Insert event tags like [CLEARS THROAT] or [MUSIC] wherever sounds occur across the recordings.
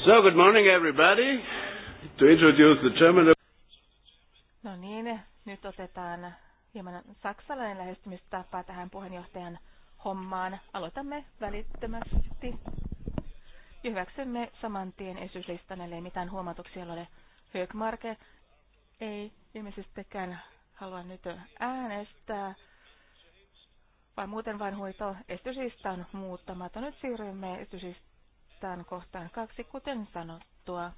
So, good morning everybody. To introduce the German... No niin, nyt otetaan hieman saksalainen lähestymistapa tähän puheenjohtajan hommaan. Aloitamme välittömästi ja hyväksymme saman tien esityslistan, eli mitään huomautuksia ole. Högmarke ei ilmeisestikään halua nyt äänestää, vaan muuten vain hoito esityslistan muuttamaton. Nyt siirrymme esityslistan vastaan kohtaan kaksi, kuten sanottua.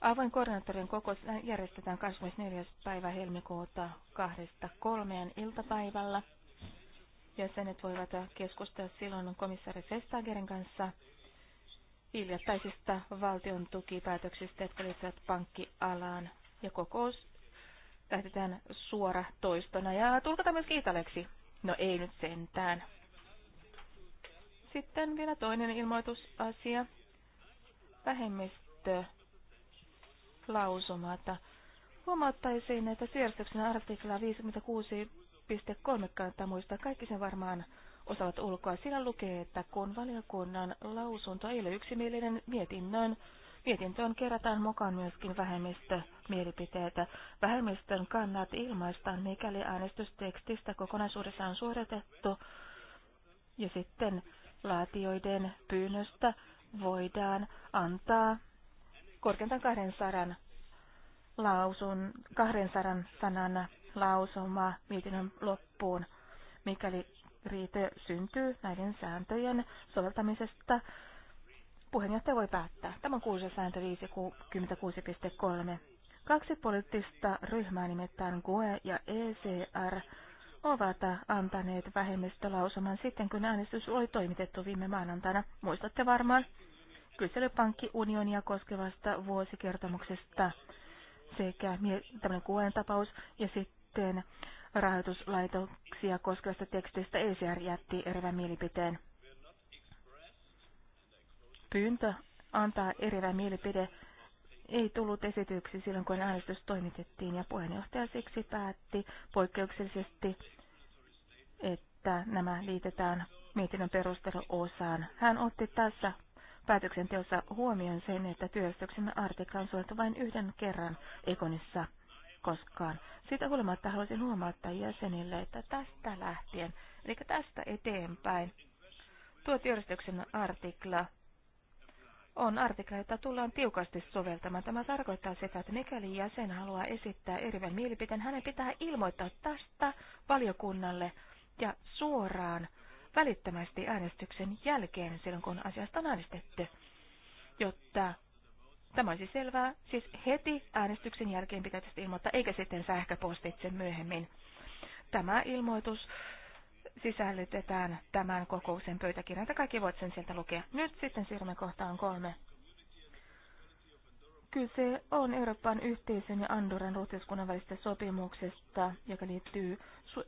Avoin koordinaattorin kokous järjestetään 24. päivä helmikuuta kahdesta kolmeen iltapäivällä. Jäsenet voivat keskustella silloin komissaari Vestagerin kanssa hiljattaisista valtion tukipäätöksistä, jotka liittyvät pankkialaan. Ja kokous lähetetään suora toistona ja tulkata myös kiitaleksi. No ei nyt sentään. Sitten vielä toinen ilmoitusasia. Vähemmistö lausumata. Huomauttaisin, että siirrystyksen artikla 56.3 kannattaa muistaa. Kaikki sen varmaan osaavat ulkoa. Siinä lukee, että kun valiokunnan lausunto ei ole yksimielinen mietinnön, mietintöön kerätään mukaan myöskin vähemmistömielipiteitä. Vähemmistön kannat ilmaistaan, mikäli äänestystekstistä kokonaisuudessaan suoritettu ja sitten laatioiden pyynnöstä voidaan antaa korkeintaan 200 lausun, 200 sanan lausuma mietinnön loppuun, mikäli riite syntyy näiden sääntöjen soveltamisesta. Puheenjohtaja voi päättää. Tämä on kuusi sääntö 56.3. Kaksi poliittista ryhmää nimittäin GUE ja ECR ovat antaneet vähemmistölausuman sitten, kun äänestys oli toimitettu viime maanantaina. Muistatte varmaan kyselypankkiunionia koskevasta vuosikertomuksesta sekä tämmöinen kuuden tapaus ja sitten rahoituslaitoksia koskevasta tekstistä ECR jätti erivän mielipiteen. Pyyntö antaa erivä mielipide ei tullut esityksi silloin, kun äänestys toimitettiin ja puheenjohtaja siksi päätti poikkeuksellisesti että nämä liitetään mietinnön perusteluosaan. Hän otti tässä päätöksenteossa huomioon sen, että työstöksen artikla on suojeltu vain yhden kerran Ekonissa koskaan. Siitä huolimatta haluaisin huomauttaa jäsenille, että tästä lähtien, eli tästä eteenpäin, tuo työstöksen artikla on artikla, jota tullaan tiukasti soveltamaan. Tämä tarkoittaa sitä, että mikäli jäsen haluaa esittää eriven mielipiteen, hänen pitää ilmoittaa tästä valiokunnalle ja suoraan välittömästi äänestyksen jälkeen silloin, kun asiasta on äänestetty, jotta Tämä olisi selvää. Siis heti äänestyksen jälkeen pitää tästä ilmoittaa, eikä sitten sähköpostitse myöhemmin. Tämä ilmoitus sisällytetään tämän kokouksen pöytäkirjaan, kaikki voit sen sieltä lukea. Nyt sitten siirrymme kohtaan kolme. Kyse on Euroopan yhteisön ja Andorran ruotsiskunnan välistä sopimuksesta, joka liittyy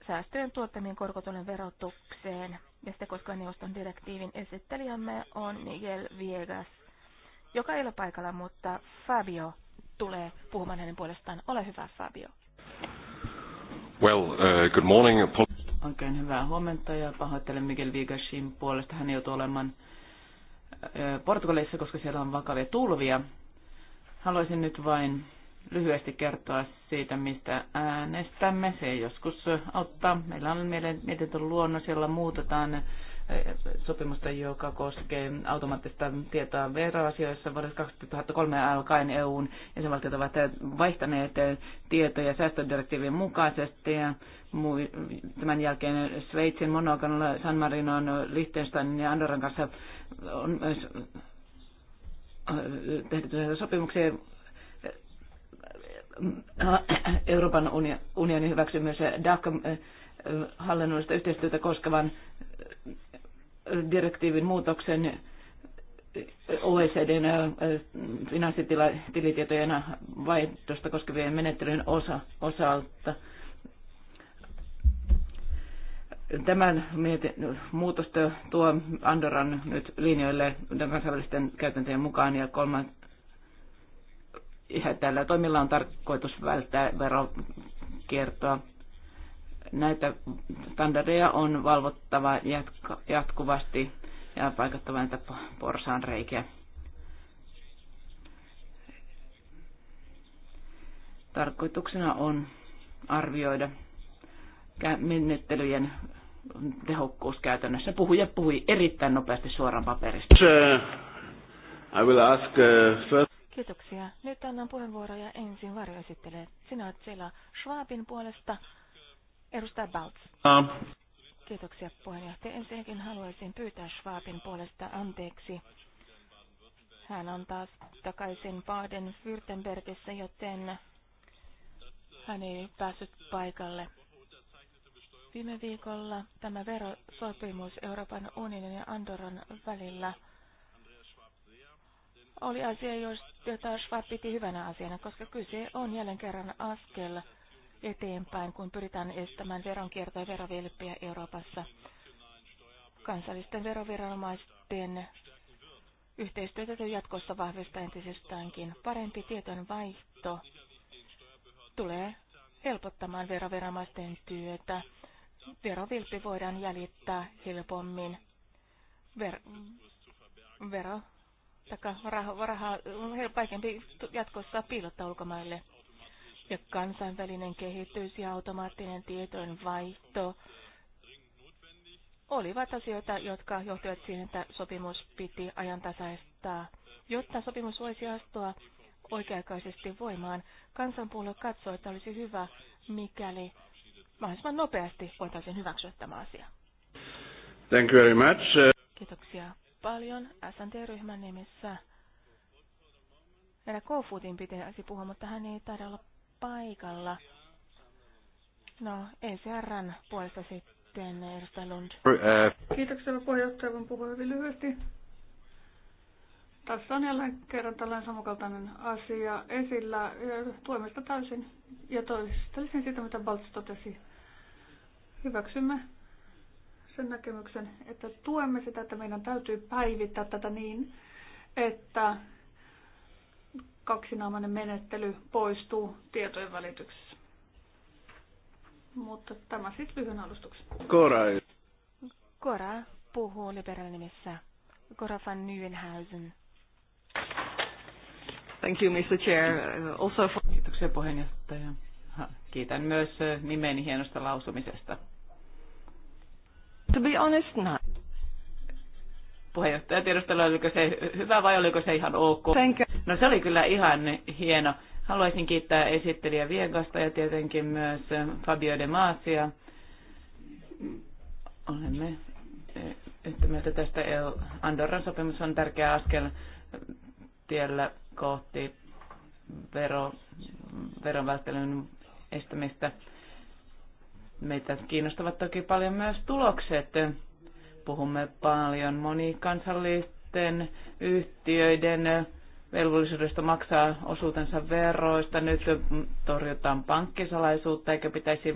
säästöjen tuottamien korkotulen verotukseen. Ja sitä koska neuvoston direktiivin esittelijämme on Miguel Viegas, joka ei ole paikalla, mutta Fabio tulee puhumaan hänen puolestaan. Ole hyvä, Fabio. Well, uh, good morning. Oikein hyvää huomenta ja pahoittelen Miguel Viegasin puolesta. Hän joutuu olemaan Portugalissa, koska siellä on vakavia tulvia Haluaisin nyt vain lyhyesti kertoa siitä, mistä äänestämme. Se joskus auttaa. Meillä on mietintö luonnos, jolla muutetaan eh, sopimusta, joka koskee automaattista tietoa veroasioissa vuodesta 2003 alkaen EUn jäsenvaltiot ovat vaihtaneet tietoja säästödirektiivin mukaisesti ja tämän jälkeen Sveitsin, Monokan, San Marinon, Liechtensteinin ja Andorran kanssa on myös tehtyjä sopimuksia. Euroopan unioni hyväksyi myös DAC-hallinnollista yhteistyötä koskevan direktiivin muutoksen OECDn finanssitilitietojen vaihdosta koskevien menettelyjen osa, osalta – tämän muutosta tuo Andoran nyt linjoille kansainvälisten käytäntöjen mukaan ja kolman, ja tällä toimilla on tarkoitus välttää verokiertoa. Näitä standardeja on valvottava jatko, jatkuvasti ja paikattava näitä porsaan reikiä. Tarkoituksena on arvioida menettelyjen tehokkuus käytännössä. Puhuja puhui erittäin nopeasti suoraan paperista. I will ask, uh, first... Kiitoksia. Nyt annan puheenvuoroja ensin varjoesittelee. Sinä olet siellä Schwabin puolesta. Edustaja Baltz. Uh. Kiitoksia puheenjohtaja. Ensinnäkin haluaisin pyytää Schwabin puolesta anteeksi. Hän on taas takaisin Baden-Württembergissä, joten hän ei päässyt paikalle. Viime viikolla tämä verosopimus Euroopan unionin ja Andorran välillä oli asia, jota Schwab piti hyvänä asiana, koska kyse on jälleen kerran askel eteenpäin, kun pyritään estämään veronkiertoa ja verovilppiä Euroopassa. Kansallisten veroviranomaisten yhteistyötä jatkossa vahvistaa entisestäänkin. Parempi tietojen vaihto tulee helpottamaan veroviranomaisten työtä verovilppi voidaan jäljittää helpommin. Ver, vero, taka, raha, raha on vaikeampi jatkossa piilottaa ulkomaille. Ja kansainvälinen kehitys ja automaattinen tietojen vaihto olivat asioita, jotka johtivat siihen, että sopimus piti ajantasaistaa. Jotta sopimus voisi astua oikea-aikaisesti voimaan, kansanpuolue katsoi, että olisi hyvä, mikäli mahdollisimman nopeasti voitaisiin hyväksyä tämä asia. Thank you very much. Kiitoksia paljon st ryhmän nimissä. Meillä Kofutin pitäisi puhua, mutta hän ei taida olla paikalla. No, ECRn puolesta sitten edustaja Lund. Kiitoksia puheenjohtaja, voin puhua hyvin lyhyesti. Tässä on jälleen kerran tällainen samankaltainen asia esillä. Tuemme sitä täysin ja toistelisin sitä, mitä Baltz totesi hyväksymme sen näkemyksen, että tuemme sitä, että meidän täytyy päivittää tätä niin, että kaksinaamainen menettely poistuu tietojen välityksessä. Mutta tämä sitten siis lyhyen alustuksen. Kora. Kora puhuu nimessä. Kora van Nyenhausen. Thank you, Mr. Chair. Uh, also for... Kiitoksia puheenjohtaja Kiitän myös nimeni hienosta lausumisesta. To be honest, not. Puheenjohtaja tiedustelu, oliko se hyvä vai oliko se ihan ok? Thank you. No se oli kyllä ihan hieno. Haluaisin kiittää esittelijä Viegasta ja tietenkin myös Fabio De Masia. Olemme yhtä mieltä tästä. Andorran sopimus on tärkeä askel tiellä kohti vero, veronvälttelyn estämistä. Meitä kiinnostavat toki paljon myös tulokset. Puhumme paljon monikansallisten yhtiöiden velvollisuudesta maksaa osuutensa veroista. Nyt torjutaan pankkisalaisuutta, eikä pitäisi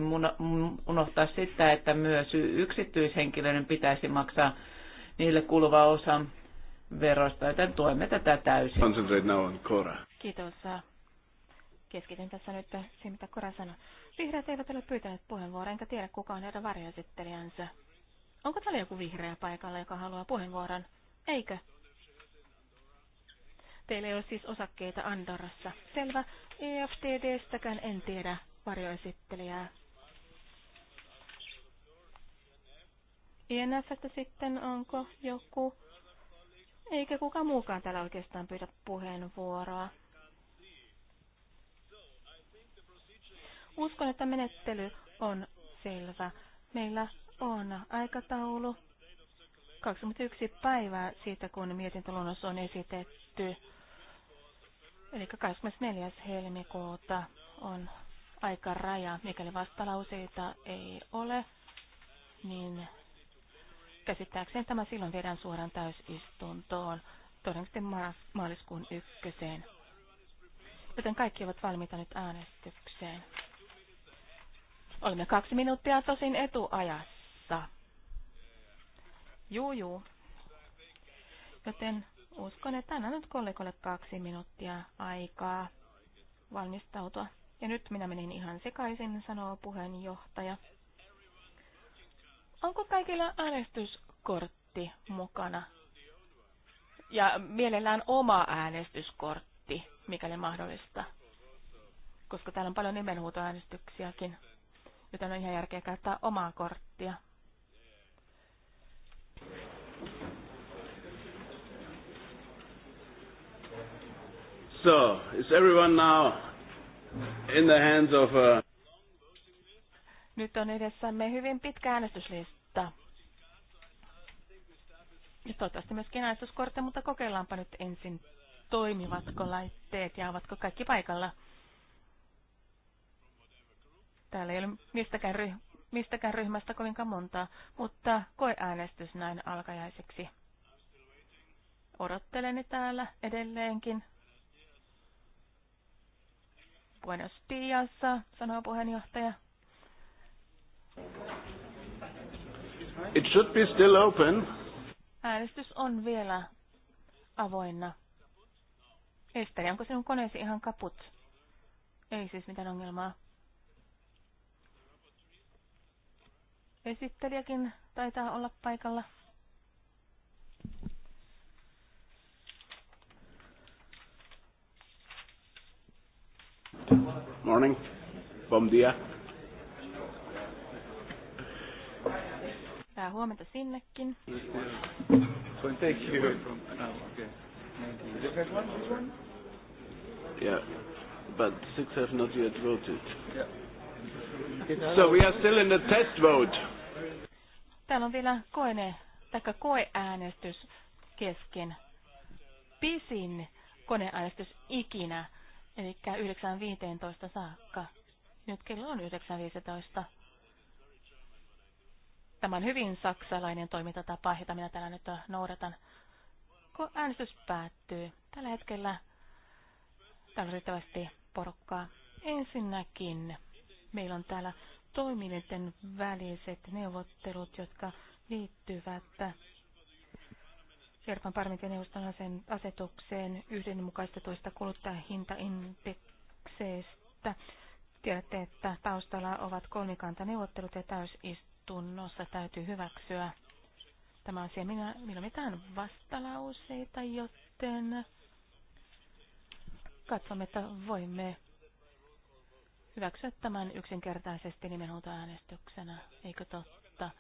unohtaa sitä, että myös yksityishenkilöiden pitäisi maksaa niille kuuluva osa verosta, joten tuemme tätä täysin. Concentrate now on Cora. Kiitos. Keskityn tässä nyt siihen, mitä Kora sanoi. Vihreät eivät ole pyytäneet puheenvuoroa, enkä tiedä kuka on heidän varjoesittelijänsä. Onko täällä joku vihreä paikalla, joka haluaa puheenvuoron? Eikö? Teillä ei ole siis osakkeita Andorassa. Selvä. EFTDstäkään en tiedä varjoesittelijää. että sitten onko joku? Eikä kuka muukaan täällä oikeastaan pyydä puheenvuoroa. Uskon, että menettely on selvä. Meillä on aikataulu 21 päivää siitä, kun mietintöluonnos on esitetty. Eli 24. helmikuuta on aika raja, Mikäli vastalauseita ei ole, niin käsittääkseni tämä silloin viedään suoraan täysistuntoon, todennäköisesti ma- maaliskuun ykköseen. Joten kaikki ovat valmiita nyt äänestykseen. Olemme kaksi minuuttia tosin etuajassa. Juu, juu. Joten uskon, että annan nyt kollegolle kaksi minuuttia aikaa valmistautua. Ja nyt minä menin ihan sekaisin, sanoo puheenjohtaja. Onko kaikilla äänestyskortti mukana? Ja mielellään oma äänestyskortti, mikäli mahdollista. Koska täällä on paljon nimenhuutoäänestyksiäkin joten on ihan järkeä käyttää omaa korttia. So, is everyone now in the hands of a... Uh, nyt on edessämme hyvin pitkä äänestyslista. Ja toivottavasti myöskin äänestyskortti, mutta kokeillaanpa nyt ensin, toimivatko laitteet ja ovatko kaikki paikalla. Täällä ei ole mistäkään, ryh- mistäkään ryhmästä kovinkaan montaa, mutta koeäänestys näin alkajaiseksi. Odotteleni täällä edelleenkin. Buenos dias, sanoo puheenjohtaja. It should be still open. Äänestys on vielä avoinna. Esteri, onko sinun koneesi ihan kaput? Ei siis mitään ongelmaa. Esittelijäkin taitaa olla paikalla. Morning. Bom dia. Hyvää huomenta sinnekin. Thank you. Oh, yeah, but six have not yet voted. Yeah. So we are still in the test vote. Täällä on vielä koene, taikka koeäänestys kesken. Pisin koneäänestys ikinä, eli 9.15 saakka. Nyt kello on 9.15. Tämä on hyvin saksalainen toimintatapa, jota minä täällä nyt noudatan. Kun äänestys päättyy, tällä hetkellä täällä on riittävästi porukkaa. Ensinnäkin meillä on täällä toimielinten väliset neuvottelut, jotka liittyvät Euroopan parlamentin neuvoston asetukseen yhdenmukaistetuista kuluttajahintaindekseistä. Tiedätte, että taustalla ovat kolmikantaneuvottelut ja täysistunnossa täytyy hyväksyä tämä asia. Minä, minä on mitään vastalauseita, joten katsomme, että voimme hyväksyä tämän yksinkertaisesti äänestyksenä, eikö totta?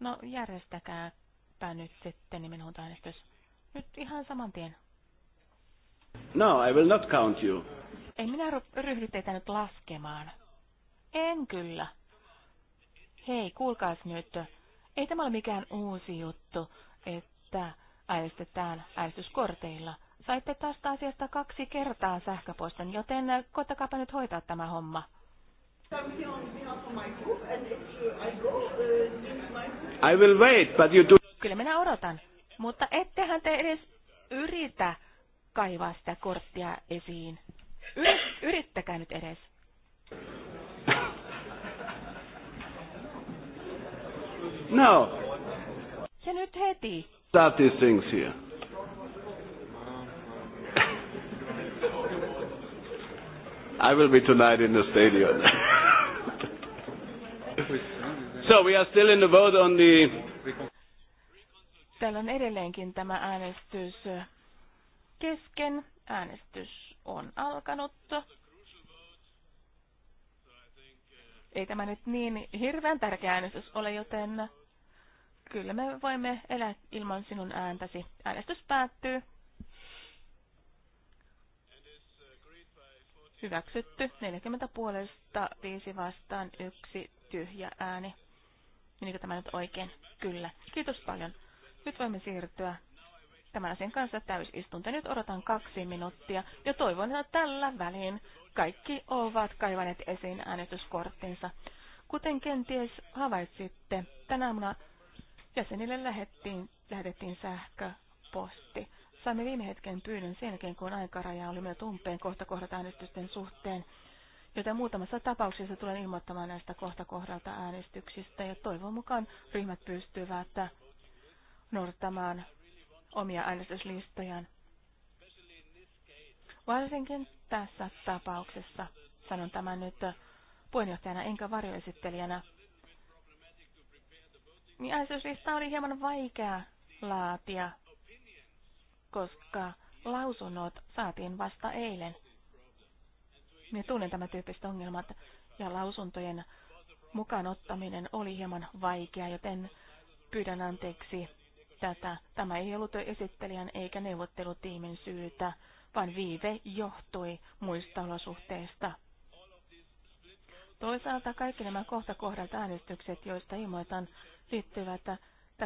No järjestäkääpä nyt sitten äänestys. Nyt ihan saman tien. No, I will not count you. Ei minä ryhdy teitä nyt laskemaan. En kyllä. Hei, kuulkaas nyt. Ei tämä ole mikään uusi juttu, että äänestetään äänestyskorteilla – Saitte tästä asiasta kaksi kertaa sähköpostin, joten koittakaapa nyt hoitaa tämä homma. I will wait, but you do... Kyllä minä odotan, mutta ettehän te edes yritä kaivaa sitä korttia esiin. Yrit, yrittäkää nyt edes. No. Ja nyt heti. Start these things here. I will be tonight in the stadium. so we are still in the vote on the... Täällä on edelleenkin tämä äänestys kesken. Äänestys on alkanut. Ei tämä nyt niin hirveän tärkeä äänestys ole, joten kyllä me voimme elää ilman sinun ääntäsi. Äänestys päättyy. Hyväksytty. 40 puolesta, 5 vastaan, 1 tyhjä ääni. Menikö tämä nyt oikein? Kyllä. Kiitos paljon. Nyt voimme siirtyä tämän asian kanssa täysistunto. Nyt odotan kaksi minuuttia ja toivon, että tällä välin kaikki ovat kaivaneet esiin äänestyskorttinsa. Kuten kenties havaitsitte, tänä aamuna jäsenille lähettiin, lähetettiin sähköposti. Saimme viime hetken pyynnön sen jälkeen, kun aikaraja oli meillä tumpeen kohta kohdata äänestysten suhteen, joten muutamassa tapauksessa tulen ilmoittamaan näistä kohta kohdalta äänestyksistä ja toivon mukaan ryhmät pystyvät noudattamaan omia äänestyslistojaan. Varsinkin tässä tapauksessa, sanon tämän nyt puheenjohtajana enkä varjoesittelijänä, niin äänestyslista oli hieman vaikea laatia koska lausunnot saatiin vasta eilen. Minä tunnen tämän tyyppiset ongelmat ja lausuntojen mukaan ottaminen oli hieman vaikea, joten pyydän anteeksi tätä. Tämä ei ollut esittelijän eikä neuvottelutiimin syytä, vaan viive johtui muista olosuhteista. Toisaalta kaikki nämä kohta kohdat äänestykset, joista ilmoitan, liittyvät, että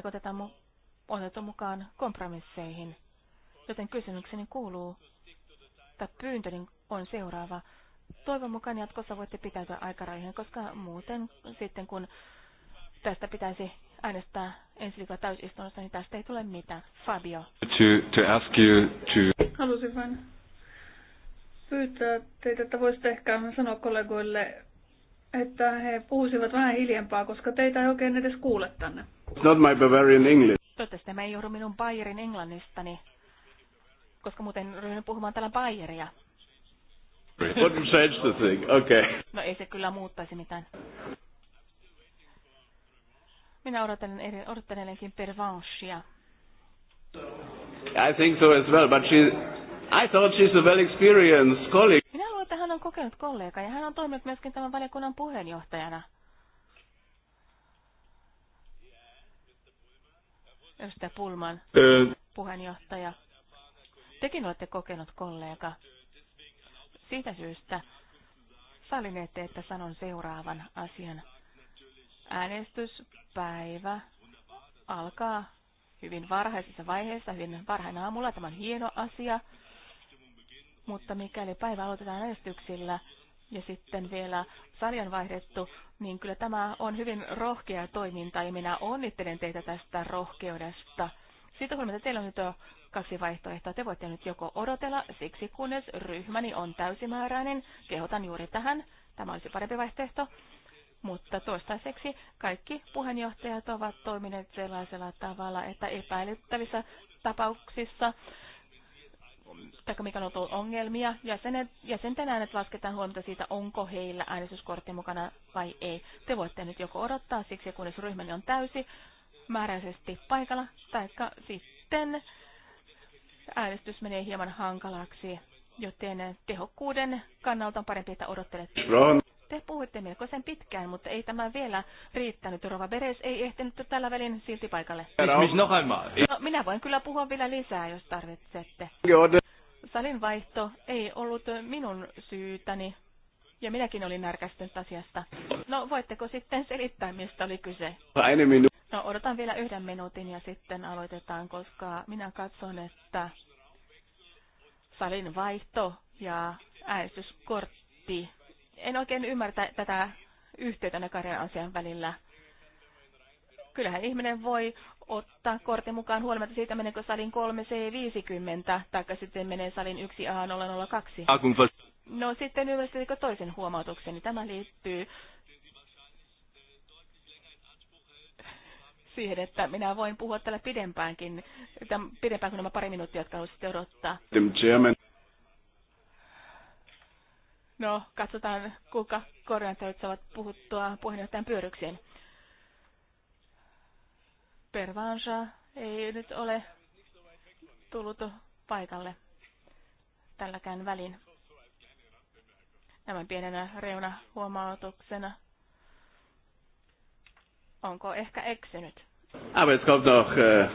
otetaan mu- otettu mukaan kompromisseihin. Joten kysymykseni kuuluu, tai pyyntöni on seuraava. Toivon mukaan jatkossa voitte pitäytyä aikarajoihin, koska muuten sitten kun tästä pitäisi äänestää ensi viikolla täysistunnossa, niin tästä ei tule mitään. Fabio. To, to ask you to... Halusin vain pyytää teitä, että voisitte ehkä sanoa kollegoille, että he puhuisivat vähän hiljempaa, koska teitä ei oikein edes kuule tänne. It's not my Bavarian English. Toivottavasti tämä ei johdu minun Bayerin englannistani koska muuten ryhdyn puhumaan täällä Bayeria. the thing. Okay. No ei se kyllä muuttaisi mitään. Minä odotan, odotan edelleenkin Pervanchia. I think so as well, but she, I thought she's a well experienced colleague. Minä luulen, että hän on kokenut kollega ja hän on toiminut myöskin tämän valiokunnan puheenjohtajana. Ystä Pulman uh, puheenjohtaja. Tekin olette kokenut kollega. Siitä syystä salineette, että sanon seuraavan asian. Äänestyspäivä alkaa hyvin varhaisessa vaiheessa, hyvin varhain aamulla. Tämä on hieno asia, mutta mikäli päivä aloitetaan äänestyksillä ja sitten vielä on vaihdettu, niin kyllä tämä on hyvin rohkea toiminta ja minä onnittelen teitä tästä rohkeudesta. Siitä huolimatta teillä on nyt jo kaksi vaihtoehtoa. Te voitte nyt joko odotella siksi, kunnes ryhmäni on täysimääräinen. Kehotan juuri tähän. Tämä olisi parempi vaihtoehto. Mutta toistaiseksi kaikki puheenjohtajat ovat toimineet sellaisella tavalla, että epäilyttävissä tapauksissa tai mikä on ollut ongelmia. Jäsenet, jäsenten äänet lasketaan huomiota siitä, onko heillä äänestyskortti mukana vai ei. Te voitte nyt joko odottaa siksi, kunnes ryhmäni on täysi määräisesti paikalla, tai sitten äänestys menee hieman hankalaksi, joten tehokkuuden kannalta on parempi, että odottelette. Ron. Te puhuitte melkoisen pitkään, mutta ei tämä vielä riittänyt. Rova Beres ei ehtinyt tällä välin silti paikalle. No, minä voin kyllä puhua vielä lisää, jos tarvitsette. Salin vaihto ei ollut minun syytäni. Ja minäkin olin närkästynyt asiasta. No, voitteko sitten selittää, mistä oli kyse? No, odotan vielä yhden minuutin ja sitten aloitetaan, koska minä katson, että salin vaihto ja äänestyskortti. En oikein ymmärtä tätä yhteyttä näkarjan asian välillä. Kyllähän ihminen voi ottaa kortin mukaan huolimatta siitä, meneekö salin 3C50 tai sitten menee salin 1A002. No sitten ymmärsittekö toisen niin Tämä liittyy siihen, että minä voin puhua tällä pidempäänkin, pidempään kuin nämä pari minuuttia, jotka haluaisitte odottaa. No, katsotaan, kuinka koordinaattorit saavat puhuttua puheenjohtajan pyörykseen. Pervansa ei nyt ole tullut paikalle tälläkään välin. Tämän pienenä reuna huomautuksena. Onko ehkä eksynyt? Aber es kommt noch, äh...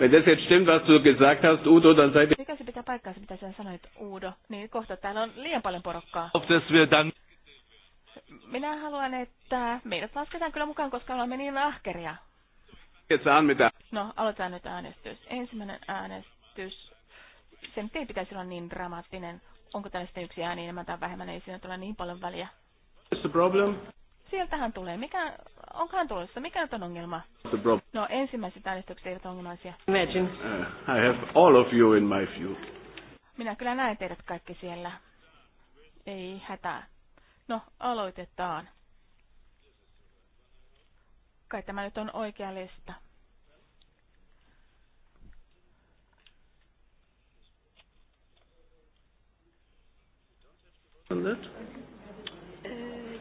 Wenn das jetzt stimmt, was du gesagt hast, Udo, dann sei Mikä se pitää paikkaansa, mitä sä sanoit, Udo? Niin kohta täällä on liian paljon porukkaa. Minä haluan, että meidät lasketaan kyllä mukaan, koska olemme niin ahkeria. mitä. No, aloitetaan nyt äänestys. Ensimmäinen äänestys sen ei pitäisi olla niin dramaattinen. Onko tällaista yksi ääni enemmän tai vähemmän, ei siinä tule niin paljon väliä. The problem. Sieltähän tulee. Mikä, onkohan tulossa? Mikä on ongelma? The problem. No ensimmäiset äänestykset eivät ongelmaisia. Imagine. Uh, I have all of you in my view. Minä kyllä näen teidät kaikki siellä. Ei hätää. No, aloitetaan. Kai tämä nyt on oikea lista. on that? Uh,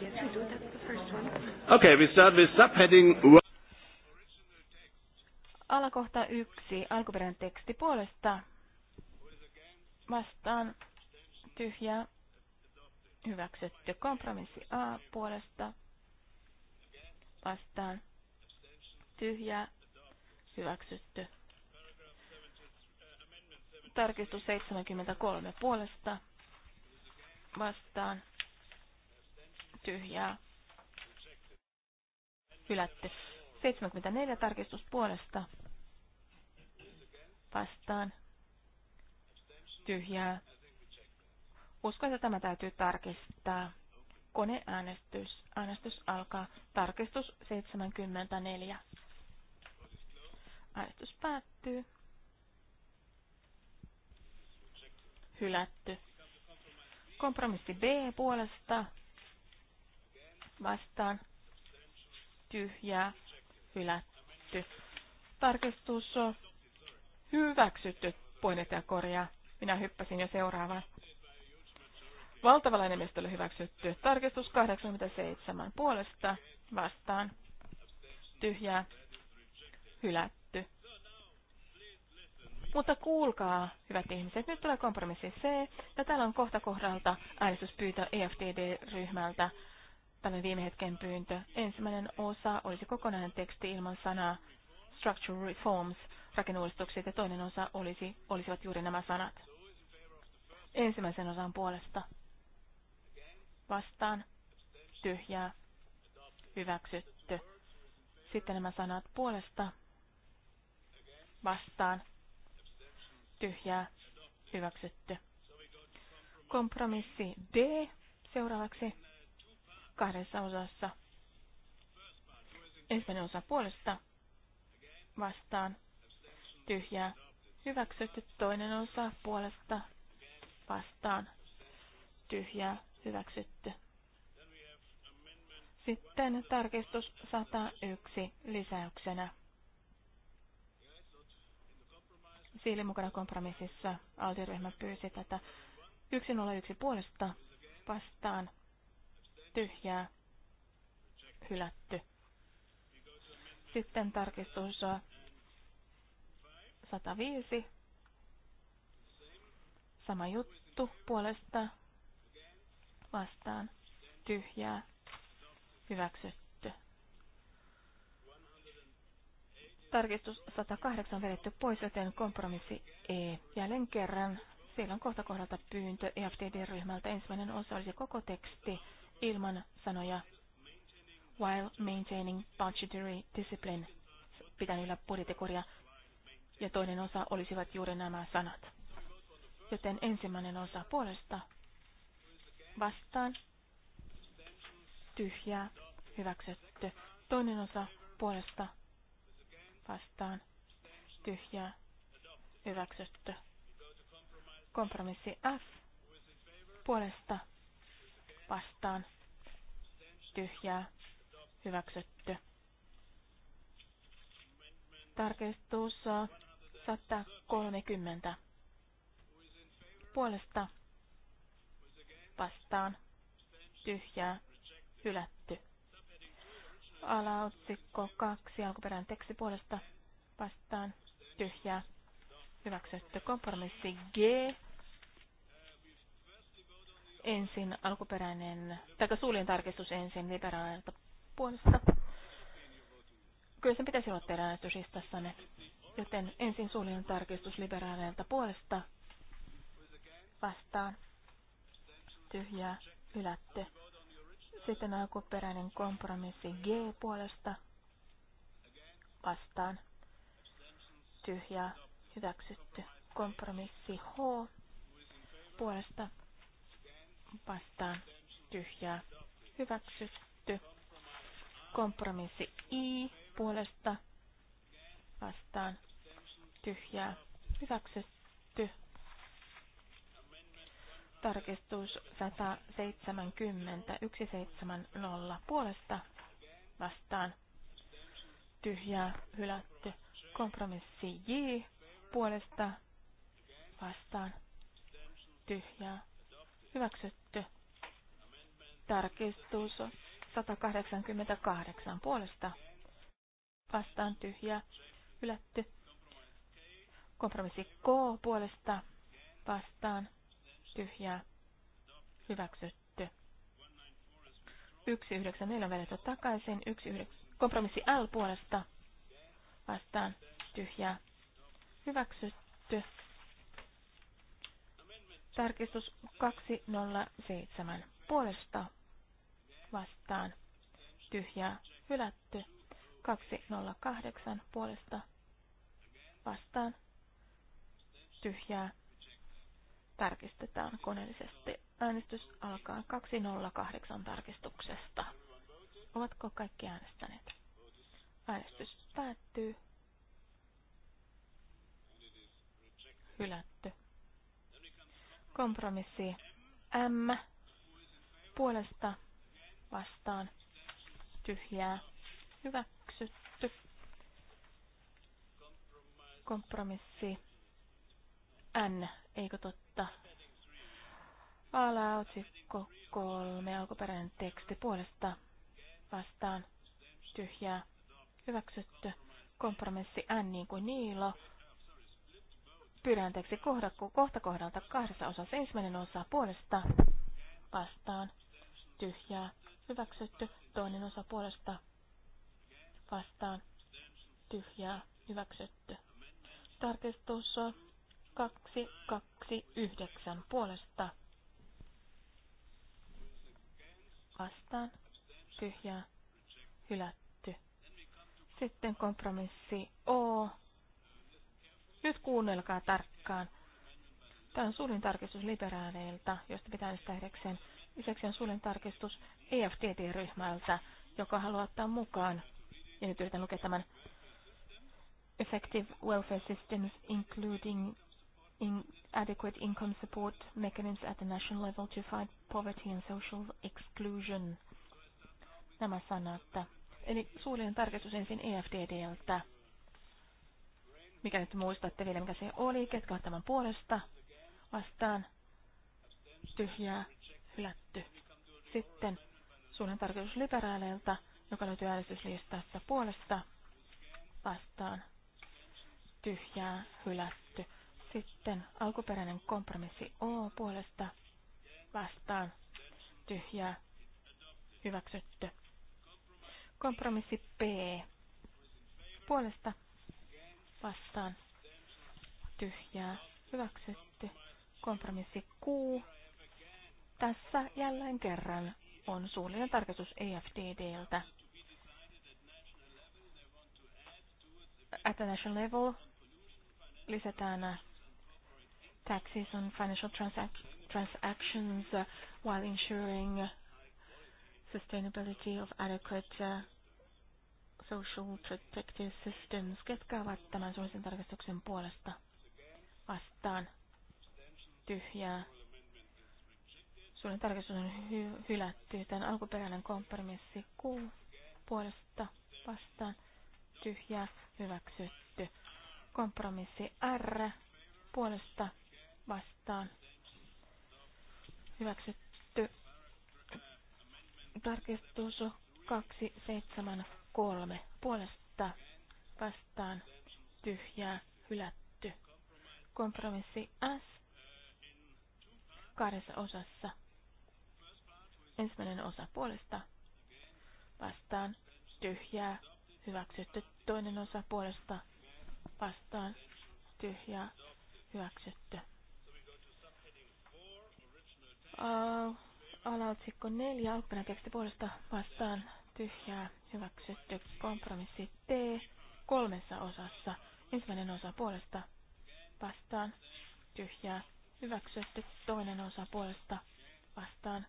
yes, we do. That's the first one. Okay, we start with subheading Alakohta yksi, alkuperäinen teksti puolesta. Vastaan tyhjä Hyväksytty kompromissi A puolesta. Vastaan tyhjä Hyväksytty. Tarkistus 73 puolesta vastaan tyhjää hylätty. 74 tarkistus puolesta vastaan tyhjää. Uskon, että tämä täytyy tarkistaa. Koneäänestys. Äänestys alkaa. Tarkistus 74. Äänestys päättyy. Hylätty. Kompromissi B puolesta vastaan tyhjää hylätty. Tarkistus on hyväksytty ja korjaa. Minä hyppäsin jo seuraavaan. Valtavalla oli hyväksytty. Tarkistus 87 puolesta vastaan tyhjää hylätty. Mutta kuulkaa, hyvät ihmiset, nyt tulee kompromissi C, ja täällä on kohta kohdalta äänestyspyyntö EFTD-ryhmältä. Tämä viime hetken pyyntö. Ensimmäinen osa olisi kokonainen teksti ilman sanaa structural reforms, rakennuudistukset, ja toinen osa olisi, olisivat juuri nämä sanat. Ensimmäisen osan puolesta. Vastaan. Tyhjää. Hyväksytty. Sitten nämä sanat puolesta. Vastaan tyhjää hyväksytty. Kompromissi D seuraavaksi kahdessa osassa. Ensimmäinen osa puolesta vastaan tyhjää hyväksytty. Toinen osa puolesta vastaan tyhjää hyväksytty. Sitten tarkistus 101 lisäyksenä Siili mukana kompromississa altiryhmä pyysi tätä 101 puolesta vastaan tyhjää hylätty. Sitten tarkistus 105. Sama juttu puolesta vastaan tyhjää hyväksytty. Tarkistus 108 on vedetty pois, joten kompromissi E. Jälleen kerran siellä on kohta kohdalta pyyntö EFTD-ryhmältä. Ensimmäinen osa olisi koko teksti ilman sanoja while maintaining budgetary discipline, pitää yllä budjettikuria, ja toinen osa olisivat juuri nämä sanat. Joten ensimmäinen osa puolesta vastaan, tyhjää, hyväksytty. Toinen osa puolesta vastaan tyhjää hyväksytty. Kompromissi F puolesta vastaan tyhjää hyväksytty. Tarkistus 130 puolesta vastaan tyhjää hylätty alaotsikko 2 alkuperäinen teksti puolesta vastaan tyhjää hyväksytty kompromissi G. Ensin alkuperäinen, tai suulien tarkistus ensin liberaalilta puolesta. Kyllä sen pitäisi olla teidän äänestyslistassanne, joten ensin suullinen tarkistus liberaaleilta puolesta vastaan tyhjää hylätte. Sitten alkuperäinen kompromissi G puolesta vastaan. Tyhjää hyväksytty. Kompromissi H puolesta vastaan. Tyhjää hyväksytty. Kompromissi I puolesta vastaan. Tyhjää hyväksytty. Tarkistus 170, 170 puolesta vastaan. Tyhjää hylätty. Kompromissi J puolesta vastaan. Tyhjää hyväksytty. Tarkistus 188 puolesta vastaan tyhjää hylätty. Kompromissi K puolesta vastaan tyhjää, hyväksytty. 194 on vedetty takaisin, 19, kompromissi L puolesta vastaan, tyhjää, hyväksytty. Tarkistus 207 puolesta vastaan, tyhjää, hylätty. 208 puolesta vastaan, tyhjää, tarkistetaan koneellisesti. Äänestys alkaa 208 tarkistuksesta. Ovatko kaikki äänestäneet? Äänestys päättyy. Hylätty. Kompromissi M puolesta vastaan tyhjää hyväksytty. Kompromissi N, eikö totta? kautta. Alaotsikko kolme, alkuperäinen teksti puolesta vastaan tyhjää hyväksytty. Kompromissi N niin kuin Niilo. Pyydän teksti kohda, kohta kohdalta kahdessa osassa ensimmäinen osa puolesta vastaan tyhjää hyväksytty. Toinen osa puolesta vastaan tyhjää hyväksytty. Tarkistus 229 puolesta vastaan tyhjää hylätty. Sitten kompromissi O. Nyt kuunnelkaa tarkkaan. Tämä on suurin tarkistus liberaaleilta, josta pitää äänestää erikseen. Lisäksi on suurin tarkistus EFTT-ryhmältä, joka haluaa ottaa mukaan. Ja nyt yritän lukea tämän effective welfare systems, including in adequate income support mechanisms at the national level to fight poverty and social exclusion. Nämä sanat. Eli suullinen tarkistus ensin EFDDltä. Mikä nyt muistatte vielä, mikä se oli, ketkä ovat tämän puolesta vastaan. Tyhjää, hylätty. Sitten suullinen tarkistus liberaaleilta, joka löytyy äänestyslistassa puolesta vastaan. Tyhjää, hylätty sitten alkuperäinen kompromissi O puolesta vastaan tyhjää hyväksytty. Kompromissi P puolesta vastaan tyhjää hyväksytty. Kompromissi Q. Tässä jälleen kerran on suullinen tarkoitus EFDDltä. At the national level lisätään taxes on financial transactions uh, while ensuring sustainability of adequate uh, social protective systems. Ketkä ovat tämän suosien tarkastuksen puolesta vastaan? Tyhjää. Suunnin tarkastus on hy- hylätty. Tämän alkuperäinen kompromissi Q puolesta vastaan. Tyhjää hyväksytty. Kompromissi R puolesta vastaan hyväksytty. Tarkistus 273 puolesta vastaan tyhjää hylätty. Kompromissi S kahdessa osassa. Ensimmäinen osa puolesta vastaan tyhjää hyväksytty. Toinen osa puolesta vastaan tyhjää hyväksytty alaotsikko 4 alkuperäinen teksti puolesta vastaan tyhjää hyväksytty kompromissi T kolmessa osassa. Ensimmäinen osa puolesta vastaan tyhjää hyväksytty toinen osa puolesta vastaan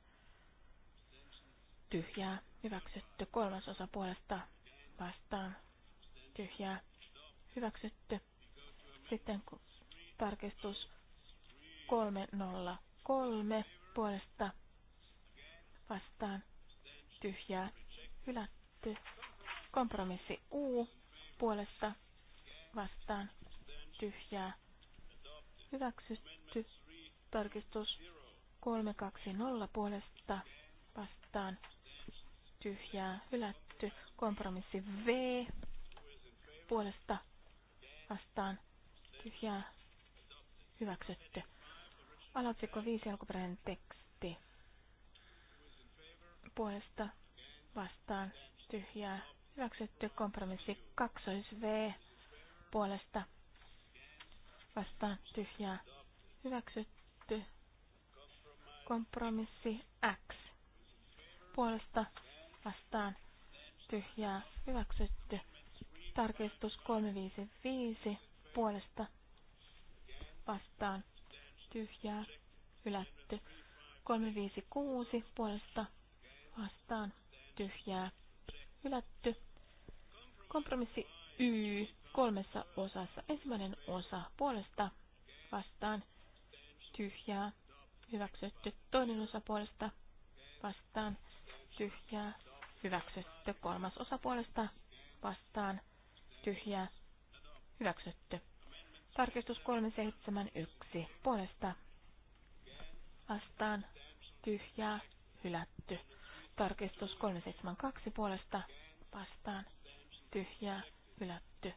tyhjää hyväksytty kolmas osa puolesta vastaan tyhjää hyväksytty. Sitten tarkistus 303 puolesta vastaan tyhjää hylätty. Kompromissi U puolesta vastaan tyhjää hyväksytty. Tarkistus 320 puolesta vastaan tyhjää hylätty. Kompromissi V puolesta vastaan tyhjää hyväksytty. Alatsikko 5 alkuperäinen teksti. Puolesta vastaan tyhjää. Hyväksytty kompromissi 2 V puolesta vastaan tyhjää. Hyväksytty kompromissi X puolesta vastaan tyhjää. Hyväksytty tarkistus 355 puolesta vastaan tyhjää, hylätty. 356 puolesta vastaan tyhjää, hylätty. Kompromissi Y kolmessa osassa. Ensimmäinen osa puolesta vastaan tyhjää, hyväksytty. Toinen osa puolesta vastaan tyhjää, hyväksytty. Kolmas osa puolesta vastaan tyhjää, hyväksytty. Tarkistus 371 puolesta vastaan tyhjää hylätty. Tarkistus 372 puolesta vastaan tyhjää hylätty.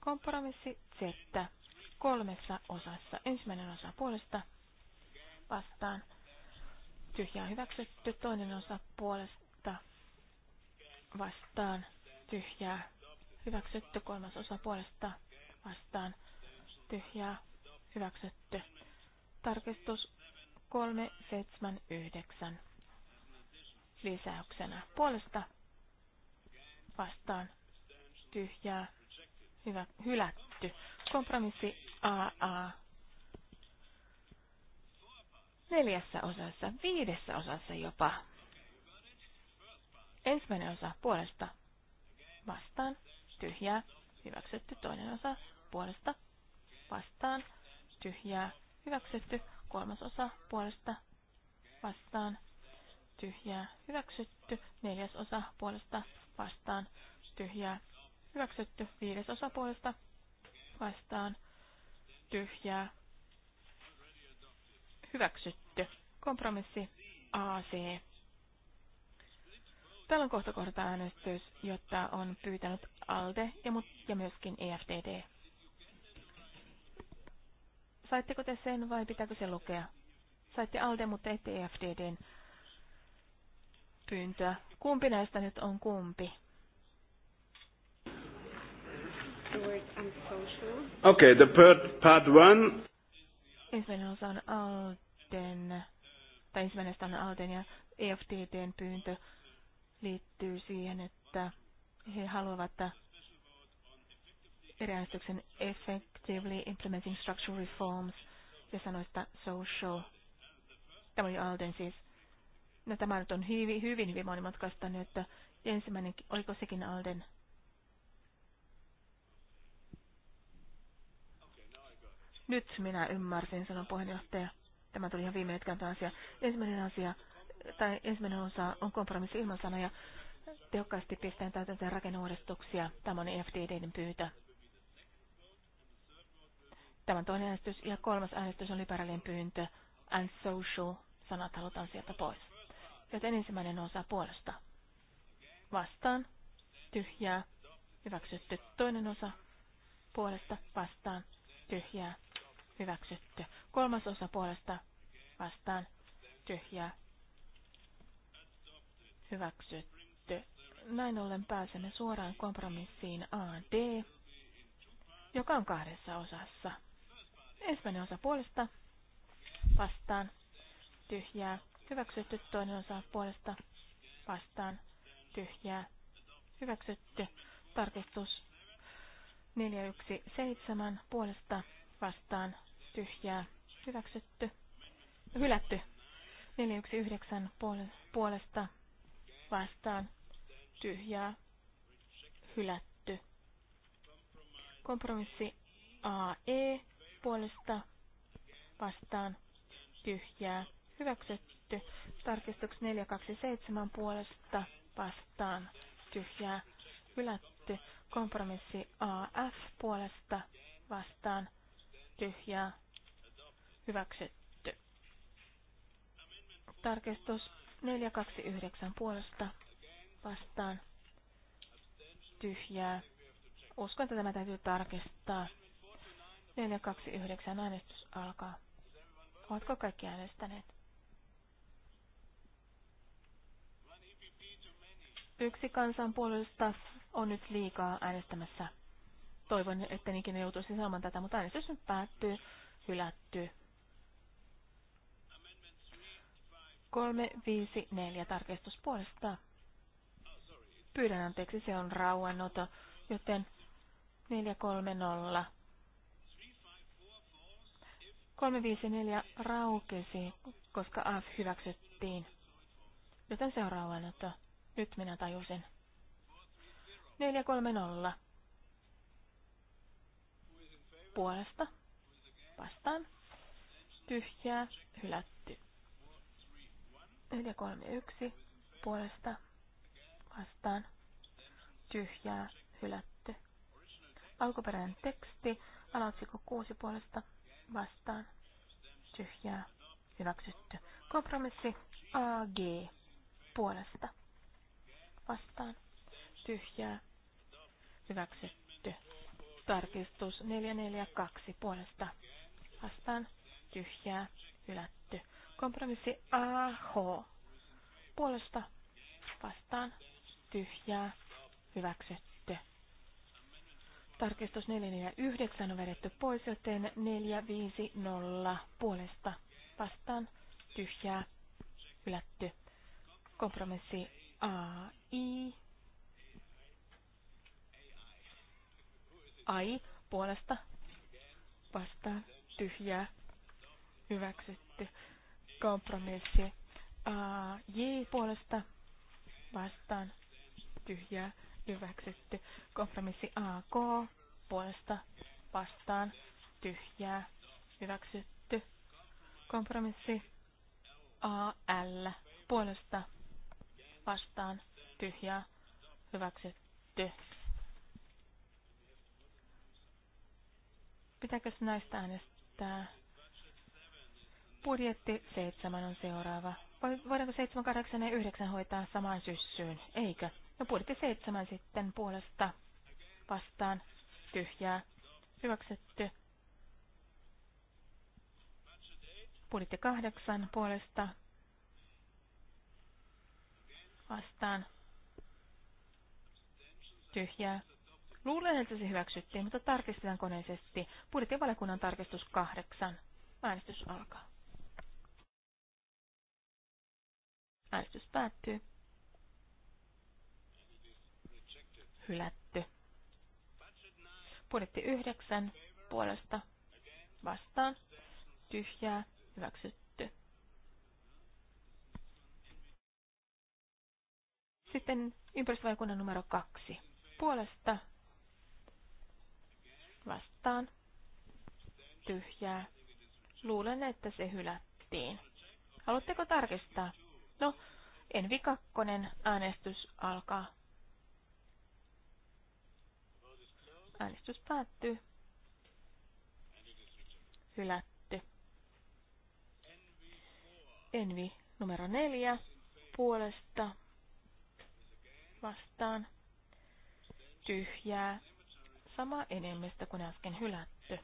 Kompromissi Z kolmessa osassa. Ensimmäinen osa puolesta vastaan tyhjää hyväksytty. Toinen osa puolesta vastaan tyhjää hyväksytty. Kolmas osa puolesta vastaan ja hyväksytty. Tarkistus 379 lisäyksenä puolesta vastaan tyhjää hyvä, hylätty. Kompromissi AA. Neljässä osassa, viidessä osassa jopa. Ensimmäinen osa puolesta vastaan tyhjää hyväksytty. Toinen osa puolesta vastaan, tyhjää, hyväksytty. kolmasosa puolesta vastaan, tyhjää, hyväksytty. Neljäs osa puolesta vastaan, tyhjää, hyväksytty. Viides osa puolesta vastaan, tyhjää, hyväksytty. Kompromissi AC. Täällä on kohta kohta äänestys, jota on pyytänyt ALDE ja, mut, ja myöskin EFDD. Saitteko te sen vai pitääkö se lukea? Saitte ALDE, mutta ette EFDDn pyyntöä. Kumpi näistä nyt on kumpi? Okei, okay, the part, part one. Ensimmäinen osa on Alden, tai ensimmäinen on Alden ja EFDDn pyyntö liittyy siihen, että he haluavat eräänestyksen effe, actively implementing structural reforms, ja sanoi, että social, tämä oli Alden siis. No tämä nyt on hyvin, hyvin, hyvin monimutkaista nyt. Ensimmäinen, oliko sekin Alden? Nyt minä ymmärsin, sanon puheenjohtaja. Tämä tuli ihan viime hetken asia. Ensimmäinen asia, tai ensimmäinen osa on kompromissi ilman sanoja. Tehokkaasti pistetään täytäntöön rakennuudistuksia. Tämä on FDDn pyytö. Tämän toinen äänestys ja kolmas äänestys on liberaalien pyyntö. And social sanat halutaan sieltä pois. Joten ensimmäinen osa puolesta. Vastaan. Tyhjää. Hyväksytty. Toinen osa puolesta. Vastaan. Tyhjää. Hyväksytty. Kolmas osa puolesta. Vastaan. Tyhjää. Hyväksytty. Näin ollen pääsemme suoraan kompromissiin AD, joka on kahdessa osassa. Ensimmäinen osa puolesta vastaan tyhjää. Hyväksytty toinen osa puolesta vastaan tyhjää. Hyväksytty tarkistus 417 puolesta vastaan tyhjää. Hyväksytty. Hylätty 419 puolesta vastaan tyhjää. Hylätty. Kompromissi AE puolesta vastaan tyhjää hyväksytty. Tarkistus 427 puolesta vastaan tyhjää hylätty. Kompromissi AF puolesta vastaan tyhjää hyväksytty. Tarkistus 429 puolesta vastaan tyhjää. Uskon, että tämä täytyy tarkistaa. 429 äänestys alkaa. Oletko kaikki äänestäneet? Yksi puolesta on nyt liikaa äänestämässä. Toivon, että ikinä joutuisi saamaan tätä, mutta äänestys nyt päättyy, hylätty. 354 tarkistus puolesta. Pyydän anteeksi, se on rauhanoto, joten 430 354 raukesi, koska AF hyväksyttiin. Joten seuraavana, että nyt minä tajusin. 430. Puolesta. Vastaan. Tyhjää. Hylätty. 431. Puolesta. Vastaan. Tyhjää. Hylätty. Alkuperäinen teksti. Alatsiko kuusi puolesta vastaan tyhjää hyväksytty. Kompromissi AG puolesta vastaan tyhjää hyväksytty. Tarkistus 442 puolesta vastaan tyhjää hylätty. Kompromissi AH puolesta vastaan tyhjää hyväksytty Tarkistus 4 ja 9 on vedetty pois, joten 450 puolesta vastaan tyhjää ylätty Kompromissi AI. AI puolesta vastaan tyhjää hyväksytty. Kompromissi AJ puolesta vastaan tyhjää hyväksytty. Kompromissi AK puolesta vastaan tyhjää hyväksytty. Kompromissi AL puolesta vastaan tyhjää hyväksytty. Pitääkö näistä äänestää? Budjetti 7 on seuraava. Voidaanko 7, 8 ja 9 hoitaa samaan syssyyn, eikö? Ja no budjetti seitsemän sitten puolesta vastaan tyhjää hyväksytty. Budjetti kahdeksan puolesta vastaan tyhjää. Luulen, että se hyväksyttiin, mutta tarkistetaan koneisesti. Budjettivaliokunnan tarkistus kahdeksan. Äänestys alkaa. Äänestys päättyy. hylätty. Budjetti 9 puolesta vastaan tyhjää hyväksytty. Sitten ympäristövaliokunnan numero 2 puolesta vastaan tyhjää. Luulen, että se hylättiin. Haluatteko tarkistaa? No, Envi 2 äänestys alkaa. Äänestys päättyy. Hylätty. Envi numero neljä puolesta vastaan tyhjää. Sama enemmistö kuin äsken hylätty.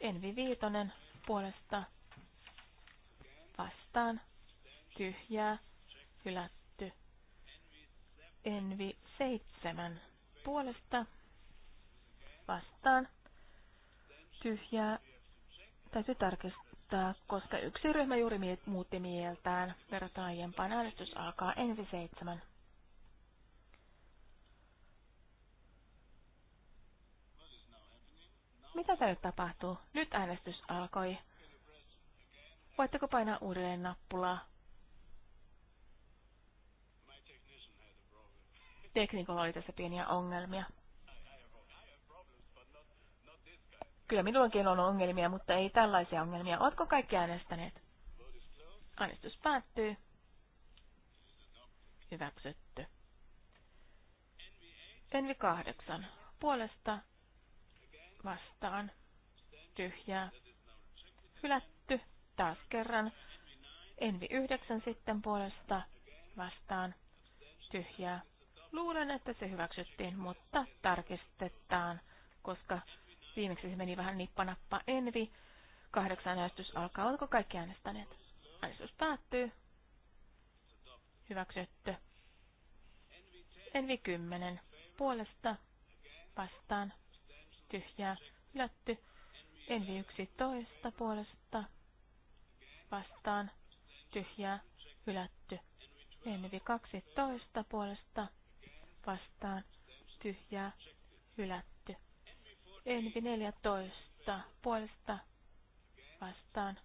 Envi viitonen puolesta vastaan tyhjää hylätty. Envi seitsemän puolesta vastaan tyhjää täytyy tarkistaa, koska yksi ryhmä juuri miet, muutti mieltään verrattuna aiempaan. Äänestys alkaa ensi seitsemän. Mitä täällä tapahtuu? Nyt äänestys alkoi. Voitteko painaa uudelleen nappulaa? Teknikolla oli tässä pieniä ongelmia. Kyllä minullakin on ongelmia, mutta ei tällaisia ongelmia. Oletko kaikki äänestäneet? Äänestys päättyy. Hyväksytty. Envi kahdeksan. Puolesta vastaan. Tyhjää. Hylätty. Taas kerran. Envi yhdeksän sitten puolesta vastaan. Tyhjää. Luulen, että se hyväksyttiin, mutta tarkistetaan, koska Viimeksi se meni vähän nippanappa envi. Kahdeksan äänestys alkaa. Oletko kaikki äänestäneet? Äänestys päättyy. Hyväksytty. Envi 10. Puolesta. Vastaan. Tyhjää. Hylätty. Envi 11. Puolesta. Vastaan. Tyhjää. Hylätty. Envi 12. Puolesta. Vastaan. Tyhjää. Hylätty Envi 14 puolesta vastaan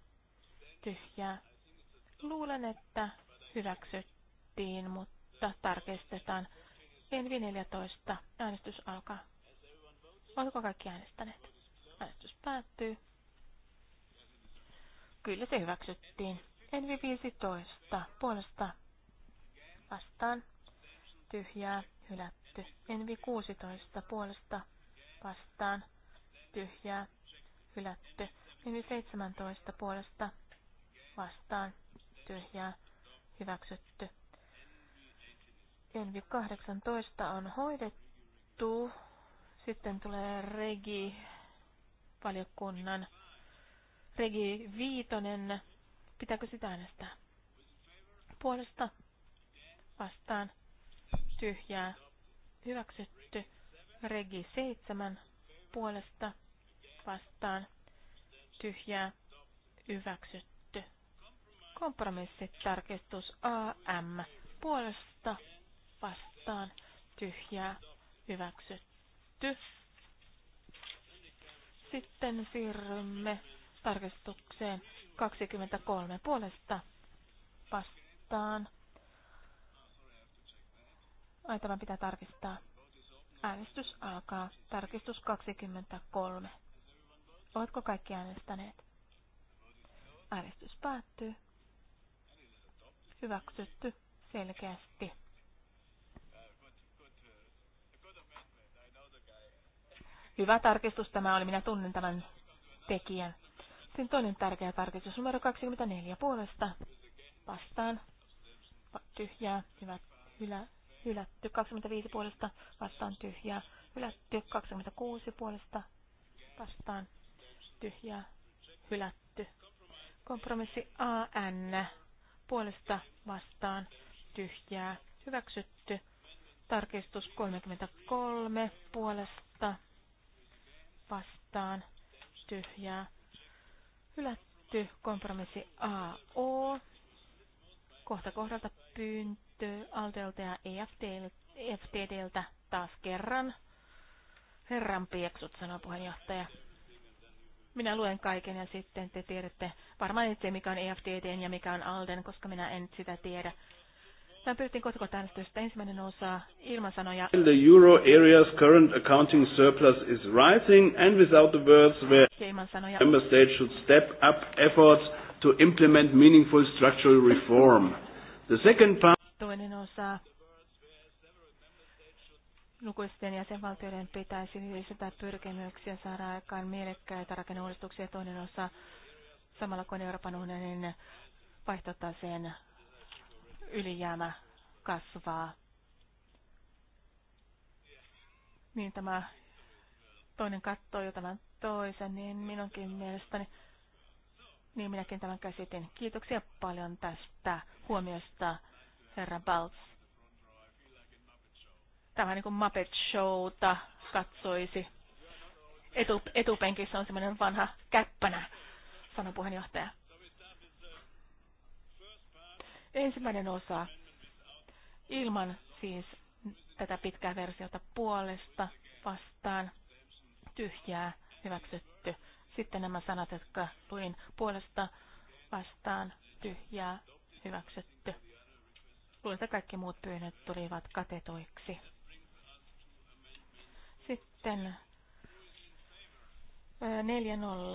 tyhjää. Luulen, että hyväksyttiin, mutta tarkistetaan. Envi 14. Äänestys alkaa. Oletko kaikki äänestäneet? Äänestys päättyy. Kyllä se hyväksyttiin. Envi 15. Puolesta vastaan. Tyhjää, hylätty. Envi 16. Puolesta vastaan tyhjää hylätty. Nimi 17 puolesta vastaan tyhjää hyväksytty. Envi 18 on hoidettu. Sitten tulee Regi valiokunnan Regi Viitonen. Pitääkö sitä äänestää? Puolesta vastaan tyhjää hyväksytty. Regi 7 puolesta vastaan tyhjää hyväksytty. Kompromissitarkistus AM puolesta vastaan tyhjää hyväksytty. Sitten siirrymme tarkistukseen 23 puolesta vastaan. Ai, pitää tarkistaa. Äänestys alkaa. Tarkistus 23. Oletko kaikki äänestäneet? Äänestys päättyy. Hyväksytty selkeästi. Hyvä tarkistus tämä oli. Minä tunnen tämän tekijän. Sitten toinen tärkeä tarkistus numero 24 puolesta. Vastaan. Tyhjää. Hyvä. Hylä, hylätty 25 puolesta vastaan tyhjää, hylätty 26 puolesta vastaan tyhjää, hylätty. Kompromissi AN puolesta vastaan tyhjää, hyväksytty. Tarkistus 33 puolesta vastaan tyhjää, hylätty. Kompromissi AO kohta kohdalta pyyntö löytyy Altelta ja EFTDltä e taas kerran. Herran pieksut, sanoo puheenjohtaja. Minä luen kaiken ja sitten te tiedätte varmaan itse, mikä on EFTD ja mikä on Alden, koska minä en sitä tiedä. Tämä pyydettiin kotikotäänestystä ensimmäinen osa ilmasanoja. The euro area's current accounting surplus is rising and without the words where member states should step up efforts to implement meaningful structural reform. The second part Toinen osa lukuisten jäsenvaltioiden pitäisi lisätä pyrkimyksiä saada aikaan mielekkäitä rakenneuudistuksia. Toinen osa samalla kuin Euroopan unionin vaihtotaseen ylijäämä kasvaa. Niin tämä toinen katto jo tämän toisen, niin minunkin mielestäni, niin minäkin tämän käsitin. Kiitoksia paljon tästä huomiosta herra Balz. Tämä niin kuin Muppet Showta katsoisi. Etu, etupenkissä on semmoinen vanha käppänä, sanoi puheenjohtaja. Ensimmäinen osa. Ilman siis tätä pitkää versiota puolesta vastaan tyhjää hyväksytty. Sitten nämä sanat, jotka luin puolesta vastaan tyhjää hyväksytty. Luulen, kaikki muut pyynnöt tulivat katetoiksi. Sitten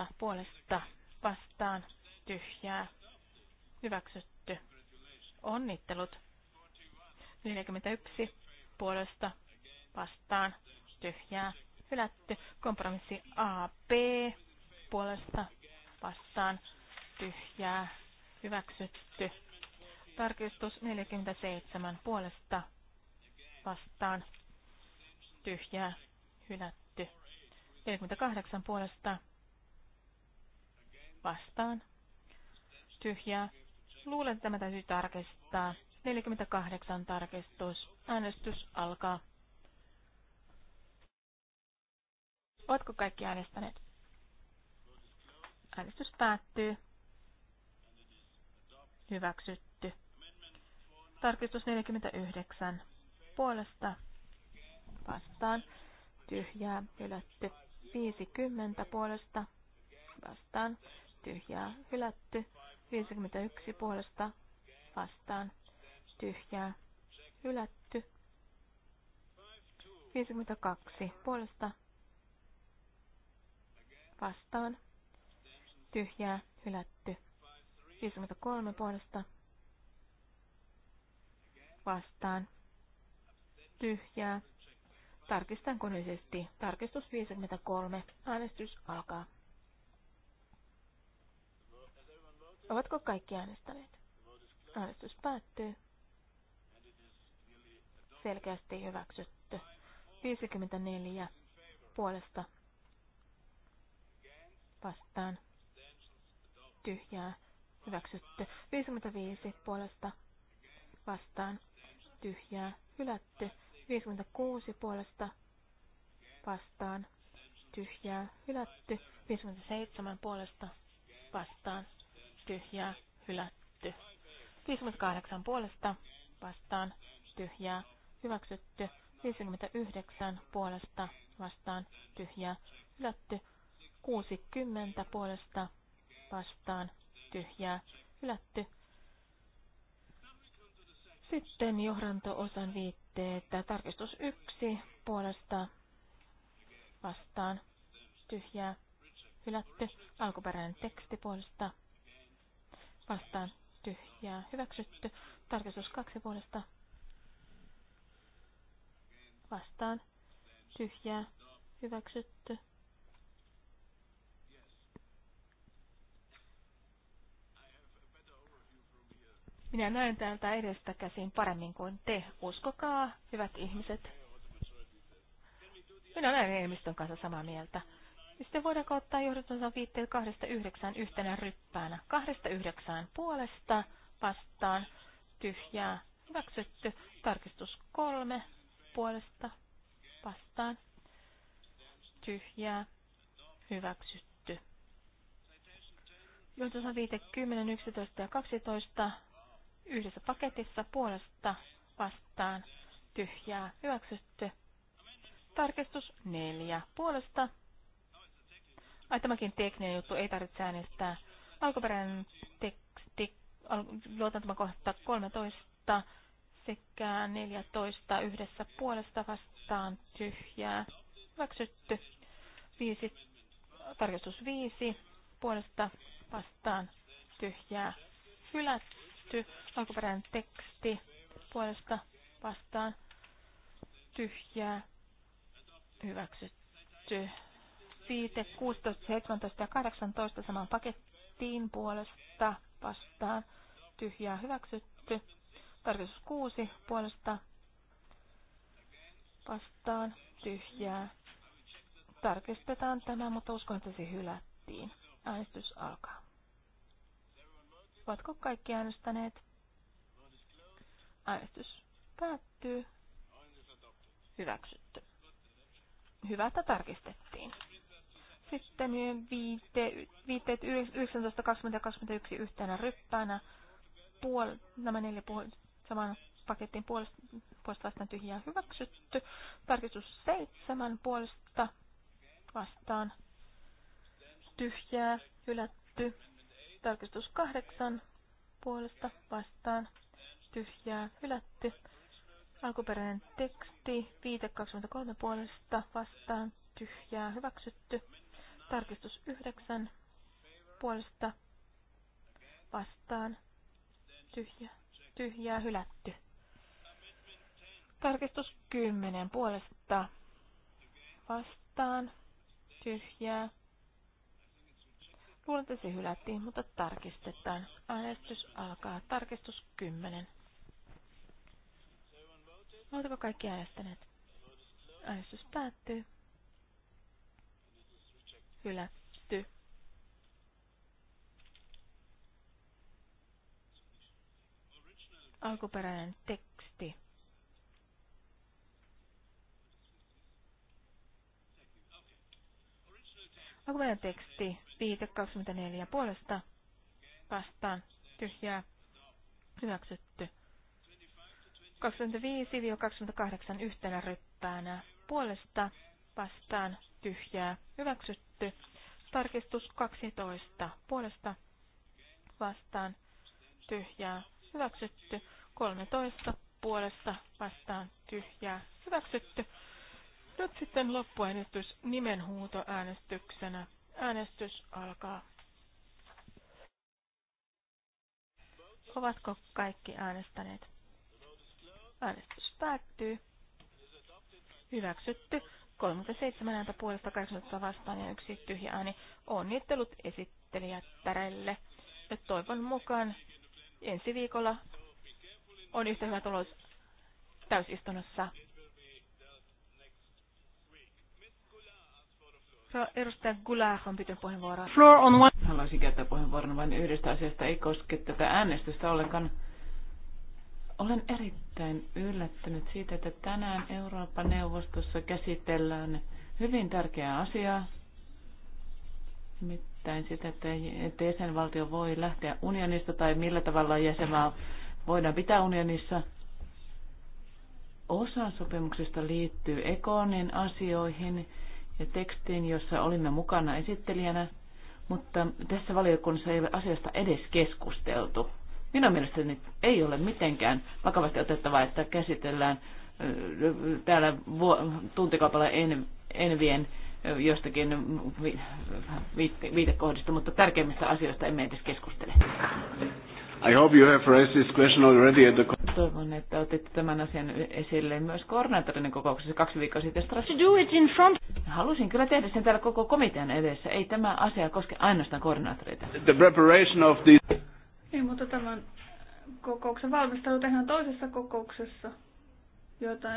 4-0 puolesta vastaan tyhjää. Hyväksytty. Onnittelut. 41 puolesta vastaan tyhjää. Hylätty. Kompromissi AB puolesta vastaan tyhjää. Hyväksytty. Tarkistus 47 puolesta vastaan tyhjää hylätty. 48 puolesta vastaan tyhjää. Luulen, että tämä täytyy tarkistaa. 48 tarkistus. Äänestys alkaa. Oletko kaikki äänestäneet? Äänestys päättyy. Hyväksytty. Tarkistus 49. Puolesta vastaan tyhjää hylätty. 50 puolesta vastaan tyhjää hylätty. 51 puolesta vastaan tyhjää hylätty. 52 puolesta vastaan tyhjää hylätty. 53 puolesta vastaan, vastaan tyhjää. Tarkistan koneisesti. Tarkistus 53. Äänestys alkaa. Ovatko kaikki äänestäneet? Äänestys päättyy. Selkeästi hyväksytty. 54 puolesta vastaan tyhjää hyväksytty. 55 puolesta vastaan tyhjää hylätty. 56 puolesta vastaan tyhjää hylätty. 57 puolesta vastaan tyhjää hylätty. 58 puolesta vastaan tyhjää hyväksytty. 59 puolesta vastaan tyhjää hylätty. 60 puolesta vastaan tyhjää hylätty. Sitten johdanto-osan viitteet. Tarkistus yksi puolesta vastaan tyhjää hylätty. Alkuperäinen teksti puolesta vastaan tyhjää hyväksytty. Tarkistus kaksi puolesta vastaan tyhjää hyväksytty. Minä näen täältä edestä käsin paremmin kuin te. Uskokaa, hyvät ihmiset. Minä näen enemmistön kanssa samaa mieltä. Sitten voidaanko ottaa johdotonsa viitteet kahdesta yhdeksään yhtenä ryppäänä. Kahdesta yhdeksään puolesta vastaan tyhjää hyväksytty. Tarkistus kolme puolesta vastaan tyhjää hyväksytty. Johdotonsa viite 10, 11 ja 12 yhdessä paketissa puolesta vastaan tyhjää hyväksytty. Tarkistus neljä puolesta. Ai tämäkin tekninen juttu, ei tarvitse äänestää. Alkuperäinen teksti, kohta 13 sekä 14 yhdessä puolesta vastaan tyhjää hyväksytty. Viisi, tarkistus viisi puolesta vastaan tyhjää hylätty hyväksytty. Alkuperäinen teksti puolesta vastaan tyhjää hyväksytty. Viite 16, 17 ja 18 saman pakettiin puolesta vastaan tyhjää hyväksytty. Tarkistus 6 puolesta vastaan tyhjää. Tarkistetaan tämä, mutta uskon, että se hylättiin. Äänestys alkaa. Ovatko kaikki äänestäneet? Äänestys päättyy. Hyväksytty. Hyvä, että tarkistettiin. Sitten viite, viitteet 19, 20 ja 21 yhtenä ryppäänä. Puol, nämä neljä puol, saman pakettiin puolesta, puolesta vastaan tyhjää hyväksytty. Tarkistus 7 puolesta vastaan tyhjää hylätty. Tarkistus kahdeksan puolesta vastaan tyhjää hylätty. Alkuperäinen teksti 5.23 puolesta vastaan tyhjää hyväksytty. Tarkistus yhdeksän puolesta vastaan tyhjää, tyhjää hylätty. Tarkistus 10 puolesta vastaan tyhjää Luulen, että se hylättiin, mutta tarkistetaan. Äänestys alkaa. Tarkistus 10. Oletko kaikki äänestäneet? Äänestys päättyy. Hylätty. Alkuperäinen teksti. Alkuperäinen teksti viite 24 puolesta vastaan tyhjää hyväksytty. 25-28 yhtenä ryppäänä puolesta vastaan tyhjää hyväksytty. Tarkistus 12 puolesta vastaan tyhjää hyväksytty. 13 puolesta vastaan tyhjää hyväksytty. Nyt sitten loppuäänestys nimenhuutoäänestyksenä. Äänestys alkaa. Ovatko kaikki äänestäneet? Äänestys päättyy. Hyväksytty. 37 ääntä puolesta 80 vastaan ja yksi tyhjä ääni. Onnittelut esittelijättärelle. Ja toivon mukaan ensi viikolla on yhtä hyvä tulos täysistunnossa. Edustaja Gulag on pitänyt puheenvuoroa. Floor on one. Haluaisin käyttää puheenvuoron vain yhdestä asiasta. Ei koske tätä äänestystä ollenkaan. Olen erittäin yllättynyt siitä, että tänään Euroopan neuvostossa käsitellään hyvin tärkeää asiaa. Nimittäin sitä, että jäsenvaltio voi lähteä unionista tai millä tavalla jäsenmaa voidaan pitää unionissa. Osa sopimuksesta liittyy Ekonin asioihin ja tekstiin, jossa olimme mukana esittelijänä, mutta tässä valiokunnassa ei ole asiasta edes keskusteltu. Minun mielestäni ei ole mitenkään vakavasti otettavaa, että käsitellään täällä tuntikaupalla en, envien jostakin viitekohdista, mutta tärkeimmistä asioista emme edes keskustele. I hope you have raised this question already at the... Toivon, että otitte tämän asian esille myös koordinaattorin kokouksessa kaksi viikkoa sitten Strasbourg. Do it in front. Halusin kyllä tehdä sen täällä koko komitean edessä. Ei tämä asia koske ainoastaan koordinaattoreita. The preparation of the... Niin, mutta tämän kokouksen valmistelu tehdään toisessa kokouksessa, jota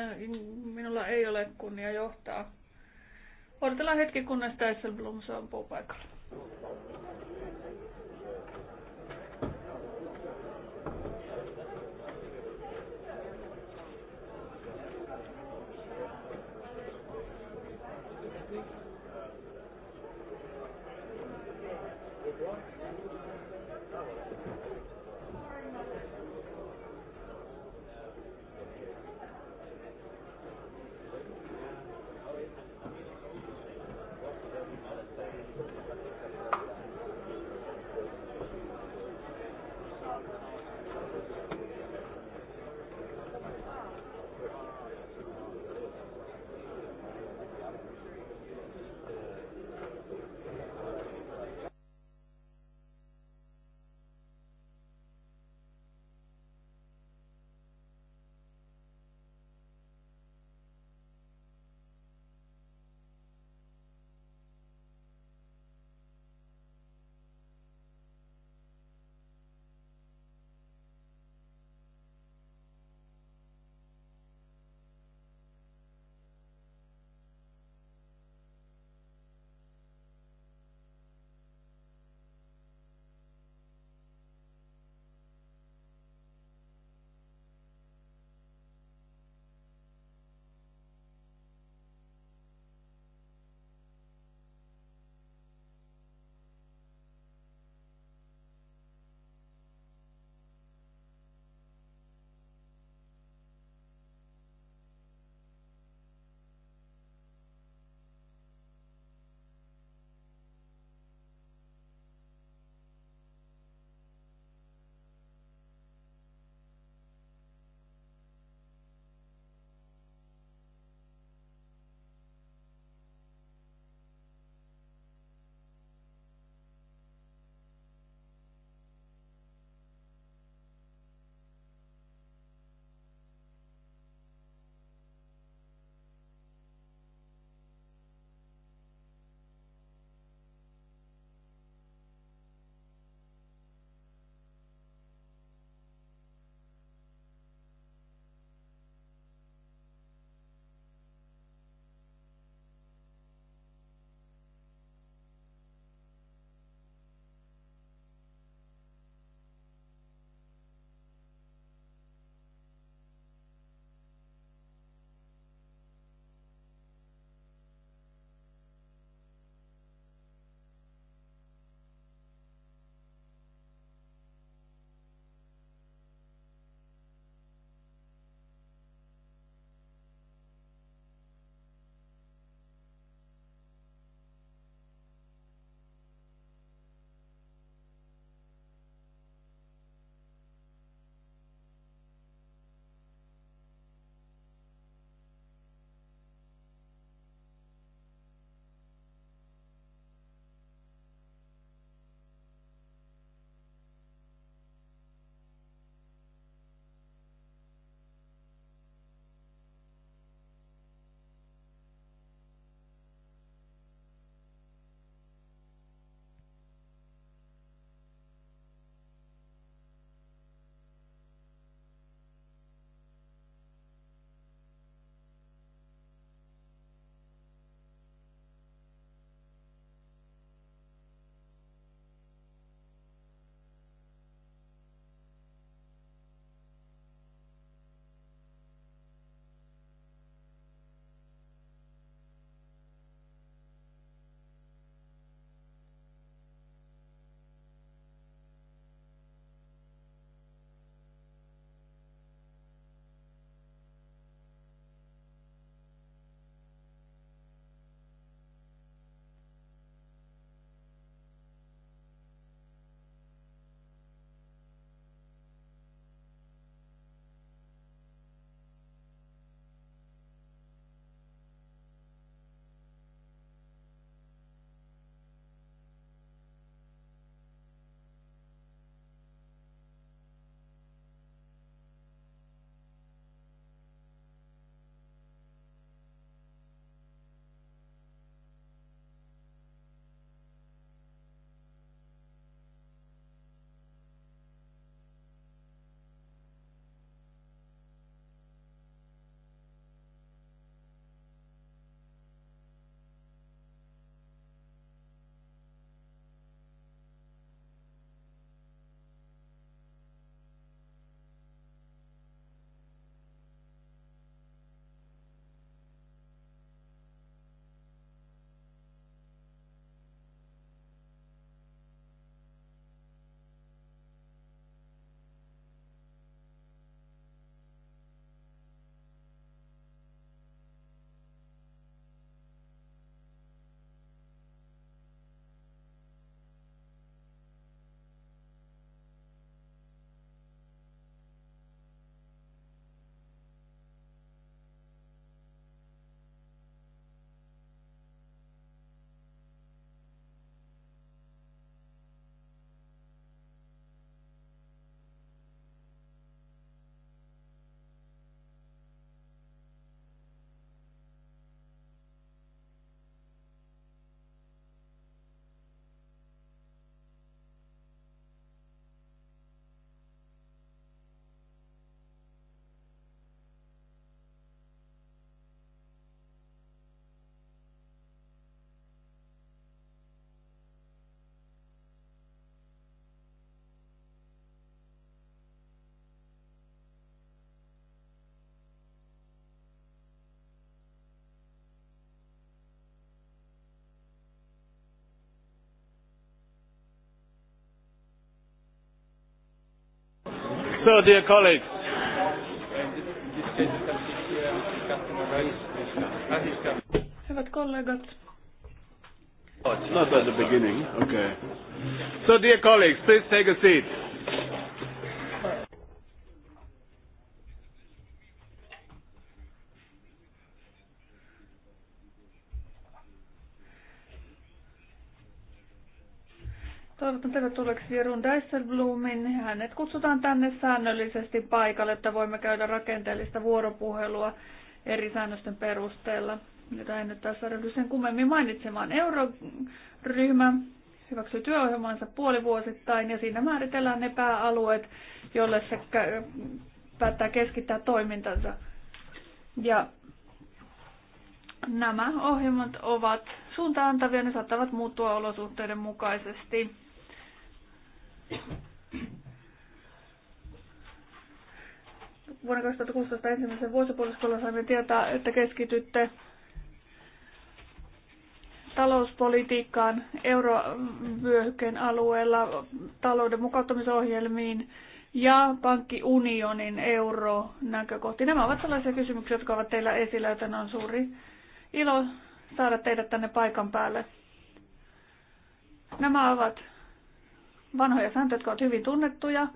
minulla ei ole kunnia johtaa. Odotellaan hetki, kunnes Dijsselbloem saapuu paikalle. So, dear colleagues. Hyvät kollegat. Not at the beginning. Okay. So, dear colleagues, please take a seat. Toivotan tervetulleeksi Vierun Dijsselbloomin. Hänet kutsutaan tänne säännöllisesti paikalle, että voimme käydä rakenteellista vuoropuhelua eri säännösten perusteella, jota en nyt tässä ryhdy sen kummemmin mainitsemaan. Euroryhmä hyväksyy työohjelmansa puolivuosittain ja siinä määritellään ne pääalueet, joille se päättää keskittää toimintansa. Ja nämä ohjelmat ovat suuntaantavia, ne saattavat muuttua olosuhteiden mukaisesti. Vuonna 2016 ensimmäisen vuosipuoliskolla saimme tietää, että keskitytte talouspolitiikkaan eurovyöhykkeen alueella, talouden mukauttamisohjelmiin ja pankkiunionin euronäkökohtiin. Nämä ovat sellaisia kysymyksiä, jotka ovat teillä esillä, joten on suuri ilo saada teidät tänne paikan päälle. Nämä ovat vanhoja sääntöjä, jotka ovat hyvin tunnettuja.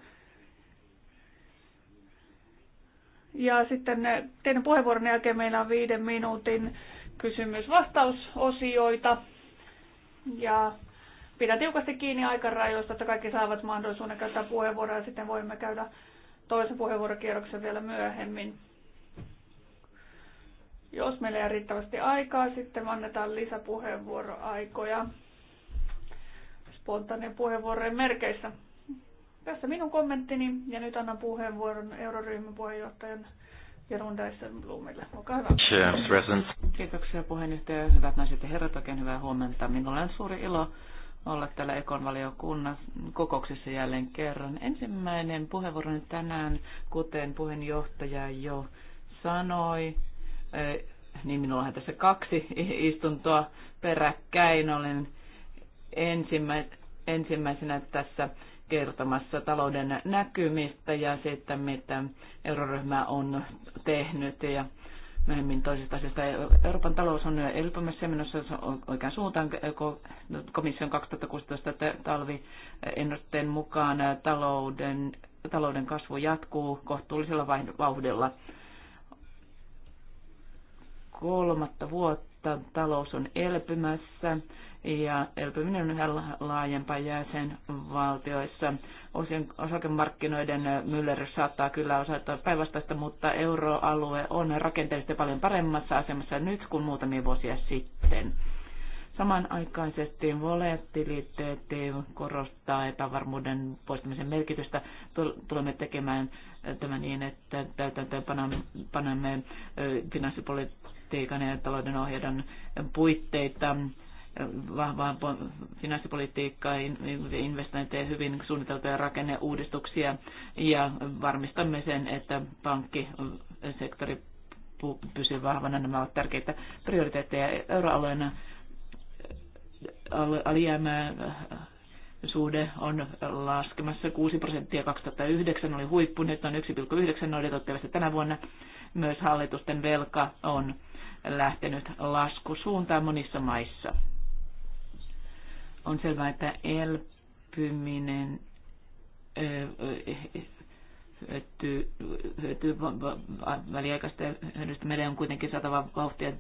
Ja sitten teidän puheenvuoron jälkeen meillä on viiden minuutin kysymys-vastausosioita. Ja pidän tiukasti kiinni aikarajoista, että kaikki saavat mahdollisuuden käyttää puheenvuoroa ja sitten voimme käydä toisen puheenvuorokierroksen vielä myöhemmin. Jos meillä ei riittävästi aikaa, sitten annetaan lisäpuheenvuoroaikoja spontaanien puheenvuorojen merkeissä. Tässä minun kommenttini ja nyt annan puheenvuoron euroryhmän puheenjohtajan Jerun Dijsselbloemille. Olkaa hyvä. Kiitoksia puheenjohtaja. Hyvät naiset ja herrat, oikein hyvää huomenta. Minulla on suuri ilo olla täällä Ekon valiokunnan kokouksessa jälleen kerran. Ensimmäinen puheenvuoro tänään, kuten puheenjohtaja jo sanoi, eh, niin minullahan tässä kaksi istuntoa peräkkäin. Olen ensimmäinen ensimmäisenä tässä kertomassa talouden näkymistä ja siitä, mitä euroryhmä on tehnyt ja myöhemmin toisesta asiasta. Euroopan talous on elpymässä ja menossa oikean suuntaan. Komission 2016 talviennusteen mukaan talouden, talouden kasvu jatkuu kohtuullisella vauhdilla. Kolmatta vuotta talous on elpymässä ja elpyminen on yhä laajempaa jäsenvaltioissa. Osin osakemarkkinoiden myllerys saattaa kyllä osoittaa päinvastaista, mutta euroalue on rakenteellisesti paljon paremmassa asemassa nyt kuin muutamia vuosia sitten. Samanaikaisesti volatiliteetti korostaa epävarmuuden poistamisen merkitystä. Tulemme tekemään tämä niin, että täytäntöön panemme finanssipolitiikan ja talouden ohjelman puitteita vahvaan finanssipolitiikkaa, investointeja, hyvin suunniteltuja rakenneuudistuksia ja varmistamme sen, että pankkisektori pysyy vahvana. Nämä ovat tärkeitä prioriteetteja euroalueena. Alijäämää äh, suhde on laskemassa 6 prosenttia. 2009 oli huippu, nyt on 1,9 odotettavasti tänä vuonna. Myös hallitusten velka on lähtenyt laskusuuntaan monissa maissa. On selvää, että elpyminen hyötyy, väliaikaista hyödystä. Meillä on kuitenkin saatava vauhtia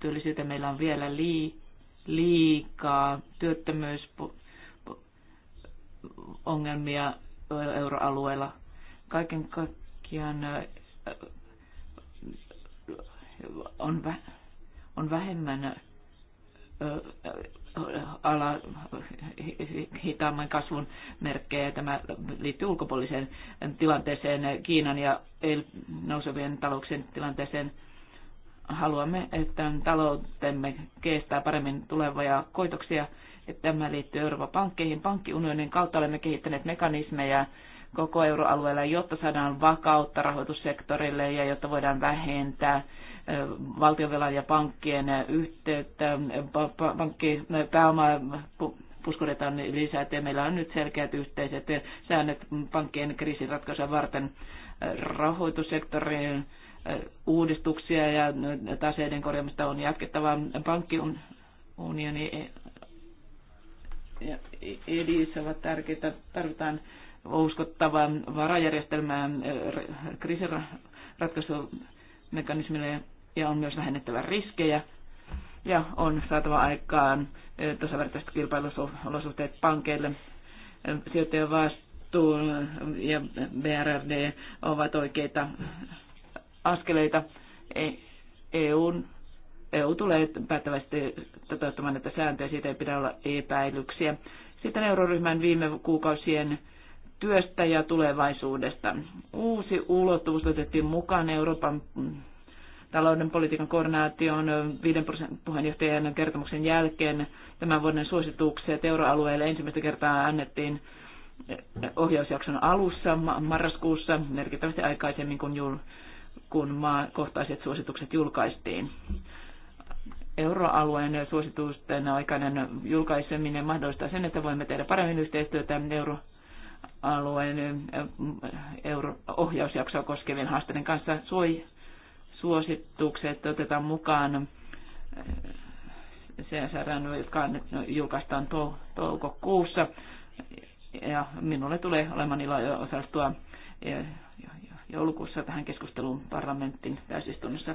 työllisyyttä. Meillä on vielä lii, liikaa työttömyysongelmia euroalueella. Kaiken kaikkiaan on, vä, on vähemmän ala hitaamman kasvun merkkejä. Tämä liittyy ulkopuoliseen tilanteeseen, Kiinan ja nousevien talouksien tilanteeseen. Haluamme, että taloutemme kestää paremmin tulevia koitoksia. Tämä liittyy Euroopan pankkeihin. Pankkiunionin kautta olemme kehittäneet mekanismeja koko euroalueella, jotta saadaan vakautta rahoitussektorille ja jotta voidaan vähentää valtionvelan ja pankkien yhteyttä, pankki pääomaa puskuretaan lisää, että meillä on nyt selkeät yhteiset säännöt pankkien kriisiratkaisua varten rahoitussektorin uudistuksia ja taseiden korjaamista on jatkettava. Pankkiunioni ja edissä ovat tärkeitä. Tarvitaan uskottavaa varajärjestelmää ja ja on myös vähennettävä riskejä ja on saatava aikaan tasavertaiset kilpailuolosuhteet pankeille. Sijoittajan vastuu ja BRRD ovat oikeita askeleita. E, EUn, EU tulee päättävästi toteuttamaan näitä sääntöjä, siitä ei pidä olla epäilyksiä. Sitten euroryhmän viime kuukausien työstä ja tulevaisuudesta. Uusi ulottuvuus otettiin mukaan Euroopan talouden politiikan koordinaation viiden puheenjohtajan kertomuksen jälkeen tämän vuoden suositukset euroalueelle ensimmäistä kertaa annettiin ohjausjakson alussa marraskuussa, merkittävästi aikaisemmin kuin jul, kun maakohtaiset suositukset julkaistiin. Euroalueen suositusten aikainen julkaiseminen mahdollistaa sen, että voimme tehdä paremmin yhteistyötä euroalueen euro ohjausjaksoa koskevien haasteiden kanssa. Suoi suositukset otetaan mukaan eh, CSRn, jotka julkaistaan toukokuussa. Ja minulle tulee olemaan ilo osallistua eh, joulukuussa tähän keskusteluun parlamentin täysistunnossa.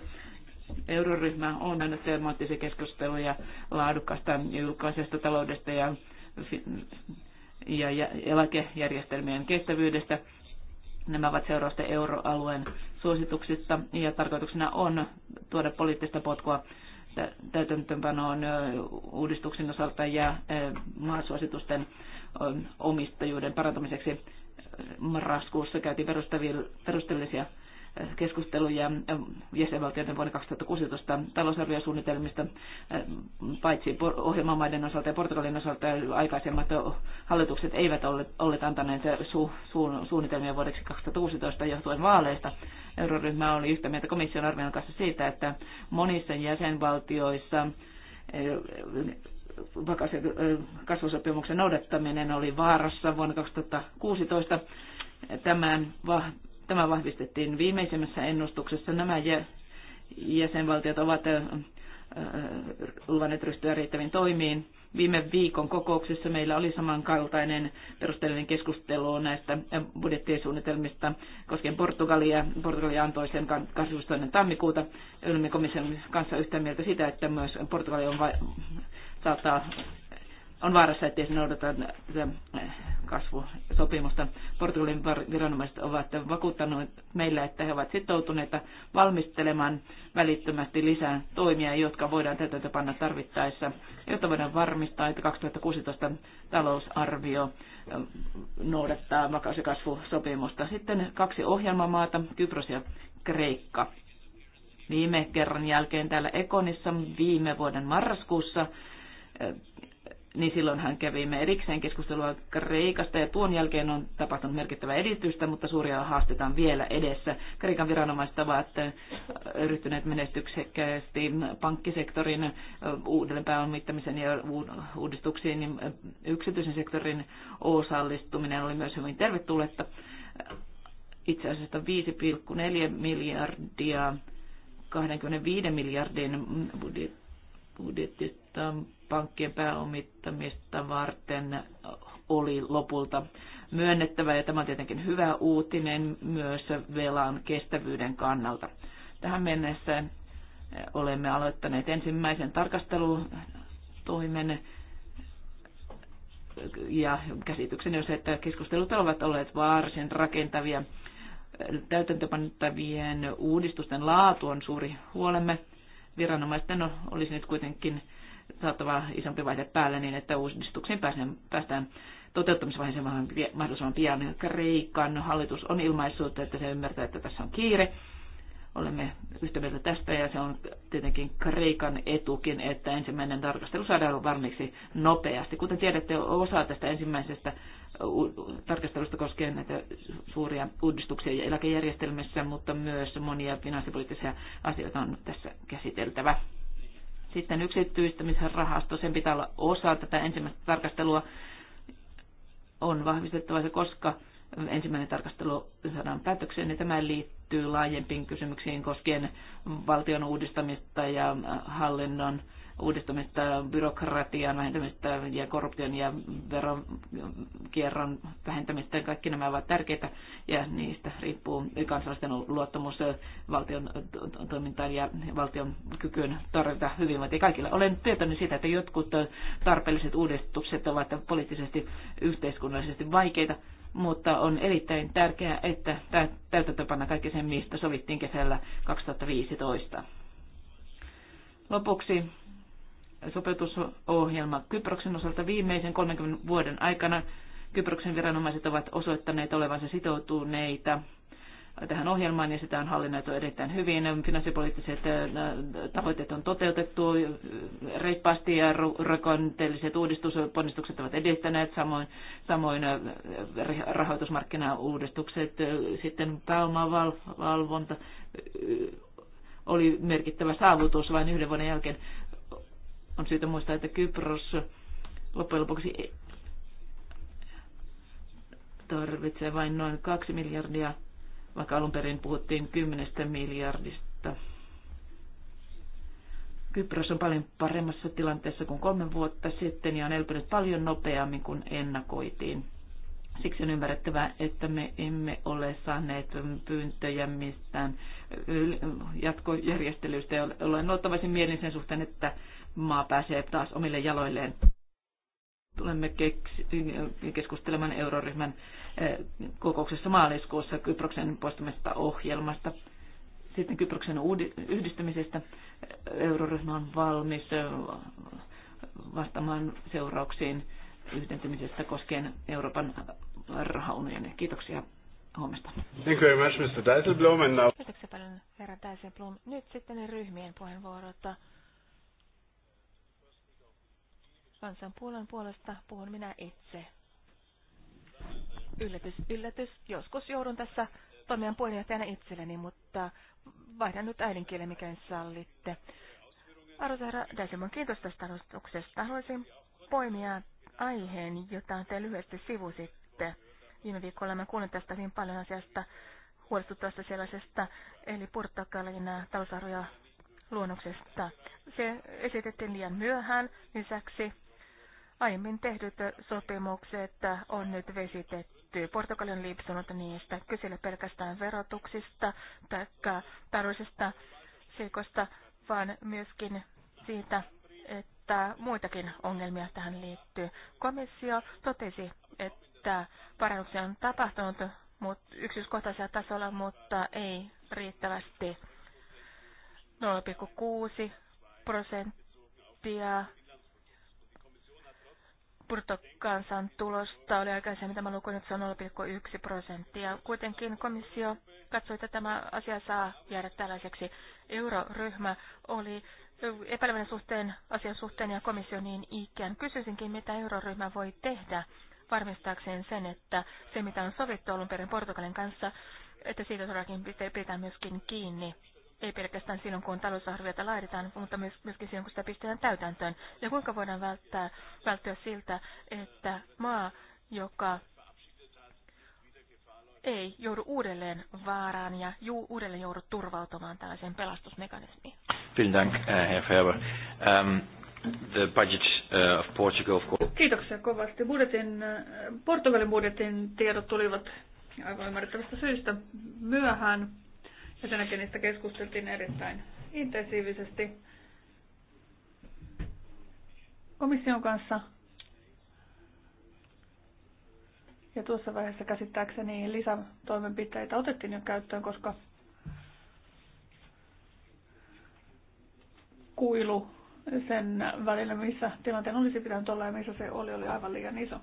Euroryhmä on aina temaattisia keskusteluja laadukkaasta julkaisesta taloudesta ja, ja eläkejärjestelmien kestävyydestä. Nämä ovat seurausta euroalueen suosituksista ja tarkoituksena on tuoda poliittista potkua täytäntöönpanoon uudistuksen osalta ja maasuositusten omistajuuden parantamiseksi. Marraskuussa käytiin perusteellisia keskusteluja äh, jäsenvaltioiden vuonna 2016 talousarviosuunnitelmista, äh, paitsi ohjelmamaiden osalta ja Portugalin osalta aikaisemmat hallitukset eivät olleet antaneet su- su- suunnitelmia vuodeksi 2016 johtuen vaaleista. Euroryhmä oli yhtä mieltä komission arvion kanssa siitä, että monissa jäsenvaltioissa äh, kasvusopimuksen noudattaminen oli vaarassa vuonna 2016 Tämän Tämä vahvistettiin viimeisimmässä ennustuksessa. Nämä jäsenvaltiot ovat luvanneet ryhtyä riittäviin toimiin. Viime viikon kokouksessa meillä oli samankaltainen perusteellinen keskustelu näistä budjettisuunnitelmista koskien Portugalia. Portugalia antoi sen 22. tammikuuta. Olemme komission kanssa yhtä mieltä sitä, että myös Portugali on va- saattaa on vaarassa, että jos noudataan eh, kasvusopimusta, Portugalin viranomaiset ovat vakuuttaneet meillä, että he ovat sitoutuneita valmistelemaan välittömästi lisää toimia, jotka voidaan tätä panna tarvittaessa, jotta voidaan varmistaa, että 2016 talousarvio eh, noudattaa vakaus- ja kasvusopimusta. Sitten kaksi ohjelmamaata, Kypros ja Kreikka. Viime kerran jälkeen täällä Ekonissa viime vuoden marraskuussa eh, niin silloin hän kävi me erikseen keskustelua Kreikasta ja tuon jälkeen on tapahtunut merkittävä edistystä, mutta suuria haasteita on vielä edessä. Kreikan viranomaiset ovat äh, ryhtyneet menestyksekkäästi pankkisektorin äh, uudelleen pääomittamisen ja uudistuksiin, niin äh, yksityisen sektorin osallistuminen oli myös hyvin tervetulletta. Itse asiassa 5,4 miljardia 25 miljardin budjetti budjetista pankkien pääomittamista varten oli lopulta myönnettävä ja tämä on tietenkin hyvä uutinen myös velan kestävyyden kannalta. Tähän mennessä eh, olemme aloittaneet ensimmäisen tarkastelutoimen eh, ja käsitykseni on se, että keskustelut ovat olleet varsin rakentavia. Täytäntöpannettavien uudistusten laatu on suuri huolemme viranomaisten no, olisi nyt kuitenkin saatava isompi vaihe päälle niin, että uudistuksiin päästään, päästään toteuttamisvaiheeseen mahdollisimman pian. Kreikan hallitus on ilmaissut, että se ymmärtää, että tässä on kiire. Olemme yhtä mieltä tästä ja se on tietenkin Kreikan etukin, että ensimmäinen tarkastelu saadaan varmiksi nopeasti. Kuten tiedätte, osa tästä ensimmäisestä tarkastelusta koskien näitä suuria uudistuksia eläkejärjestelmässä, mutta myös monia finanssipoliittisia asioita on tässä käsiteltävä. Sitten yksityistämisen rahasto, sen pitää olla osa tätä ensimmäistä tarkastelua. On vahvistettava se, koska ensimmäinen tarkastelu saadaan päätökseen, niin tämä liittyy laajempiin kysymyksiin koskien valtion uudistamista ja hallinnon Uudistamista, byrokratian vähentämistä ja korruption ja veronkierron vähentämistä. Kaikki nämä ovat tärkeitä ja niistä riippuu kansalaisten luottamus valtion toimintaan ja valtion kykyyn tarjota hyvinvointia kaikille. Olen tietoinen siitä, että jotkut tarpeelliset uudistukset ovat poliittisesti yhteiskunnallisesti vaikeita, mutta on erittäin tärkeää, että täytäntöpanna kaikki sen, mistä sovittiin kesällä 2015. Lopuksi sopeutusohjelma Kyproksen osalta viimeisen 30 vuoden aikana. Kyproksen viranomaiset ovat osoittaneet olevansa sitoutuneita tähän ohjelmaan ja sitä on hallinnoitu erittäin hyvin. Finanssipoliittiset äh, tavoitteet on toteutettu reippaasti ja rakenteelliset uudistusponnistukset ovat edistäneet, samoin, samoin äh, rahoitusmarkkinauudistukset, äh, sitten pääomavalvonta oli merkittävä saavutus vain yhden vuoden jälkeen on syytä muistaa, että Kypros loppujen lopuksi tarvitsee vain noin 2 miljardia, vaikka alun perin puhuttiin 10 miljardista. Kypros on paljon paremmassa tilanteessa kuin kolme vuotta sitten ja on elpynyt paljon nopeammin kuin ennakoitiin. Siksi on ymmärrettävää, että me emme ole saaneet pyyntöjä mistään jatkojärjestelyistä. Olen luottavaisin mielin sen suhteen, että maa pääsee taas omille jaloilleen. Tulemme keskustelemaan euroryhmän eh, kokouksessa maaliskuussa Kyproksen poistamista ohjelmasta. Sitten Kyproksen yhdistämisestä euroryhmä on valmis eh, vastaamaan seurauksiin yhdentymisestä koskien Euroopan rahaunionia. Kiitoksia huomesta. Thank you very much, Mr. Dijsselbloem. Kiitoksia paljon, herra Dijsselbloem. Nyt sitten ryhmien puheenvuorot puolen puolesta puhun minä itse. Yllätys, yllätys. Joskus joudun tässä toimijan puheenjohtajana itselleni, mutta vaihdan nyt äidinkielen, mikä sallitte. Arvoisa herra Däsemon, kiitos tästä alustuksesta. Haluaisin poimia aiheen, jota te lyhyesti sivusitte. Viime viikolla mä kuulin tästä hyvin paljon asiasta, huolestuttavasta sellaisesta, eli portugaliina talousarvoja luonnoksesta. Se esitettiin liian myöhään. Lisäksi Aiemmin tehdyt sopimukset on nyt vesitetty. Portugali on liipsunut niistä. Kysyllä pelkästään verotuksista tai taloudellisista siikosta vaan myöskin siitä, että muitakin ongelmia tähän liittyy. Komissio totesi, että parannuksia on tapahtunut mutta yksityiskohtaisella tasolla, mutta ei riittävästi. 0,6 prosenttia bruttokansantulosta oli aikaisemmin tämä luku, nyt se on 0,1 prosenttia. Kuitenkin komissio katsoi, että tämä asia saa jäädä tällaiseksi. Euroryhmä oli epäilevän suhteen, asian suhteen ja komissio niin ikään. Kysyisinkin, mitä euroryhmä voi tehdä varmistaakseen sen, että se, mitä on sovittu alun perin Portugalin kanssa, että siitä todellakin pitää myöskin kiinni ei pelkästään silloin, kun talousarviota laaditaan, mutta myöskin silloin, kun sitä pistetään täytäntöön. Ja kuinka voidaan välttää, välttää siltä, että maa, joka ei joudu uudelleen vaaraan ja juu, uudelleen joudu turvautumaan tällaiseen pelastusmekanismiin. Vielen Dank, äh, Herr ähm, the budget äh, of Portugal, of course. Kiitoksia kovasti. Budjetin, äh, Portugalin budjetin tiedot tulivat aivan ymmärrettävästä syystä myöhään Ensinnäkin niistä keskusteltiin erittäin intensiivisesti komission kanssa. Ja tuossa vaiheessa käsittääkseni lisätoimenpiteitä otettiin jo käyttöön, koska kuilu sen välillä, missä tilanteen olisi pitänyt olla ja missä se oli, oli aivan liian iso.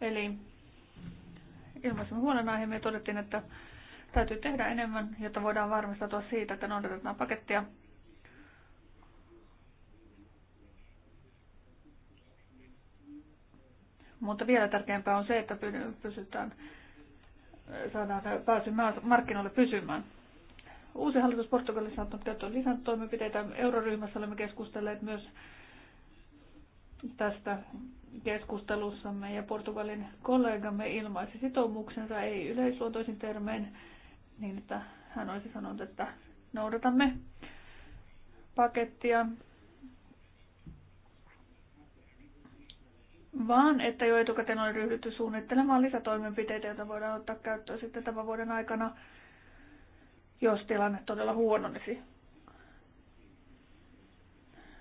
Eli ilmaisimme huolenaiheemme ja todettiin, että Täytyy tehdä enemmän, jotta voidaan varmistautua siitä, että noudatetaan pakettia. Mutta vielä tärkeämpää on se, että pysytään, saadaan pääsy markkinoille pysymään. Uusi hallitus Portugalissa on ottanut käyttöön lisätoimenpiteitä. Euroryhmässä olemme keskustelleet myös tästä keskustelussamme ja Portugalin kollegamme ilmaisi sitoumuksensa, ei yleisluontoisin termein, niin, että hän olisi sanonut, että noudatamme pakettia, vaan että jo etukäteen on ryhdytty suunnittelemaan lisätoimenpiteitä, joita voidaan ottaa käyttöön sitten tämän vuoden aikana, jos tilanne todella huononisi.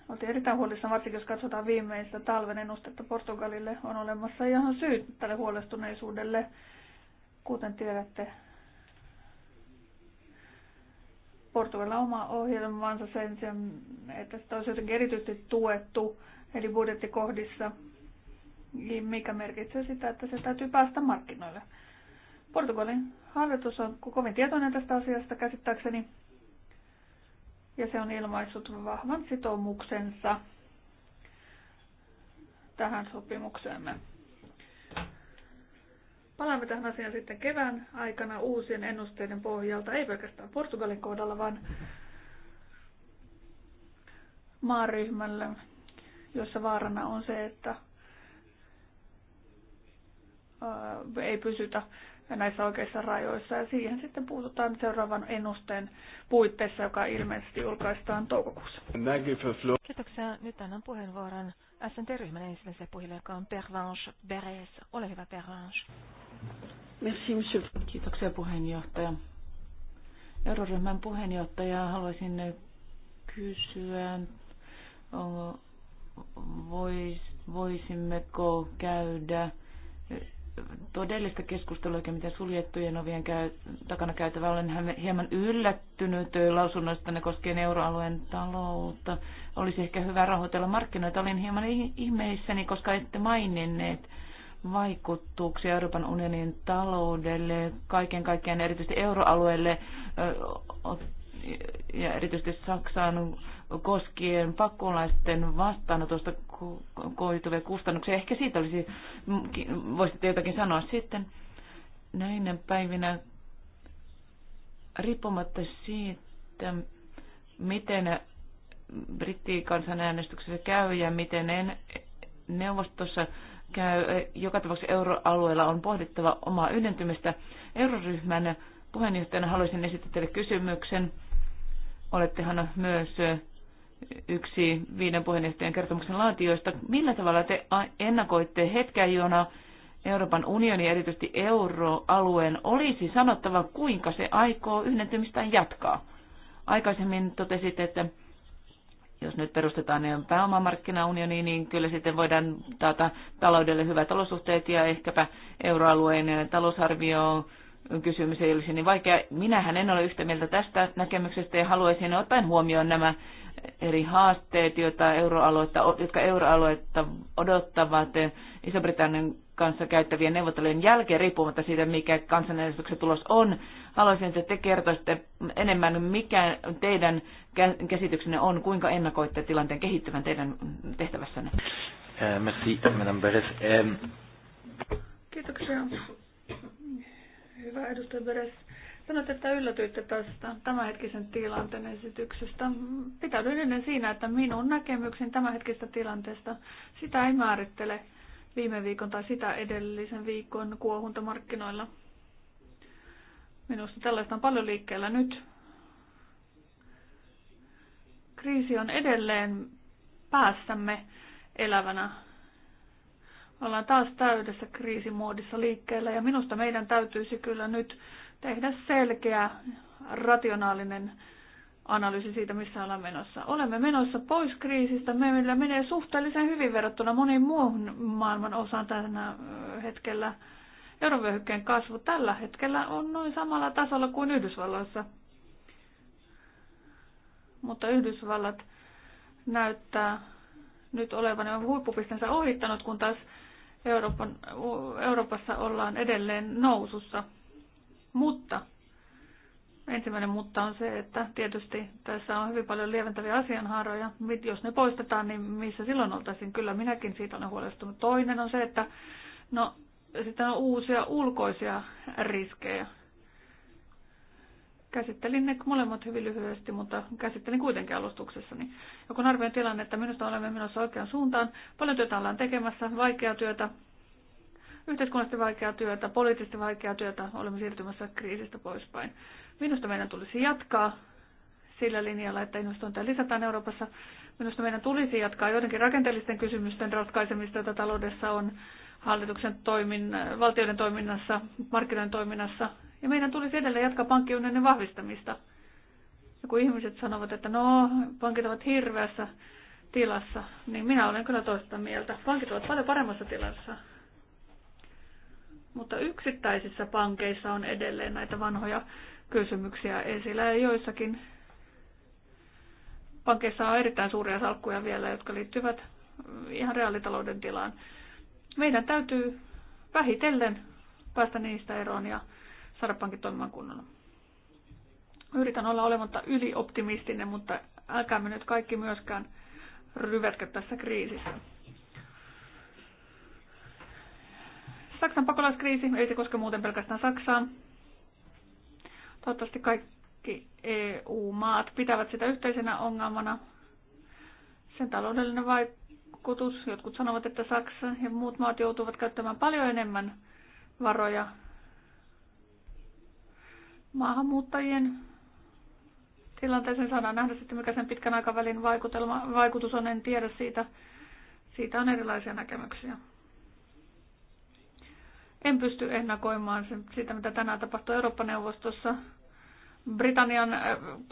Oltiin erittäin huolissaan, varsinkin jos katsotaan viimeistä talven ennustetta Portugalille, on olemassa ihan syyt tälle huolestuneisuudelle. Kuten tiedätte, Portugalilla oma ohjelmansa sen sen että sitä olisi jotenkin erityisesti tuettu, eli budjettikohdissa, niin mikä merkitsee sitä, että se täytyy päästä markkinoille. Portugalin hallitus on kovin tietoinen tästä asiasta käsittääkseni, ja se on ilmaissut vahvan sitoumuksensa tähän sopimukseemme. Palaamme tähän asiaan sitten kevään aikana uusien ennusteiden pohjalta, ei pelkästään Portugalin kohdalla, vaan maaryhmällä, jossa vaarana on se, että ei pysytä näissä oikeissa rajoissa. Ja siihen sitten puututaan seuraavan ennusteen puitteissa, joka ilmeisesti julkaistaan toukokuussa. Kiitoksia. Nyt annan puheenvuoron SNT-ryhmän ensimmäisen puhujan, joka on Pervanche Beres. Ole hyvä, Pervanche. Merci, monsieur. Kiitoksia puheenjohtaja. Euroryhmän puheenjohtaja, haluaisin kysyä, onko, vois, voisimmeko käydä todellista keskustelua eikä mitä suljettujen ovien käy, takana käytävä. Olen hieman yllättynyt ne koskien euroalueen taloutta. Olisi ehkä hyvä rahoitella markkinoita. Olin hieman ihmeissäni, koska ette maininneet vaikutuksia Euroopan unionin taloudelle, kaiken kaikkiaan erityisesti euroalueelle ja erityisesti Saksan koskien pakolaisten vastaanotosta koituvia kustannuksia. Ehkä siitä olisi, voisitte jotakin sanoa sitten näinä päivinä, riippumatta siitä, miten brittikansanäänestyksessä käy ja miten en, neuvostossa käy, joka tapauksessa euroalueella on pohdittava omaa yhdentymistä. Euroryhmän puheenjohtajana haluaisin esittää teille kysymyksen Olettehan myös yksi viiden puheenjohtajan kertomuksen laatijoista. Millä tavalla te ennakoitte hetkeä, jona Euroopan unioni, erityisesti euroalueen, olisi sanottava, kuinka se aikoo yhdentymistään jatkaa? Aikaisemmin totesit, että jos nyt perustetaan niin pääomamarkkinaunioni, niin kyllä sitten voidaan taata taloudelle hyvät olosuhteet ja ehkäpä euroalueen talousarvio kysymys ei olisi niin vaikea. Minähän en ole yhtä mieltä tästä näkemyksestä ja haluaisin ottaen huomioon nämä eri haasteet, joita euroaluetta, jotka euroaluetta odottavat Iso-Britannian kanssa käyttävien neuvottelujen jälkeen, riippumatta siitä, mikä kansanäänestyksen tulos on. Haluaisin, että te kertoisitte enemmän, mikä teidän käsityksenne on, kuinka ennakoitte tilanteen kehittyvän teidän tehtävässänne. Eh, merci, Madame Beres. Eh, Kiitoksia. Hyvä edustaja Beres. Sanoit, että yllätyitte tästä tämänhetkisen tilanteen esityksestä. Pitäydyin ennen siinä, että minun näkemyksen tämänhetkisestä tilanteesta, sitä ei määrittele viime viikon tai sitä edellisen viikon kuohuntamarkkinoilla. markkinoilla. Minusta tällaista on paljon liikkeellä nyt. Kriisi on edelleen päässämme elävänä Ollaan taas täydessä kriisimuodissa liikkeellä ja minusta meidän täytyisi kyllä nyt tehdä selkeä, rationaalinen analyysi siitä, missä ollaan menossa. Olemme menossa pois kriisistä. Meillä menee suhteellisen hyvin verrattuna moniin muuhun maailman osaan tänä hetkellä. Eurovyöhykkeen kasvu tällä hetkellä on noin samalla tasolla kuin Yhdysvalloissa. Mutta Yhdysvallat näyttää nyt olevan jo huippupistensä ohittanut, kun taas Euroopan, Euroopassa ollaan edelleen nousussa. Mutta ensimmäinen mutta on se, että tietysti tässä on hyvin paljon lieventäviä asianhaaroja. Jos ne poistetaan, niin missä silloin oltaisiin? Kyllä minäkin siitä olen huolestunut. Toinen on se, että no, sitten on uusia ulkoisia riskejä, Käsittelin ne molemmat hyvin lyhyesti, mutta käsittelin kuitenkin alustuksessa. Ja kun arvioin että minusta olemme menossa oikeaan suuntaan. Paljon työtä ollaan tekemässä, vaikeaa työtä, yhteiskunnallisesti vaikeaa työtä, poliittisesti vaikeaa työtä, olemme siirtymässä kriisistä poispäin. Minusta meidän tulisi jatkaa sillä linjalla, että investointeja lisätään Euroopassa. Minusta meidän tulisi jatkaa joidenkin rakenteellisten kysymysten ratkaisemista, joita taloudessa on, hallituksen toimin, valtioiden toiminnassa, markkinoiden toiminnassa ja meidän tulisi edelleen jatkaa pankkiunionin vahvistamista. Ja kun ihmiset sanovat, että no, pankit ovat hirveässä tilassa, niin minä olen kyllä toista mieltä. Pankit ovat paljon paremmassa tilassa. Mutta yksittäisissä pankeissa on edelleen näitä vanhoja kysymyksiä esillä ja joissakin pankeissa on erittäin suuria salkkuja vielä, jotka liittyvät ihan reaalitalouden tilaan. Meidän täytyy vähitellen päästä niistä eroon ja saada pankit toimimaan kunnolla. Yritän olla olematta ylioptimistinen, mutta älkäämme nyt kaikki myöskään ryvetkä tässä kriisissä. Saksan pakolaiskriisi ei se koske muuten pelkästään Saksaa. Toivottavasti kaikki EU-maat pitävät sitä yhteisenä ongelmana. Sen taloudellinen vaikutus, jotkut sanovat, että Saksa ja muut maat joutuvat käyttämään paljon enemmän varoja maahanmuuttajien tilanteeseen saadaan nähdä sitten, mikä sen pitkän aikavälin vaikutelma, vaikutus on, en tiedä siitä. Siitä on erilaisia näkemyksiä. En pysty ennakoimaan sitä, mitä tänään tapahtuu Eurooppa-neuvostossa. Britannian äh,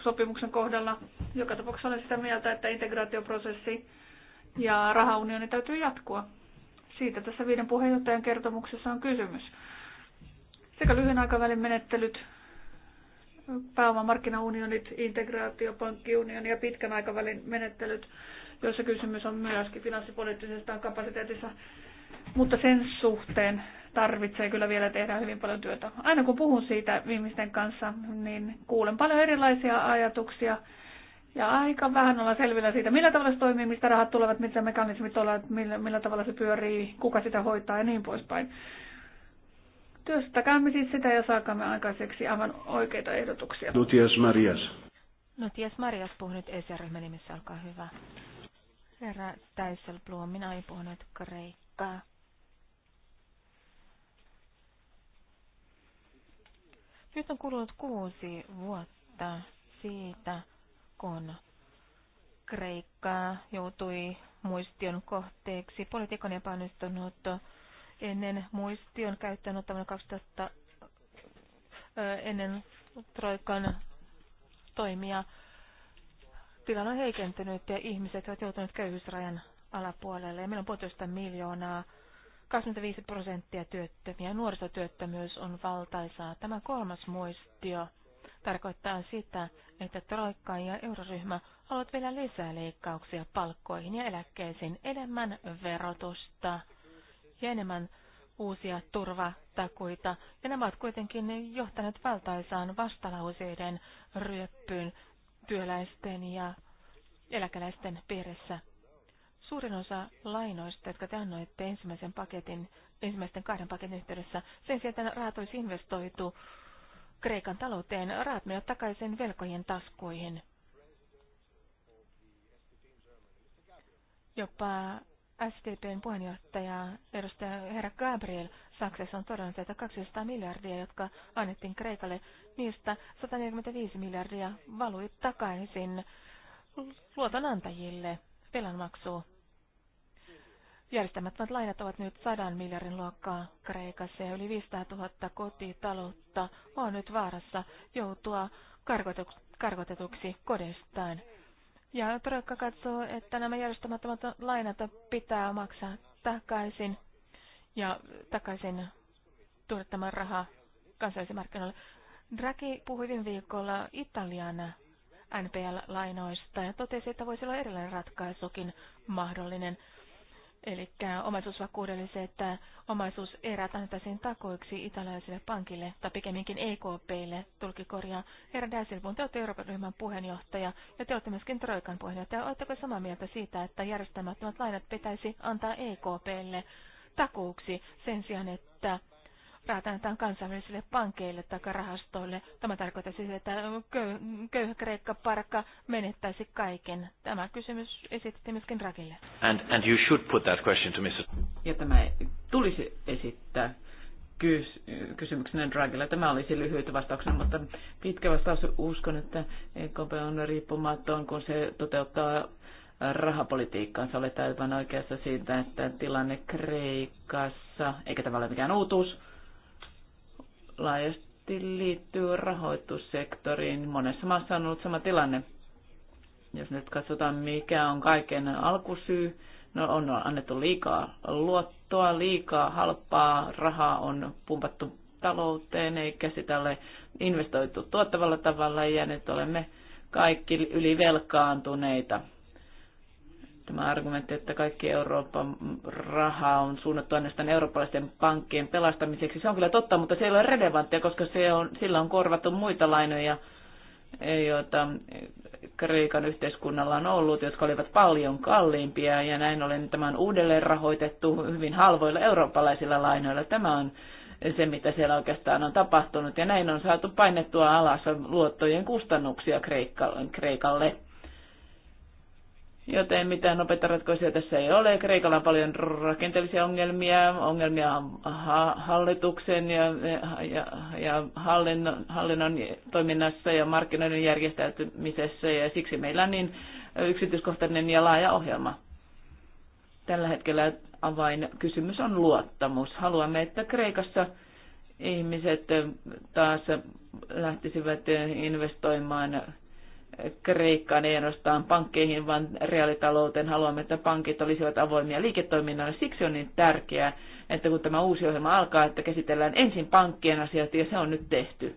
sopimuksen kohdalla joka tapauksessa olen sitä mieltä, että integraatioprosessi ja rahaunioni täytyy jatkua. Siitä tässä viiden puheenjohtajan kertomuksessa on kysymys. Sekä lyhyen aikavälin menettelyt pääomamarkkinaunionit, integraatio, pankkiunioni ja pitkän aikavälin menettelyt, joissa kysymys on myöskin finanssipoliittisesta kapasiteetissa. Mutta sen suhteen tarvitsee kyllä vielä tehdä hyvin paljon työtä. Aina kun puhun siitä ihmisten kanssa, niin kuulen paljon erilaisia ajatuksia. Ja aika vähän ollaan selvillä siitä, millä tavalla se toimii, mistä rahat tulevat, mitä mekanismit ovat, millä, millä tavalla se pyörii, kuka sitä hoitaa ja niin poispäin. Työstäkäämme siis sitä ja saakamme aikaiseksi aivan oikeita ehdotuksia. Nutias Marias. Nutias Marias puhuu nyt ESR-ryhmän nimissä, olkaa hyvä. Herra Dijsselbloem, minä olen puhunut kreikkaa. Nyt on kulunut kuusi vuotta siitä, kun Kreikka joutui muistion kohteeksi. Politiikan epäonnistunut ennen muistion käyttöön ottaminen 2000 ennen Troikan toimia. Tilanne on heikentynyt ja ihmiset ovat joutuneet köyhyysrajan alapuolelle. Ja meillä on puolitoista miljoonaa, 25 prosenttia työttömiä. Nuorisotyöttömyys on valtaisaa. Tämä kolmas muistio tarkoittaa sitä, että Troikka ja euroryhmä haluavat vielä lisää leikkauksia palkkoihin ja eläkkeisiin enemmän verotusta ja enemmän uusia turvatakuita, ja nämä ovat kuitenkin johtaneet valtaisaan vastalauseiden ryöppyyn työläisten ja eläkeläisten piirissä. Suurin osa lainoista, jotka te annoitte ensimmäisen paketin, ensimmäisten kahden paketin yhteydessä, sen sieltä rahat olisi investoitu Kreikan talouteen, rahat menivät takaisin velkojen taskuihin. Jopa SDPn puheenjohtaja edustaja herra Gabriel Saksessa on todennut, että 200 miljardia, jotka annettiin Kreikalle, niistä 145 miljardia valui takaisin luotonantajille velanmaksuun. Järjestämättömät lainat ovat nyt 100 miljardin luokkaa Kreikassa ja yli 500 000 kotitaloutta on nyt vaarassa joutua karkotetuksi kodestaan. Ja Troikka katsoo, että nämä järjestämättömät lainat pitää maksaa takaisin ja takaisin tuoda tämä raha kansallisille markkinoille. Draghi puhui viime viikolla Italian NPL-lainoista ja totesi, että voisi olla erilainen ratkaisukin mahdollinen. Eli että se, omaisuus erät annettaisiin takoiksi italialaiselle pankille, tai pikemminkin EKPlle, korjaa. Herra Dijsselbloem, te olette Euroopan ryhmän puheenjohtaja, ja te olette myöskin Troikan puheenjohtaja. Oletteko samaa mieltä siitä, että järjestämättömät lainat pitäisi antaa EKPlle takuuksi sen sijaan, että rahat annetaan kansainvälisille pankeille tai rahastoille. Tämä tarkoittaa siis, että köyhä Kreikka parkka menettäisi kaiken. Tämä kysymys esitettiin myöskin Rakille. And, and you should put that question to Mr. Ja tämä tulisi esittää kys- kysymyksenä Dragilla. Tämä olisi lyhyt vastauksena, mutta pitkä vastaus. Uskon, että EKP on riippumaton, kun se toteuttaa rahapolitiikkaansa. Olet aivan oikeassa siitä, että tilanne Kreikassa, eikä tämä ole mikään uutuus, laajasti liittyy rahoitussektoriin. Monessa maassa on ollut sama tilanne. Jos nyt katsotaan, mikä on kaiken alkusyy, no on annettu liikaa luottoa, liikaa halpaa rahaa on pumpattu talouteen, eikä sitä ole investoitu tuottavalla tavalla, ja nyt olemme kaikki ylivelkaantuneita. Tämä argumentti, että kaikki Euroopan raha on suunnattu ainoastaan eurooppalaisten pankkien pelastamiseksi, se on kyllä totta, mutta se ei ole relevanttia, koska se on, sillä on korvattu muita lainoja, joita Kreikan yhteiskunnalla on ollut, jotka olivat paljon kalliimpia, ja näin ollen tämän uudelleen rahoitettu hyvin halvoilla eurooppalaisilla lainoilla. Tämä on se, mitä siellä oikeastaan on tapahtunut, ja näin on saatu painettua alas luottojen kustannuksia Kreikalle joten mitään nopeita ratkaisuja tässä ei ole. Kreikalla on paljon rakenteellisia ongelmia, ongelmia hallituksen ja, ja, ja hallinnon, hallinnon toiminnassa ja markkinoiden järjestäytymisessä ja siksi meillä on niin yksityiskohtainen ja laaja ohjelma. Tällä hetkellä kysymys on luottamus. Haluamme, että Kreikassa ihmiset taas lähtisivät investoimaan Kreikkaan, ei ainoastaan pankkeihin, vaan reaalitalouteen. Haluamme, että pankit olisivat avoimia liiketoiminnalle. Siksi on niin tärkeää, että kun tämä uusi ohjelma alkaa, että käsitellään ensin pankkien asiat ja se on nyt tehty.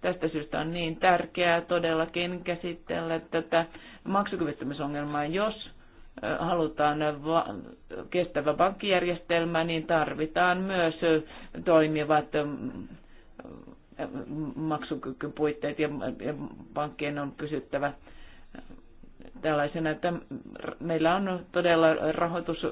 Tästä syystä on niin tärkeää todellakin käsitellä tätä maksukyvyttömyysongelmaa. Jos halutaan kestävä pankkijärjestelmä, niin tarvitaan myös toimivat maksukykyn puitteet ja pankkien on pysyttävä tällaisena, että meillä on todella rahoitus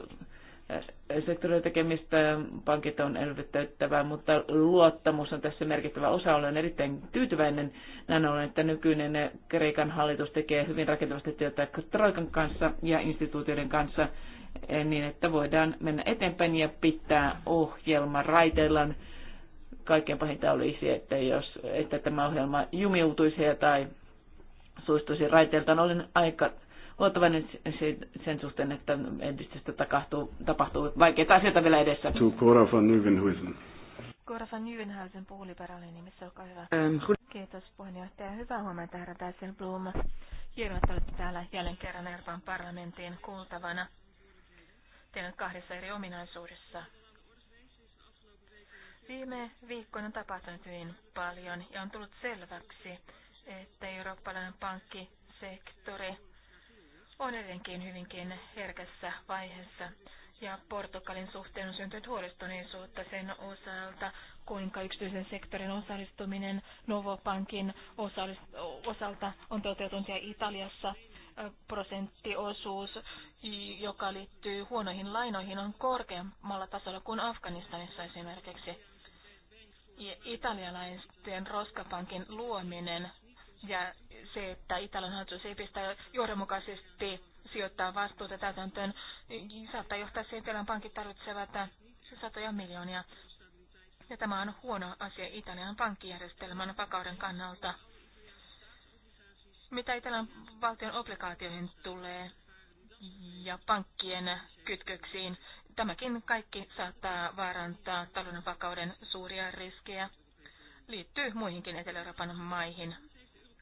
eh, tekemistä, pankit on elvyttäyttävää, mutta luottamus on tässä merkittävä osa. Olen erittäin tyytyväinen näin ollen, että nykyinen Kreikan hallitus tekee hyvin rakentavasti työtä Troikan kanssa ja instituutioiden kanssa eh, niin, että voidaan mennä eteenpäin ja pitää ohjelma raiteillaan kaikkein pahinta olisi, että, jos, että tämä ohjelma jumiutuisi tai suistuisi raiteiltaan. No, Olen aika luottavainen sen suhteen, että entistä tapahtuu, tapahtuu vaikeita asioita vielä edessä. To Cora van Nyvenhuisen. Cora van Nyvenhuisen nimissä, olkaa hyvä. Ähm. Kiitos puheenjohtaja. Hyvää huomenta, herra Dijsselbloom. Hienoa, että olette täällä jälleen kerran Euroopan parlamentin kuultavana. Teidän kahdessa eri ominaisuudessa Viime viikkoina on tapahtunut hyvin paljon ja on tullut selväksi, että eurooppalainen pankkisektori on edelleenkin hyvinkin herkässä vaiheessa. Ja Portugalin suhteen on syntynyt huolestuneisuutta sen osalta, kuinka yksityisen sektorin osallistuminen Novopankin osalta on toteutunut ja Italiassa prosenttiosuus, joka liittyy huonoihin lainoihin, on korkeammalla tasolla kuin Afganistanissa esimerkiksi italialaisten roskapankin luominen ja se, että Italian hallitus ei pistä johdonmukaisesti sijoittaa vastuuta täytäntöön, niin saattaa johtaa siihen, että Italian pankit tarvitsevat satoja miljoonia. Ja tämä on huono asia Italian pankkijärjestelmän vakauden kannalta. Mitä Italian valtion obligaatioihin tulee ja pankkien kytköksiin, Tämäkin kaikki saattaa vaarantaa talouden vakauden suuria riskejä. Liittyy muihinkin Etelä-Euroopan maihin.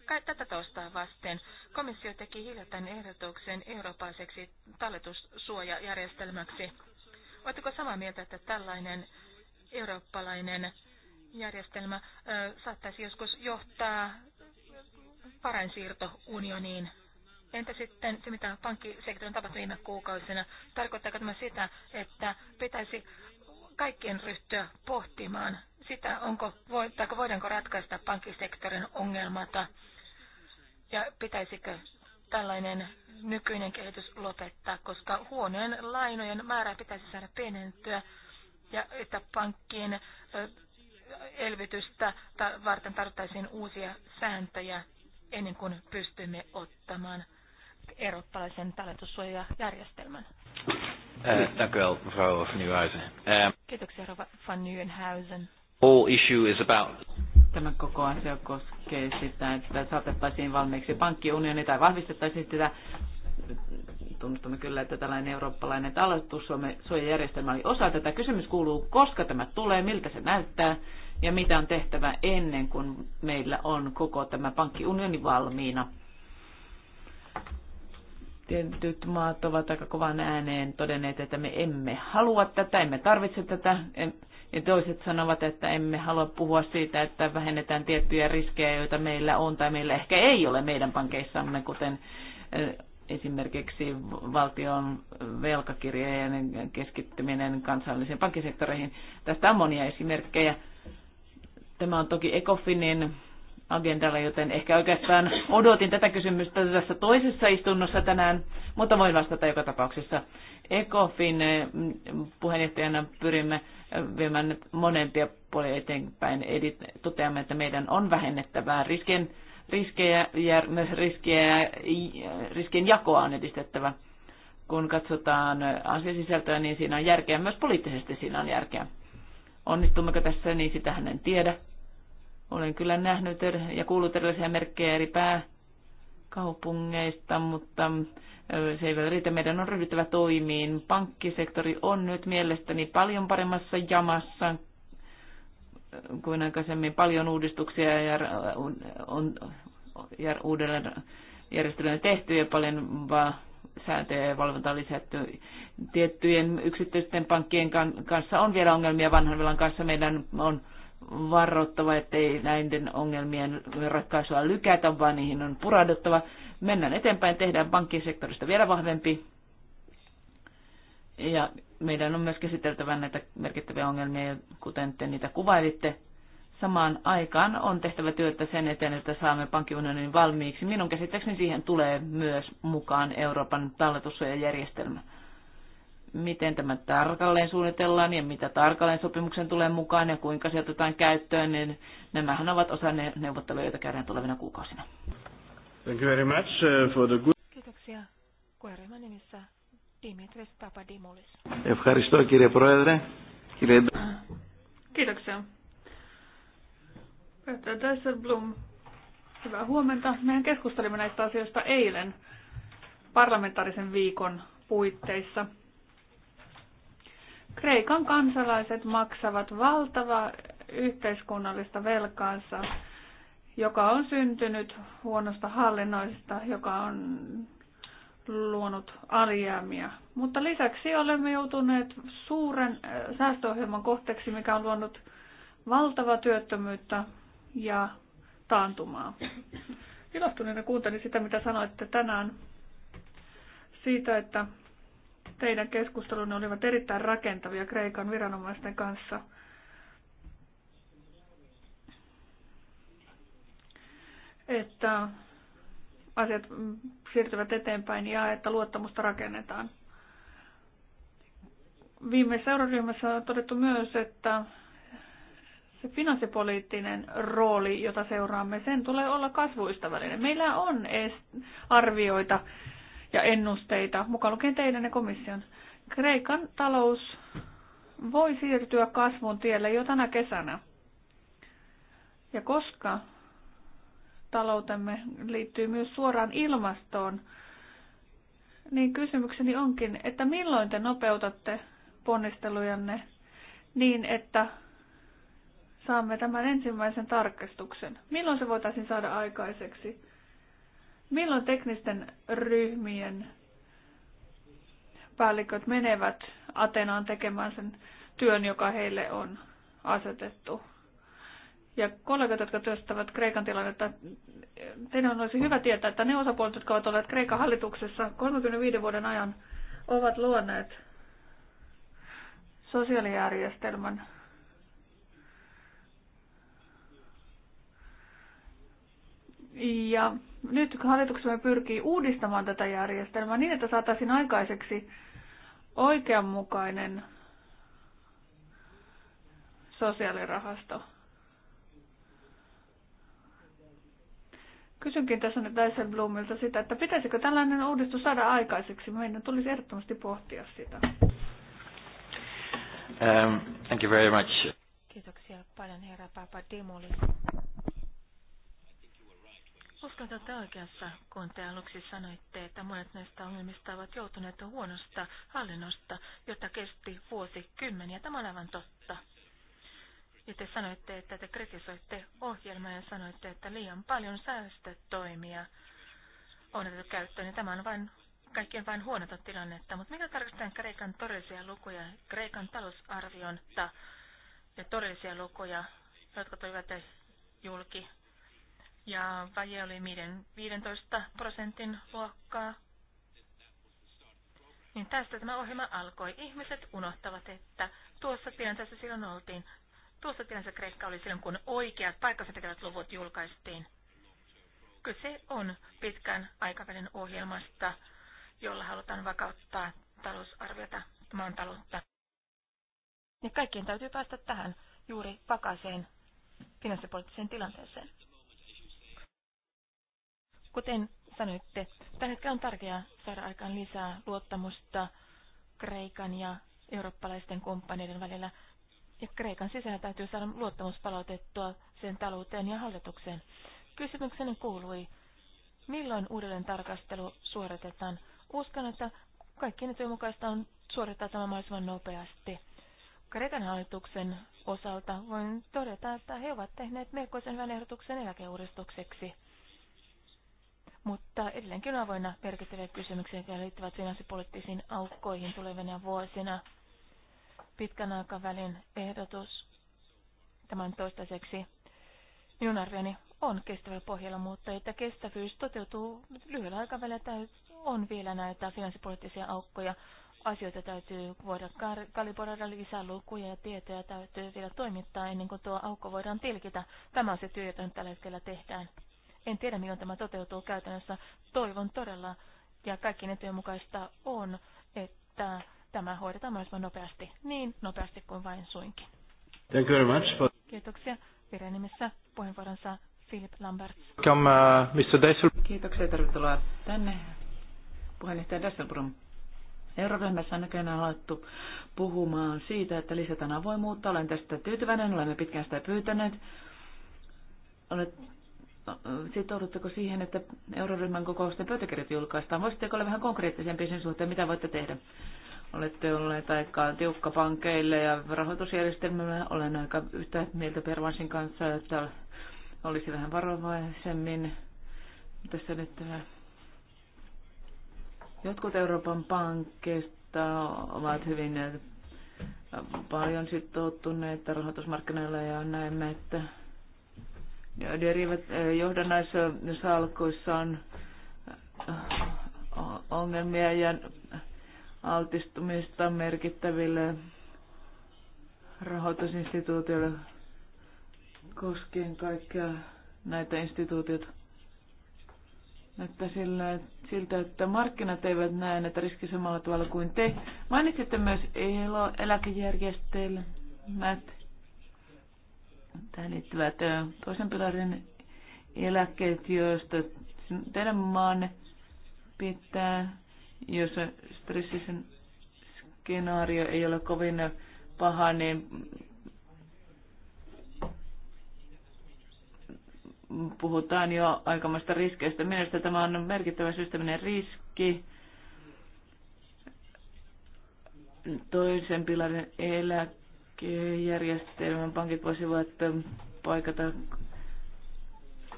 Kai tätä taustaa vasten komissio teki hiljattain ehdotuksen eurooppalaiseksi talletussuojajärjestelmäksi. Oletteko samaa mieltä, että tällainen eurooppalainen järjestelmä ö, saattaisi joskus johtaa varainsiirtounioniin? Entä sitten se, mitä on tapahtunut viime kuukausina? Tarkoittaako tämä sitä, että pitäisi kaikkien ryhtyä pohtimaan sitä, onko, voidaanko, voidaanko ratkaista pankkisektorin ongelmata ja pitäisikö tällainen nykyinen kehitys lopettaa, koska huonojen lainojen määrä pitäisi saada pienentyä ja että pankkien elvytystä varten tarvittaisiin uusia sääntöjä ennen kuin pystymme ottamaan eurooppalaisen talletussuojajärjestelmän. Tack frau um, Kiitoksia, rouva van Nieuwenhuizen. All issue is about... Tämä koko asia koskee sitä, että saatettaisiin valmiiksi pankkiunioni tai vahvistettaisiin sitä. Tunnustamme kyllä, että tällainen eurooppalainen talletussuojajärjestelmä oli osa tätä. Kysymys kuuluu, koska tämä tulee, miltä se näyttää ja mitä on tehtävä ennen kuin meillä on koko tämä pankkiunioni valmiina Tietyt maat ovat aika kovan ääneen todenneet, että me emme halua tätä, emme tarvitse tätä. Ja toiset sanovat, että emme halua puhua siitä, että vähennetään tiettyjä riskejä, joita meillä on tai meillä ehkä ei ole meidän pankeissamme, kuten eh, esimerkiksi valtion velkakirjojen keskittyminen kansalliseen pankkisektoreihin. Tästä on monia esimerkkejä. Tämä on toki ECOFINin agendalla, joten ehkä oikeastaan odotin tätä kysymystä tässä toisessa istunnossa tänään, mutta voin vastata joka tapauksessa. ECOFin eh, mm, puheenjohtajana pyrimme eh, viemään monempia puolia eteenpäin. Eli toteamme, että meidän on vähennettävää riskien, riskejä ja myös riskejä, eh, riskien jakoa on edistettävä. Kun katsotaan asiasisältöä, niin siinä on järkeä, myös poliittisesti siinä on järkeä. Onnistummeko tässä, niin sitähän en tiedä olen kyllä nähnyt er- ja kuullut erilaisia merkkejä eri pääkaupungeista, mutta se ei vielä riitä. Meidän on ryhdyttävä toimiin. Pankkisektori on nyt mielestäni paljon paremmassa jamassa kuin aikaisemmin. Paljon uudistuksia ja, on, uudelleen järjestelyä tehty ja paljon vaan sääntöjä ja valvontaa lisätty. Tiettyjen yksityisten pankkien kanssa on vielä ongelmia vanhan velan kanssa. Meidän on varoittava, ettei näiden ongelmien ratkaisua lykätä, vaan niihin on puraduttava. Mennään eteenpäin, tehdään pankkisektorista vielä vahvempi. Ja meidän on myös käsiteltävä näitä merkittäviä ongelmia, kuten te niitä kuvailitte. Samaan aikaan on tehtävä työtä sen eteen, että saamme pankkiunionin valmiiksi. Minun käsittääkseni siihen tulee myös mukaan Euroopan talletussuojajärjestelmä miten tämä tarkalleen suunnitellaan ja mitä tarkalleen sopimuksen tulee mukaan ja kuinka se otetaan käyttöön, niin nämähän ovat osa ne neuvotteluja, joita käydään tulevina kuukausina. Thank you very much uh, for the good... Kiitoksia. Kuoreman nimissä Dimitris Papadimoulis. Ευχαριστώ κύριε Πρόεδρε. Κύριε... Kiitoksia. Petra Dijsselbloem, hyvää huomenta. Mehän keskustelimme näistä asioista eilen parlamentaarisen viikon puitteissa. Kreikan kansalaiset maksavat valtavaa yhteiskunnallista velkaansa, joka on syntynyt huonosta hallinnoista, joka on luonut alijäämiä. Mutta lisäksi olemme joutuneet suuren äh, säästöohjelman kohteeksi, mikä on luonut valtavaa työttömyyttä ja taantumaa. Ilostuneena kuuntelin sitä, mitä sanoitte tänään siitä, että Teidän keskustelunne olivat erittäin rakentavia Kreikan viranomaisten kanssa. Että asiat siirtyvät eteenpäin ja että luottamusta rakennetaan. Viime seuraryhmässä on todettu myös, että se finanssipoliittinen rooli, jota seuraamme, sen tulee olla kasvuista välinen. Meillä on arvioita ja ennusteita, mukaan lukien teidän ja komission. Kreikan talous voi siirtyä kasvun tielle jo tänä kesänä. Ja koska taloutemme liittyy myös suoraan ilmastoon, niin kysymykseni onkin, että milloin te nopeutatte ponnistelujanne niin, että saamme tämän ensimmäisen tarkastuksen? Milloin se voitaisiin saada aikaiseksi? Milloin teknisten ryhmien päälliköt menevät Atenaan tekemään sen työn, joka heille on asetettu? Ja kollegat, jotka työstävät Kreikan tilannetta, teidän olisi hyvä tietää, että ne osapuolet, jotka ovat olleet Kreikan hallituksessa 35 vuoden ajan, ovat luoneet sosiaalijärjestelmän, ja nyt hallituksemme pyrkii uudistamaan tätä järjestelmää niin, että saataisiin aikaiseksi oikeanmukainen sosiaalirahasto. Kysynkin tässä nyt Dijsselbloomilta sitä, että pitäisikö tällainen uudistus saada aikaiseksi? Meidän tulisi ehdottomasti pohtia sitä. Um, thank you very much. Kiitoksia paljon herra Papa Dimoli. Uskon tätä oikeassa, kun te aluksi sanoitte, että monet näistä ongelmista ovat joutuneet huonosta hallinnosta, jota kesti vuosikymmeniä. Tämä on aivan totta. Ja te sanoitte, että te kritisoitte ohjelmaa ja sanoitte, että liian paljon säästötoimia on otettu käyttöön. Ja tämä on vain kaikkien vain huonota tilannetta. Mutta mikä tarkoittaa Kreikan todellisia lukuja, Kreikan talousarvionta ja todellisia lukuja, jotka toivat julki ja vaje oli 15 prosentin luokkaa. Niin tästä tämä ohjelma alkoi. Ihmiset unohtavat, että tuossa tilanteessa silloin oltiin. Tuossa tilanteessa Kreikka oli silloin, kun oikeat paikassa tekevät luvut julkaistiin. Kyse on pitkän aikavälin ohjelmasta, jolla halutaan vakauttaa talousarviota, maan taloutta. Niin kaikkien täytyy päästä tähän juuri vakaiseen finanssipoliittiseen tilanteeseen. Kuten sanoitte, tällä hetkellä on tärkeää saada aikaan lisää luottamusta Kreikan ja eurooppalaisten kumppaneiden välillä. Ja Kreikan sisällä täytyy saada luottamus palautettua sen talouteen ja hallitukseen. Kysymykseni kuului, milloin uudelleen tarkastelu suoritetaan? Uskon, että kaikki etujen mukaista on suorittaa tämä mahdollisimman nopeasti. Kreikan hallituksen osalta voin todeta, että he ovat tehneet melkoisen hyvän ehdotuksen eläkeuudistukseksi mutta edelleenkin on avoinna merkittäviä kysymyksiä, jotka liittyvät finanssipoliittisiin aukkoihin tulevina vuosina. Pitkän aikavälin ehdotus tämän toistaiseksi minun arvioni on kestävällä pohjalla, mutta että kestävyys toteutuu lyhyellä aikavälillä tai on vielä näitä finanssipoliittisia aukkoja. Asioita täytyy voida kalibroida lisää lukuja ja tietoja täytyy vielä toimittaa ennen kuin tuo aukko voidaan tilkitä. Tämä on se työ, jota tällä hetkellä tehdään. En tiedä, milloin tämä toteutuu käytännössä. Toivon todella, ja kaikki ne mukaista on, että tämä hoidetaan mahdollisimman nopeasti, niin nopeasti kuin vain suinkin. Thank you very much for... Kiitoksia. Vireen nimessä puheenvuoronsa Philip Lambert. Welcome, uh, Mr. Dessel. Kiitoksia, tervetuloa tänne puheenjohtaja Dasselbrum. Euroryhmässä on näköjään alettu puhumaan siitä, että lisätään avoimuutta. Olen tästä tyytyväinen, olemme pitkään sitä pyytäneet. Olet sitoudutteko siihen, että euroryhmän kokousten pöytäkirjat julkaistaan? Voisitteko olla vähän konkreettisempi sen suhteen, mitä voitte tehdä? Olette olleet aika tiukka pankeille ja rahoitusjärjestelmällä. Olen aika yhtä mieltä Pervansin kanssa, että olisi vähän varovaisemmin tässä edettävä. Jotkut Euroopan pankkeista ovat hyvin paljon sitoutuneita rahoitusmarkkinoilla ja näemme, että derivät eh, johdannaissalkuissa on eh, ongelmia ja altistumista merkittäville rahoitusinstituutioille koskien kaikkia näitä instituutioita. että sillä, siltä, että markkinat eivät näe näitä riskejä samalla tavalla kuin te. Mainitsitte myös eläkejärjestelmät tähän liittyvät toisen pilarin eläkkeet, joista teidän maan pitää, jos stressisen skenaario ei ole kovin paha, niin puhutaan jo aikamoista riskeistä. Minusta tämä on merkittävä systeeminen riski. Toisen pilarin eläkkeet järjestelmän pankit voisivat ähm, paikata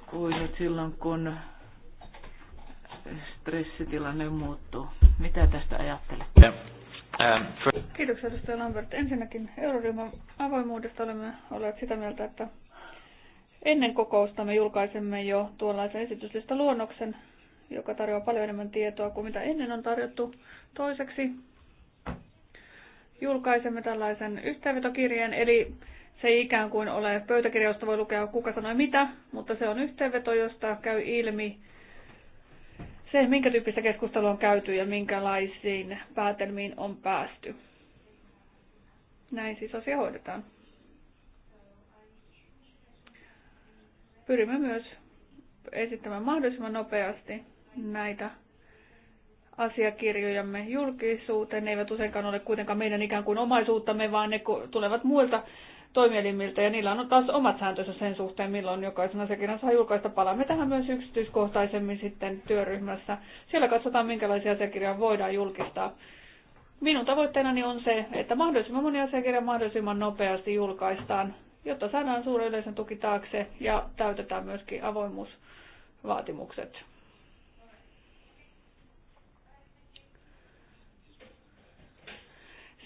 kuin silloin, kun stressitilanne muuttuu. Mitä tästä ajattelet? Ähm, Kiitoksia edustaja Lambert. Ensinnäkin euroryhmän avoimuudesta olemme olleet sitä mieltä, että ennen kokousta me julkaisemme jo tuollaisen esityslista luonnoksen, joka tarjoaa paljon enemmän tietoa kuin mitä ennen on tarjottu. Toiseksi julkaisemme tällaisen yhteenvetokirjeen, eli se ei ikään kuin ole pöytäkirja, josta voi lukea kuka sanoi mitä, mutta se on yhteenveto, josta käy ilmi se, minkä tyyppistä keskustelua on käyty ja minkälaisiin päätelmiin on päästy. Näin siis asia hoidetaan. Pyrimme myös esittämään mahdollisimman nopeasti näitä asiakirjojamme julkisuuteen. Ne eivät useinkaan ole kuitenkaan meidän ikään kuin omaisuuttamme, vaan ne tulevat muilta toimielimiltä ja niillä on taas omat sääntönsä sen suhteen, milloin jokaisen asiakirjan saa julkaista. Palaamme tähän myös yksityiskohtaisemmin sitten työryhmässä. Siellä katsotaan, minkälaisia asiakirjoja voidaan julkistaa. Minun tavoitteenani on se, että mahdollisimman moni asiakirja mahdollisimman nopeasti julkaistaan, jotta saadaan suuren yleisön tuki taakse ja täytetään myöskin avoimuusvaatimukset.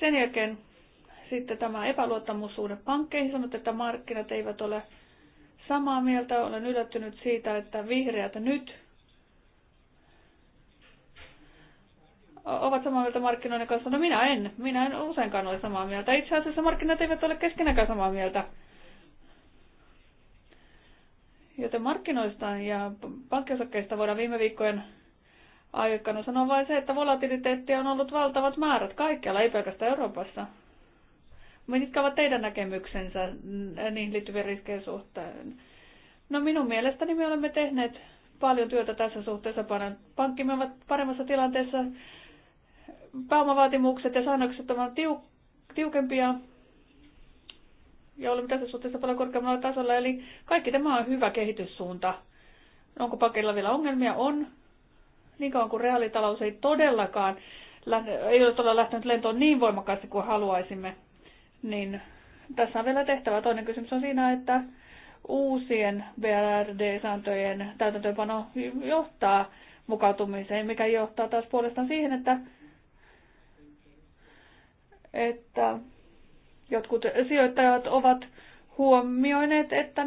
Sen jälkeen sitten tämä epäluottamussuhde pankkeihin sanot, että markkinat eivät ole samaa mieltä. Olen yllättynyt siitä, että vihreät nyt ovat samaa mieltä markkinoiden kanssa. No minä en. Minä en useinkaan ole samaa mieltä. Itse asiassa markkinat eivät ole keskenäkään samaa mieltä. Joten markkinoista ja pankkiosakkeista voidaan viime viikkojen aikana. Sanon vain se, että volatiliteettia on ollut valtavat määrät kaikkialla, ei pelkästään Euroopassa. Mitkä ovat teidän näkemyksensä mm, niihin liittyvien riskien suhteen? No minun mielestäni me olemme tehneet paljon työtä tässä suhteessa. Pankkimme ovat paremmassa tilanteessa. Pääomavaatimukset ja säännökset ovat tiuk- tiukempia ja olemme tässä suhteessa paljon korkeammalla tasolla. Eli kaikki tämä on hyvä kehityssuunta. Onko pakilla vielä ongelmia? On niin kauan kuin reaalitalous ei todellakaan, ei ole todella lähtenyt lentoon niin voimakkaasti kuin haluaisimme, niin tässä on vielä tehtävä. Toinen kysymys on siinä, että uusien BRD-sääntöjen täytäntöönpano johtaa mukautumiseen, mikä johtaa taas puolestaan siihen, että, että jotkut sijoittajat ovat huomioineet, että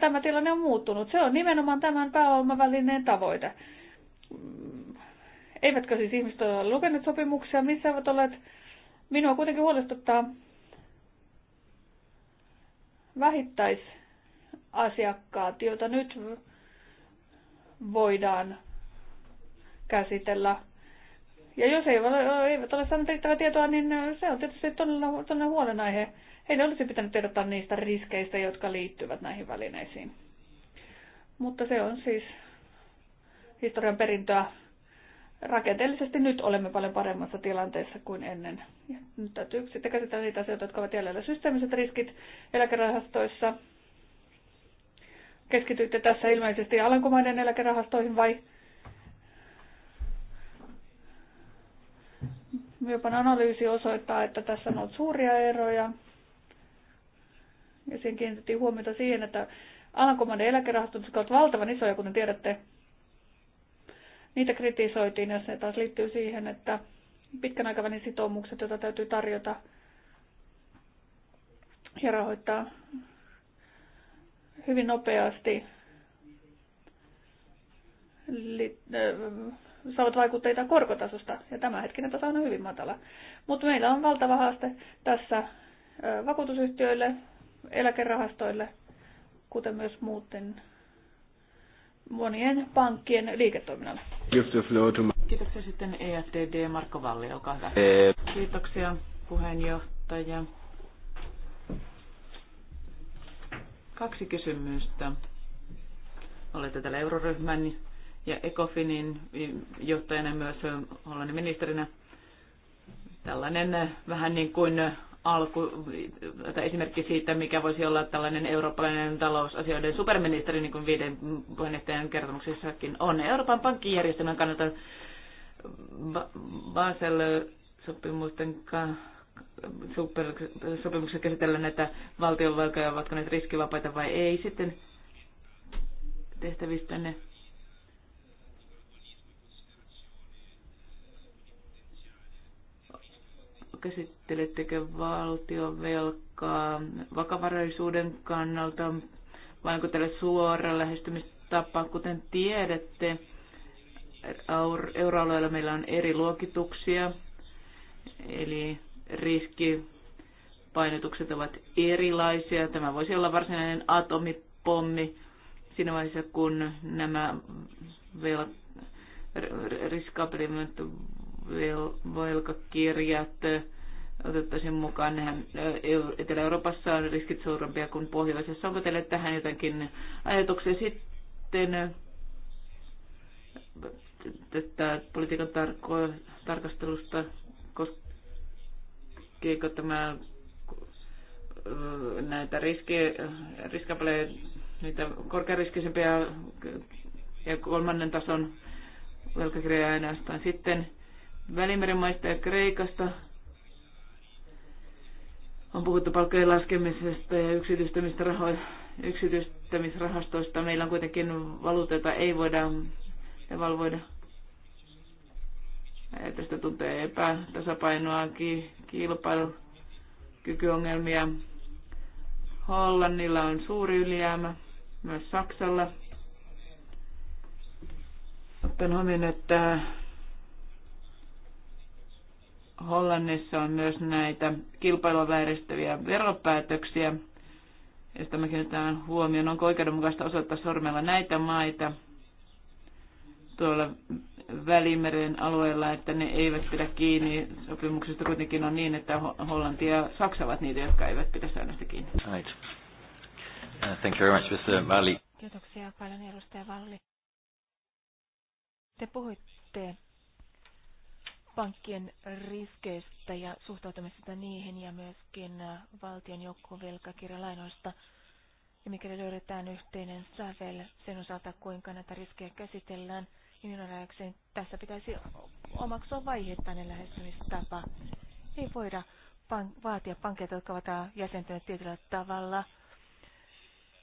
tämä tilanne on muuttunut. Se on nimenomaan tämän pääomavälineen tavoite. Eivätkö siis ihmiset ole lukeneet sopimuksia, missä ovat olleet. Minua kuitenkin huolestuttaa vähittäisasiakkaat, joita nyt voidaan käsitellä. Ja jos ei, ole, eivät ole saaneet riittävää tietoa, niin se on tietysti todella, todella huolenaihe. Heidän olisi pitänyt tiedottaa niistä riskeistä, jotka liittyvät näihin välineisiin. Mutta se on siis historian perintöä rakenteellisesti nyt olemme paljon paremmassa tilanteessa kuin ennen. Ja nyt täytyy sitten käsitellä niitä asioita, jotka ovat jäljellä. Systeemiset riskit eläkerahastoissa. Keskityitte tässä ilmeisesti alankomaiden eläkerahastoihin vai? Myöpan analyysi osoittaa, että tässä on ollut suuria eroja. Ja siihen kiinnitettiin huomiota siihen, että Alankomaiden eläkerahastot, jotka ovat valtavan isoja, kuten tiedätte, Niitä kritisoitiin jos ne taas liittyy siihen, että pitkän aikavälin sitoumukset, joita täytyy tarjota ja rahoittaa hyvin nopeasti, äh, saavat vaikutteita korkotasosta, ja tämä hetkinen taso on hyvin matala. Mutta meillä on valtava haaste tässä äh, vakuutusyhtiöille, eläkerahastoille, kuten myös muuten monien pankkien liiketoiminnalle. Kiitoksia sitten EFDD Marko Valli, olkaa hyvä. Eh. Kiitoksia puheenjohtaja. Kaksi kysymystä. Olette täällä euroryhmän ja ECOFINin johtajana myös Hollannin ministerinä. Tällainen eh, vähän niin kuin eh, alku, tai esimerkki siitä, mikä voisi olla tällainen eurooppalainen talousasioiden superministeri, niin kuin viiden puheenjohtajan kertomuksessakin on. Euroopan pankkijärjestelmän kannalta Basel-sopimusten sopimuksessa käsitellä näitä valtionvelkoja, ovatko ne riskivapaita vai ei. Sitten tehtävistä ne käsittelettekö valtion velkaa vakavaraisuuden kannalta, vai onko tällä suora lähestymistapa, kuten tiedätte, euroalueella meillä on eri luokituksia, eli riskipainotukset ovat erilaisia. Tämä voisi olla varsinainen atomipommi siinä vaiheessa, kun nämä vel, riskaapelimet velkakirjat otettaisiin mukaan. Nehän Etelä-Euroopassa on riskit suurempia kuin pohjoisessa. Onko teille tähän jotakin ajatuksia sitten tästä politiikan tarko- tarkastelusta, koskeeko tämä näitä riskejä, niitä korkeariskisempiä ja kolmannen tason velkakirjaa ainoastaan sitten Välimeren maista ja Kreikasta on puhuttu palkkojen laskemisesta ja yksityistämisrahastoista. Meillä on kuitenkin jota ei voida devalvoida. Tästä tuntee epätasapainoa, kilpailukykyongelmia. Hollannilla on suuri ylijäämä, myös Saksalla. Ottaen huomioon, että Hollannissa on myös näitä kilpailua vääristäviä veropäätöksiä, joista me kiinnitetään huomioon. Onko oikeudenmukaista osoittaa sormella näitä maita tuolla Välimeren alueella, että ne eivät pidä kiinni sopimuksesta. Kuitenkin on niin, että Hollanti ja Saksa ovat niitä, jotka eivät pidä säännöstä kiinni. Right. Uh, thank you very much, Mr. Valli. Kiitoksia paljon, edustaja Valli. Te puhuitte pankkien riskeistä ja suhtautumisesta niihin ja myöskin äh, valtion joukkovelkakirjalainoista. Ja mikäli löydetään yhteinen sävel sen osalta, kuinka näitä riskejä käsitellään, niin minun tässä pitäisi omaksua vaiheittainen lähestymistapa. Ei voida pank- vaatia pankkeja, jotka ovat äh, jäsentyneet tietyllä tavalla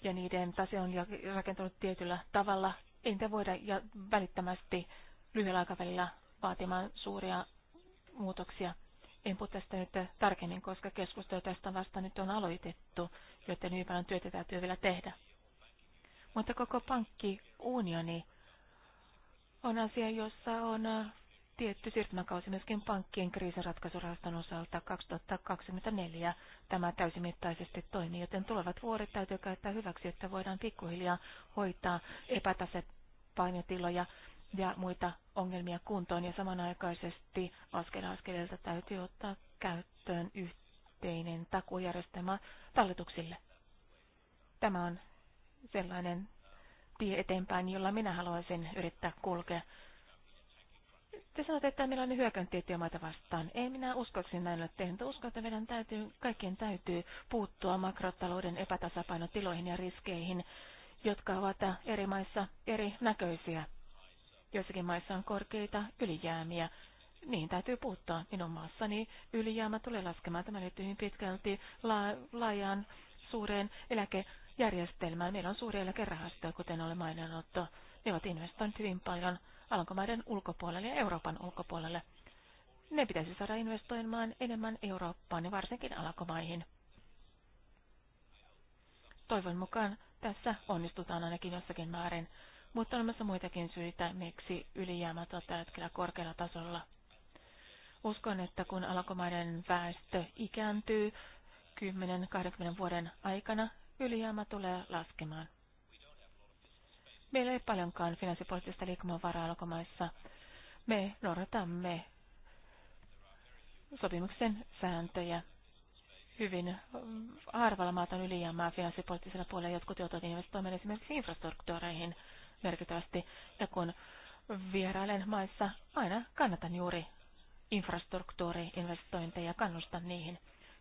ja niiden tase on rakentunut tietyllä tavalla. Ei niitä voida ja välittömästi lyhyellä aikavälillä vaatimaan suuria muutoksia. En puhu tästä nyt tarkemmin, koska keskustelu tästä vasta nyt on aloitettu, joten hyvin paljon työtä täytyy vielä tehdä. Mutta koko pankkiunioni on asia, jossa on tietty siirtymäkausi myöskin pankkien kriisinratkaisurahaston osalta 2024. Tämä täysimittaisesti toimii, joten tulevat vuodet täytyy käyttää hyväksi, että voidaan pikkuhiljaa hoitaa epätasepainotiloja ja muita ongelmia kuntoon ja samanaikaisesti askel askeleelta täytyy ottaa käyttöön yhteinen takujärjestelmä talletuksille. Tämä on sellainen tie eteenpäin, jolla minä haluaisin yrittää kulkea. Te sanotte, että meillä on hyökäntiettiä maita vastaan. Ei minä uskoakseni näin ole tehnyt. Uskon, että meidän täytyy, kaikkien täytyy puuttua makrotalouden epätasapainotiloihin ja riskeihin, jotka ovat eri maissa eri näköisiä. Joissakin maissa on korkeita ylijäämiä. Niin täytyy puuttua. Minun maassani ylijäämä tulee laskemaan. Tämä liittyy hyvin pitkälti la- laajaan suureen eläkejärjestelmään. Meillä on suuri eläkerahasto, kuten olen maininnut. Ne ovat investoineet hyvin paljon Alankomaiden ulkopuolelle ja Euroopan ulkopuolelle. Ne pitäisi saada investoimaan enemmän Eurooppaan ja varsinkin Alankomaihin. Toivon mukaan tässä onnistutaan ainakin jossakin määrin mutta on myös muitakin syitä, miksi ylijäämät ovat tällä hetkellä korkealla tasolla. Uskon, että kun alakomaiden väestö ikääntyy 10-20 vuoden aikana, ylijäämä tulee laskemaan. Meillä ei paljonkaan finanssipoliittista liikkumavaraa alkomaissa. Me noudatamme sopimuksen sääntöjä. Hyvin harvalla maata on ylijäämää finanssipoliittisella puolella. Jotkut joutuvat investoimaan esimerkiksi infrastruktuureihin – merkittävästi. Ja kun vierailen maissa, aina kannatan juuri infrastruktuuriinvestointeja ja kannustan niihin.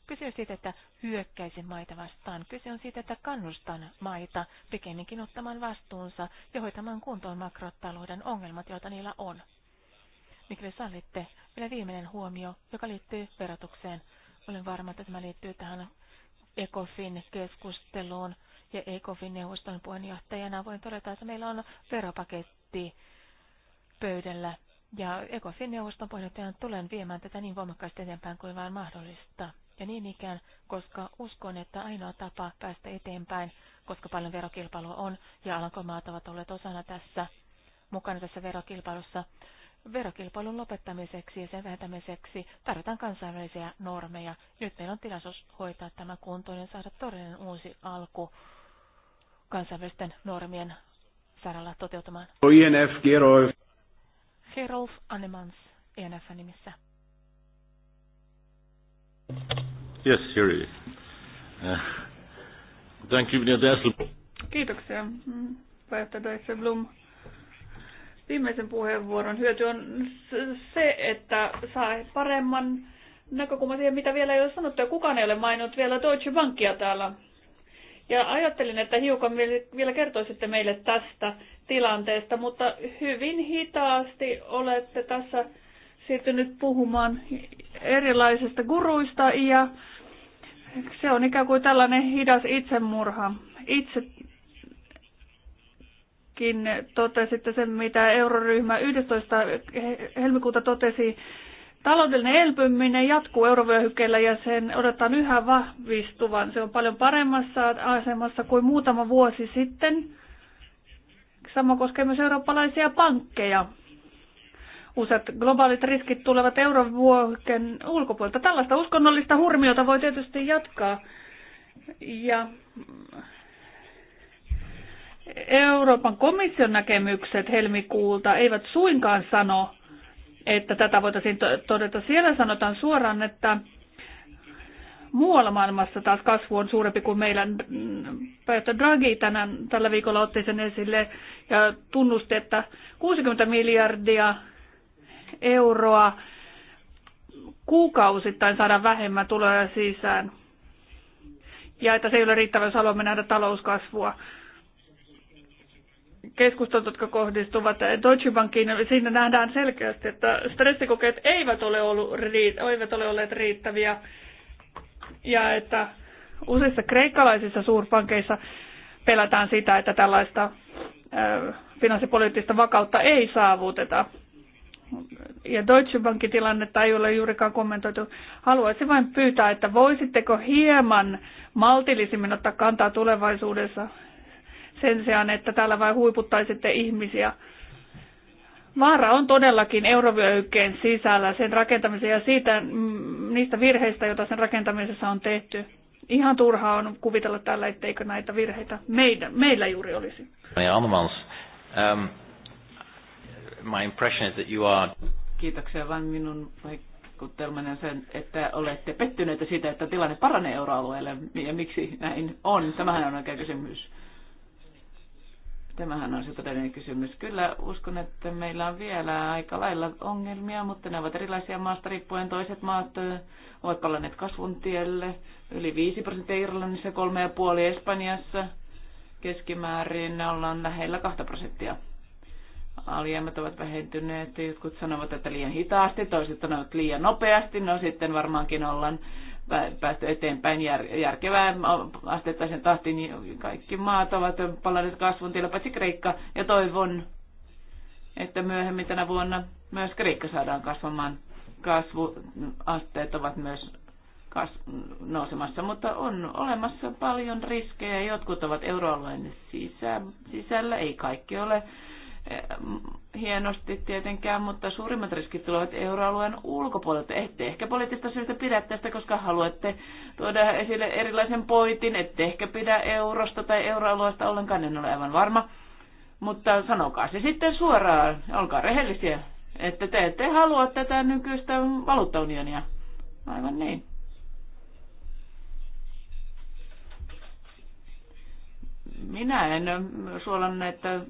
Kyse on siitä, että hyökkäisin maita vastaan. Kyse on siitä, että kannustan maita pikemminkin ottamaan vastuunsa ja hoitamaan kuntoon makrotalouden ongelmat, joita niillä on. Mikäli sallitte, vielä viimeinen huomio, joka liittyy verotukseen. Olen varma, että tämä liittyy tähän ECOFIN-keskusteluun ja ECOFin neuvoston puheenjohtajana voin todeta, että meillä on veropaketti pöydällä. Ja ECOFin neuvoston puheenjohtajana tulen viemään tätä niin voimakkaasti eteenpäin kuin vain mahdollista. Ja niin ikään, koska uskon, että ainoa tapa päästä eteenpäin, koska paljon verokilpailua on ja alankomaat ovat olleet osana tässä, mukana tässä verokilpailussa, verokilpailun lopettamiseksi ja sen vähentämiseksi tarvitaan kansainvälisiä normeja. Nyt meillä on tilaisuus hoitaa tämä kuntoon ja saada todellinen uusi alku kansainvälisten normien saralla toteutumaan. INF Gerolf. Gerolf Annemans INF e nimissä. Yes, Siri. Uh, thank you, Kiitoksia, pääjohtaja Blum. viimeisen puheenvuoron hyöty on se, että saa paremman näkökulman siihen, mitä vielä ei ole sanottu. Ja kukaan ei ole maininnut vielä Deutsche Bankia täällä. Ja ajattelin, että hiukan vielä kertoisitte meille tästä tilanteesta, mutta hyvin hitaasti olette tässä siirtynyt puhumaan erilaisista guruista ja se on ikään kuin tällainen hidas itsemurha. Itsekin totesitte sen, mitä euroryhmä 11. helmikuuta totesi Taloudellinen elpyminen jatkuu eurovyöhykkeellä ja sen odotetaan yhä vahvistuvan. Se on paljon paremmassa asemassa kuin muutama vuosi sitten. Sama koskee myös eurooppalaisia pankkeja. Useat globaalit riskit tulevat eurovuoken ulkopuolelta. Tällaista uskonnollista hurmiota voi tietysti jatkaa. Ja Euroopan komission näkemykset helmikuulta eivät suinkaan sano, että tätä voitaisiin todeta. Siellä sanotaan suoraan, että muualla maailmassa taas kasvu on suurempi kuin meillä. Päätä Draghi tänään, tällä viikolla otti sen esille ja tunnusti, että 60 miljardia euroa kuukausittain saada vähemmän tuloja sisään. Ja että se ei ole riittävä, jos haluamme nähdä talouskasvua keskustelut, jotka kohdistuvat Deutsche Bankiin, niin siinä nähdään selkeästi, että stressikokeet eivät ole, ollut, eivät ole olleet riittäviä ja että useissa kreikkalaisissa suurpankeissa pelätään sitä, että tällaista finanssipoliittista vakautta ei saavuteta. Ja Deutsche Bankin tilannetta ei ole juurikaan kommentoitu. Haluaisin vain pyytää, että voisitteko hieman maltillisimmin ottaa kantaa tulevaisuudessa sen sijaan, että täällä vain huiputtaisitte ihmisiä. Vaara on todellakin eurovyöhykkeen sisällä sen rakentamisen ja siitä, mm, niistä virheistä, joita sen rakentamisessa on tehty. Ihan turhaa on kuvitella täällä, etteikö näitä virheitä meidän, meillä juuri olisi. Um, my impression is that you are... Kiitoksia, vain minun vaikutelmani on sen, että olette pettyneitä siitä, että tilanne paranee euroalueelle ja miksi näin on. Tämähän on oikea kysymys. Tämähän on se todellinen kysymys. Kyllä uskon, että meillä on vielä aika lailla ongelmia, mutta ne ovat erilaisia maasta riippuen. Toiset maat ovat palanneet kasvun tielle. Yli 5 prosenttia Irlannissa, 3,5 Espanjassa. Keskimäärin ne ollaan lähellä 2 prosenttia. Alijäämät ovat vähentyneet. Jotkut sanovat, että liian hitaasti, toiset sanovat liian nopeasti. No sitten varmaankin ollaan päästy eteenpäin jär, järkevään asteittaisen tahtiin, niin kaikki maat ovat palanneet kasvun tiellä, paitsi Kreikka, ja toivon, että myöhemmin tänä vuonna myös Kreikka saadaan kasvamaan. Kasvuasteet ovat myös kas, nousemassa, mutta on olemassa paljon riskejä. Jotkut ovat euroalueen sisä, sisällä, ei kaikki ole Eh, hienosti tietenkään, mutta suurimmat riskit tulevat euroalueen ulkopuolelta. Ette ehkä poliittista syystä pidä tästä, koska haluatte tuoda esille erilaisen poitin, ette ehkä pidä eurosta tai euroalueesta ollenkaan, en ole aivan varma. Mutta sanokaa se sitten suoraan, olkaa rehellisiä, että te ette halua tätä nykyistä valuuttaunionia. Aivan niin. Minä en suolanne, että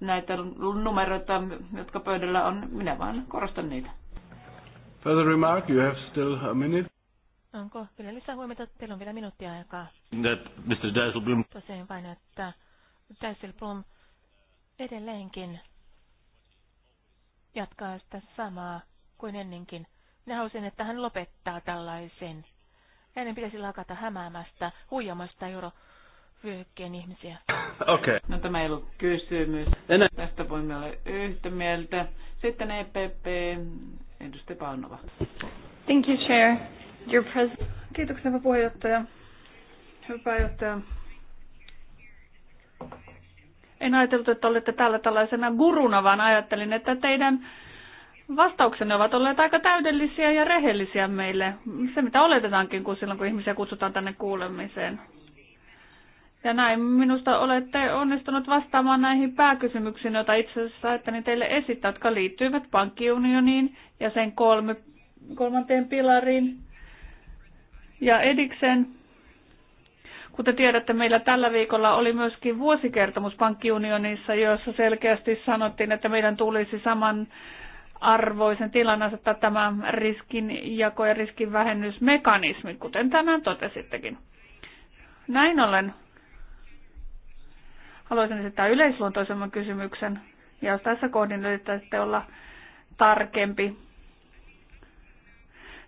näitä numeroita, jotka pöydällä on. Minä vaan korostan niitä. Further remark, you have still a minute. Onko vielä lisää huomiota? Teillä on vielä minuuttia aikaa. That Mr. Dijsselbloem... Tosiaan vain, että Dijsselbloem edelleenkin jatkaa sitä samaa kuin ennenkin. Minä haluaisin, että hän lopettaa tällaisen. Hänen pitäisi lakata hämäämästä, huijamasta euro vyöhykkeen ihmisiä. Okei. Okay. No tämä ei ollut kysymys. Enä. Tästä voimme olla yhtä mieltä. Sitten EPP, edustaja Paunova. Thank you, Chair. Your pres- Kiitoksia, hyvä puheenjohtaja. Hyvä puheenjohtaja. En ajatellut, että olette täällä tällaisena guruna, vaan ajattelin, että teidän vastauksenne ovat olleet aika täydellisiä ja rehellisiä meille. Se, mitä oletetaankin kun silloin, kun ihmisiä kutsutaan tänne kuulemiseen. Ja näin minusta olette onnistunut vastaamaan näihin pääkysymyksiin, joita itse asiassa ne teille esittää, jotka liittyvät pankkiunioniin ja sen kolme, kolmanteen pilariin ja edikseen. Kuten tiedätte, meillä tällä viikolla oli myöskin vuosikertomus pankkiunionissa, jossa selkeästi sanottiin, että meidän tulisi saman arvoisen tilan asettaa tämä riskinjako ja riskinvähennysmekanismi, kuten tänään totesittekin. Näin ollen Haluaisin esittää yleisluontoisemman kysymyksen, ja jos tässä kohdin yrittäisitte olla tarkempi,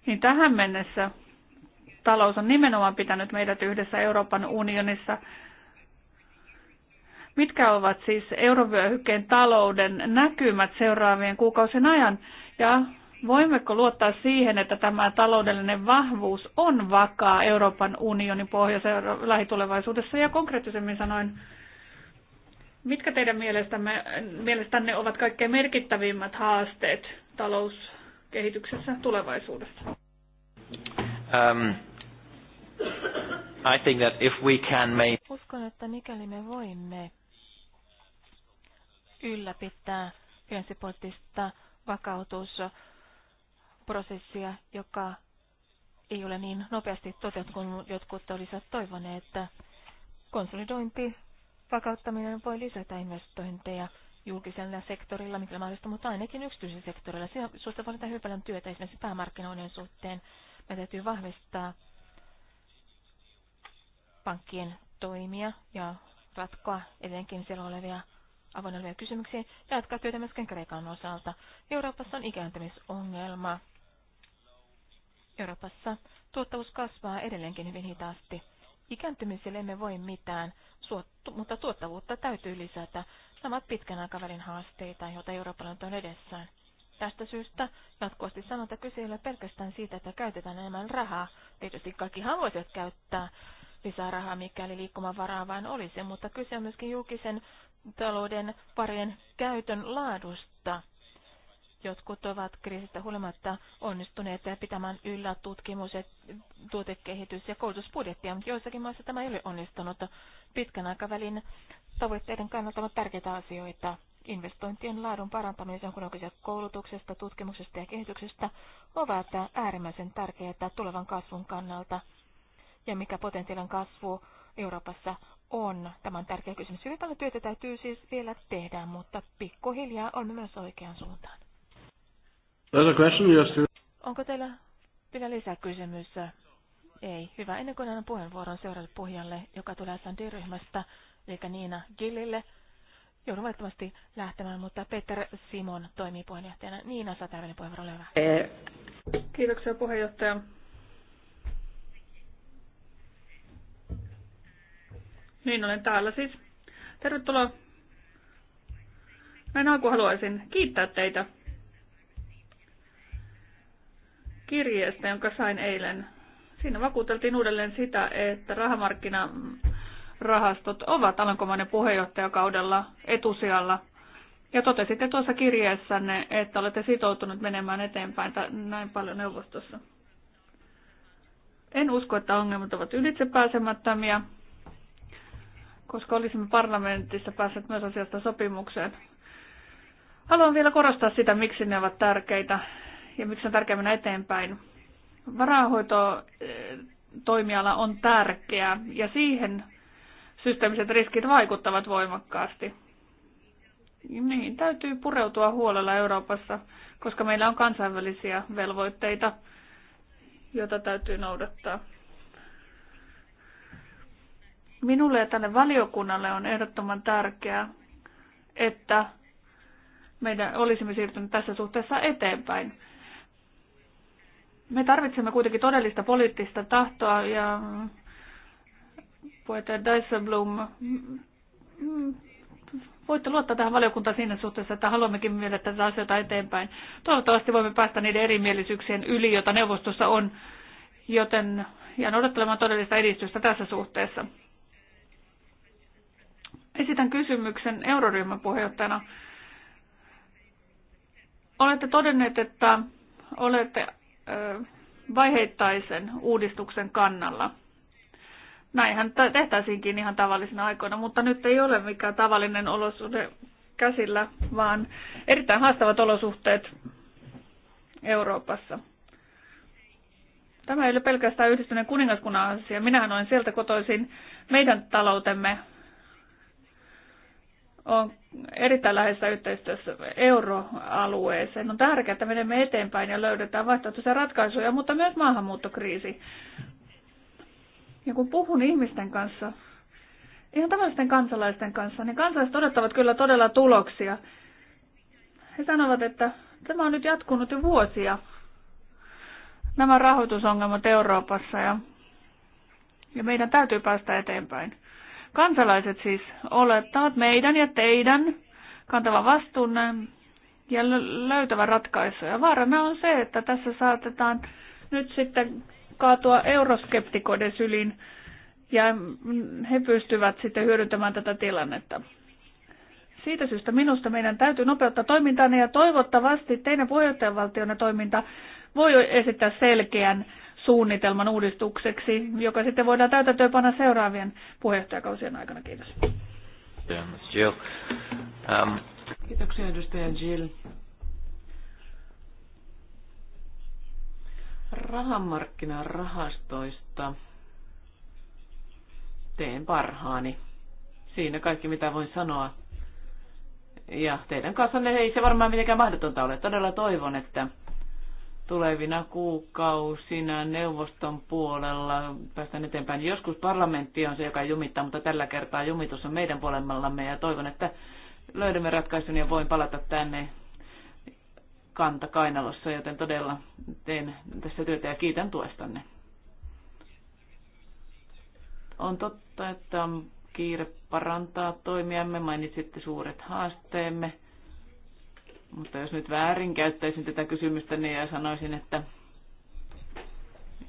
niin tähän mennessä talous on nimenomaan pitänyt meidät yhdessä Euroopan unionissa. Mitkä ovat siis eurovyöhykkeen talouden näkymät seuraavien kuukausien ajan? Ja voimmeko luottaa siihen, että tämä taloudellinen vahvuus on vakaa Euroopan unionin pohjassa lähitulevaisuudessa ja konkreettisemmin sanoen, Mitkä teidän mielestänne ovat kaikkein merkittävimmät haasteet talouskehityksessä tulevaisuudessa? Um, I think that if we can make... Uskon, että mikäli me voimme ylläpitää finanssipoliittista vakautusprosessia, joka ei ole niin nopeasti toteutunut kuin jotkut olisivat toivoneet, että konsolidointi Vakauttaminen voi lisätä investointeja julkisella sektorilla, mikä mahdollista, mutta ainakin yksityisellä sektorilla. Siinä suhteen voi hyvin paljon työtä esimerkiksi päämarkkinoiden suhteen. Me täytyy vahvistaa pankkien toimia ja ratkoa edelleenkin siellä olevia avoin olevia kysymyksiä ja jatkaa työtä myöskin Kreikan osalta. Euroopassa on ikääntymisongelma. Euroopassa tuottavuus kasvaa edelleenkin hyvin hitaasti. Ikääntymiselle emme voi mitään mutta tuottavuutta täytyy lisätä. Nämä pitkän aikavälin haasteita, joita Euroopan on edessään. Tästä syystä jatkuvasti sanota kyse ei ole pelkästään siitä, että käytetään enemmän rahaa. Tietysti kaikki haluaisivat käyttää lisää rahaa, mikäli liikkumavaraa vain olisi, mutta kyse on myöskin julkisen talouden parien käytön laadusta. Jotkut ovat kriisistä huolimatta onnistuneet pitämään yllä tutkimus- ja tuotekehitys- ja koulutusbudjettia, mutta joissakin maissa tämä ei ole onnistunut. Pitkän aikavälin tavoitteiden kannalta on tärkeitä asioita. Investointien laadun parantamisen, kun koulutuksesta, tutkimuksesta ja kehityksestä, ovat äärimmäisen tärkeitä tulevan kasvun kannalta. Ja mikä potentiaalinen kasvu Euroopassa on. Tämä on tärkeä kysymys. Hyvin paljon työtä täytyy siis vielä tehdä, mutta pikkuhiljaa on myös oikeaan suuntaan. Onko teillä vielä lisäkysymys? Ei. Hyvä. Ennen kuin annan puheenvuoron seuraavalle puhujalle, joka tulee SND-ryhmästä, eli Niina Gillille, joudun valitettavasti lähtemään, mutta Peter Simon toimii puheenjohtajana. Niina, saa täydellinen puheenvuoro, hyvä. Kiitoksia puheenjohtaja. Niin, olen täällä siis. Tervetuloa. Näin alkuun haluaisin kiittää teitä kirjeestä, jonka sain eilen. Siinä vakuuteltiin uudelleen sitä, että rahamarkkinarahastot ovat Alankomainen puheenjohtajakaudella etusijalla. Ja totesitte tuossa kirjeessänne, että olette sitoutunut menemään eteenpäin näin paljon neuvostossa. En usko, että ongelmat ovat pääsemättömiä, koska olisimme parlamentissa päässeet myös asiasta sopimukseen. Haluan vielä korostaa sitä, miksi ne ovat tärkeitä ja miksi on tärkeää mennä eteenpäin. toimiala on tärkeä ja siihen systeemiset riskit vaikuttavat voimakkaasti. Niin täytyy pureutua huolella Euroopassa, koska meillä on kansainvälisiä velvoitteita, joita täytyy noudattaa. Minulle ja tälle valiokunnalle on ehdottoman tärkeää, että meidän olisimme siirtyneet tässä suhteessa eteenpäin. Me tarvitsemme kuitenkin todellista poliittista tahtoa ja puheenjohtaja Dijsselbloem, voitte luottaa tähän valiokuntaan siinä suhteessa, että haluammekin viedä tätä asioita eteenpäin. Toivottavasti voimme päästä niiden erimielisyyksien yli, jota neuvostossa on, joten jään odottelemaan todellista edistystä tässä suhteessa. Esitän kysymyksen euroryhmän puheenjohtajana. Olette todenneet, että olette vaiheittaisen uudistuksen kannalla. Näinhän tehtäisiinkin ihan tavallisina aikoina, mutta nyt ei ole mikään tavallinen olosuhde käsillä, vaan erittäin haastavat olosuhteet Euroopassa. Tämä ei ole pelkästään yhdistyneen kuningaskunnan asia. Minähän olen sieltä kotoisin. Meidän taloutemme on erittäin läheisessä yhteistyössä euroalueeseen. On tärkeää, että menemme eteenpäin ja löydetään vaihtoehtoisia ratkaisuja, mutta myös maahanmuuttokriisi. Ja kun puhun ihmisten kanssa, ihan tavallisten kansalaisten kanssa, niin kansalaiset odottavat kyllä todella tuloksia. He sanovat, että tämä on nyt jatkunut jo vuosia, nämä rahoitusongelmat Euroopassa ja, ja meidän täytyy päästä eteenpäin. Kansalaiset siis olettavat meidän ja teidän kantavan vastuunne ja löytävän ratkaisuja. Vaarana on se, että tässä saatetaan nyt sitten kaatua euroskeptikoiden syliin ja he pystyvät sitten hyödyntämään tätä tilannetta. Siitä syystä minusta meidän täytyy nopeuttaa toimintaa ja toivottavasti teidän puheenjohtajavaltionne toiminta voi esittää selkeän suunnitelman uudistukseksi, joka sitten voidaan täytäntöönpanna seuraavien puheenjohtajakausien aikana. Kiitos. Um, Kiitoksia edustaja Jill. Rahamarkkinarahastoista teen parhaani. Siinä kaikki mitä voin sanoa. Ja teidän kanssanne ei se varmaan mitenkään mahdotonta ole. Todella toivon, että tulevina kuukausina neuvoston puolella päästään eteenpäin. Joskus parlamentti on se, joka jumittaa, mutta tällä kertaa jumitus on meidän puolemmallamme ja toivon, että löydämme ratkaisun ja voin palata tänne kanta kainalossa, joten todella teen tässä työtä ja kiitän tuestanne. On totta, että kiire parantaa toimiamme, mainitsitte suuret haasteemme mutta jos nyt väärin käyttäisin tätä kysymystä niin ja sanoisin, että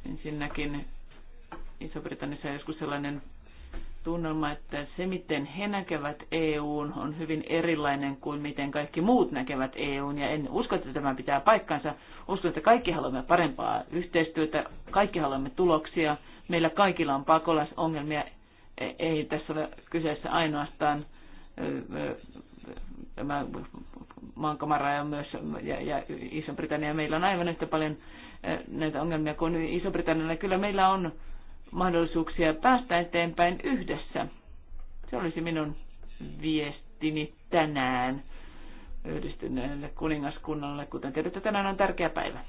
ensinnäkin iso britannissa on joskus sellainen tunnelma, että se miten he näkevät EUn on hyvin erilainen kuin miten kaikki muut näkevät EUn. Ja en usko, että tämä pitää paikkansa. Uskon, että kaikki haluamme parempaa yhteistyötä, kaikki haluamme tuloksia. Meillä kaikilla on pakolaisongelmia. Ei tässä ole kyseessä ainoastaan tämä maankamara ja myös ja, ja Iso-Britannia, meillä on aivan yhtä paljon eh, näitä ongelmia kuin Iso-Britannialla. Kyllä meillä on mahdollisuuksia päästä eteenpäin yhdessä. Se olisi minun viestini tänään yhdistyneelle kuningaskunnalle, kuten tiedätte, tänään on tärkeä päivä.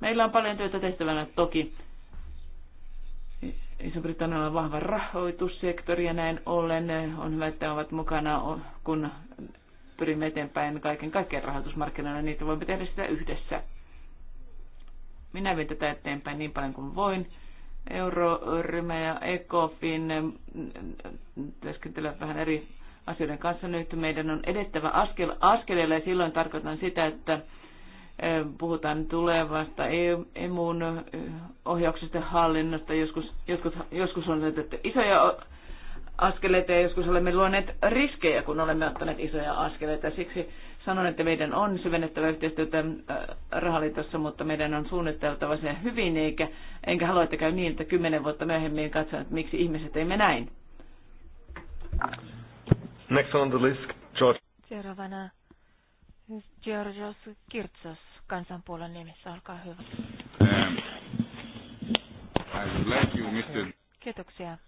Meillä on paljon työtä tehtävänä toki, Iso-Britannialla on vahva rahoitussektori ja näin ollen on hyvä, että ovat mukana, kun pyrimme eteenpäin kaiken kaikkien rahoitusmarkkinoilla, niitä voimme tehdä sitä yhdessä. Minä vien tätä eteenpäin niin paljon kuin voin. Euroryhmä ja ECOFIN työskentelevät vähän eri asioiden kanssa nyt. Meidän on edettävä askel, askeleella ja silloin tarkoitan sitä, että puhutaan tulevasta e- emun ohjauksesta hallinnosta. Joskus, joskus, joskus on otettu isoja askeleita ja joskus olemme luoneet riskejä, kun olemme ottaneet isoja askeleita. Siksi sanon, että meidän on syvennettävä yhteistyötä rahaliitossa, mutta meidän on suunniteltava sen hyvin, eikä, enkä halua, että käy niin, että kymmenen vuotta myöhemmin katson, että miksi ihmiset emme näin. Next on the list, George. Seuraavana Georgios Kirtsos kansanpuolen nimissä. Olkaa hyvä. Um, Kiitoksia.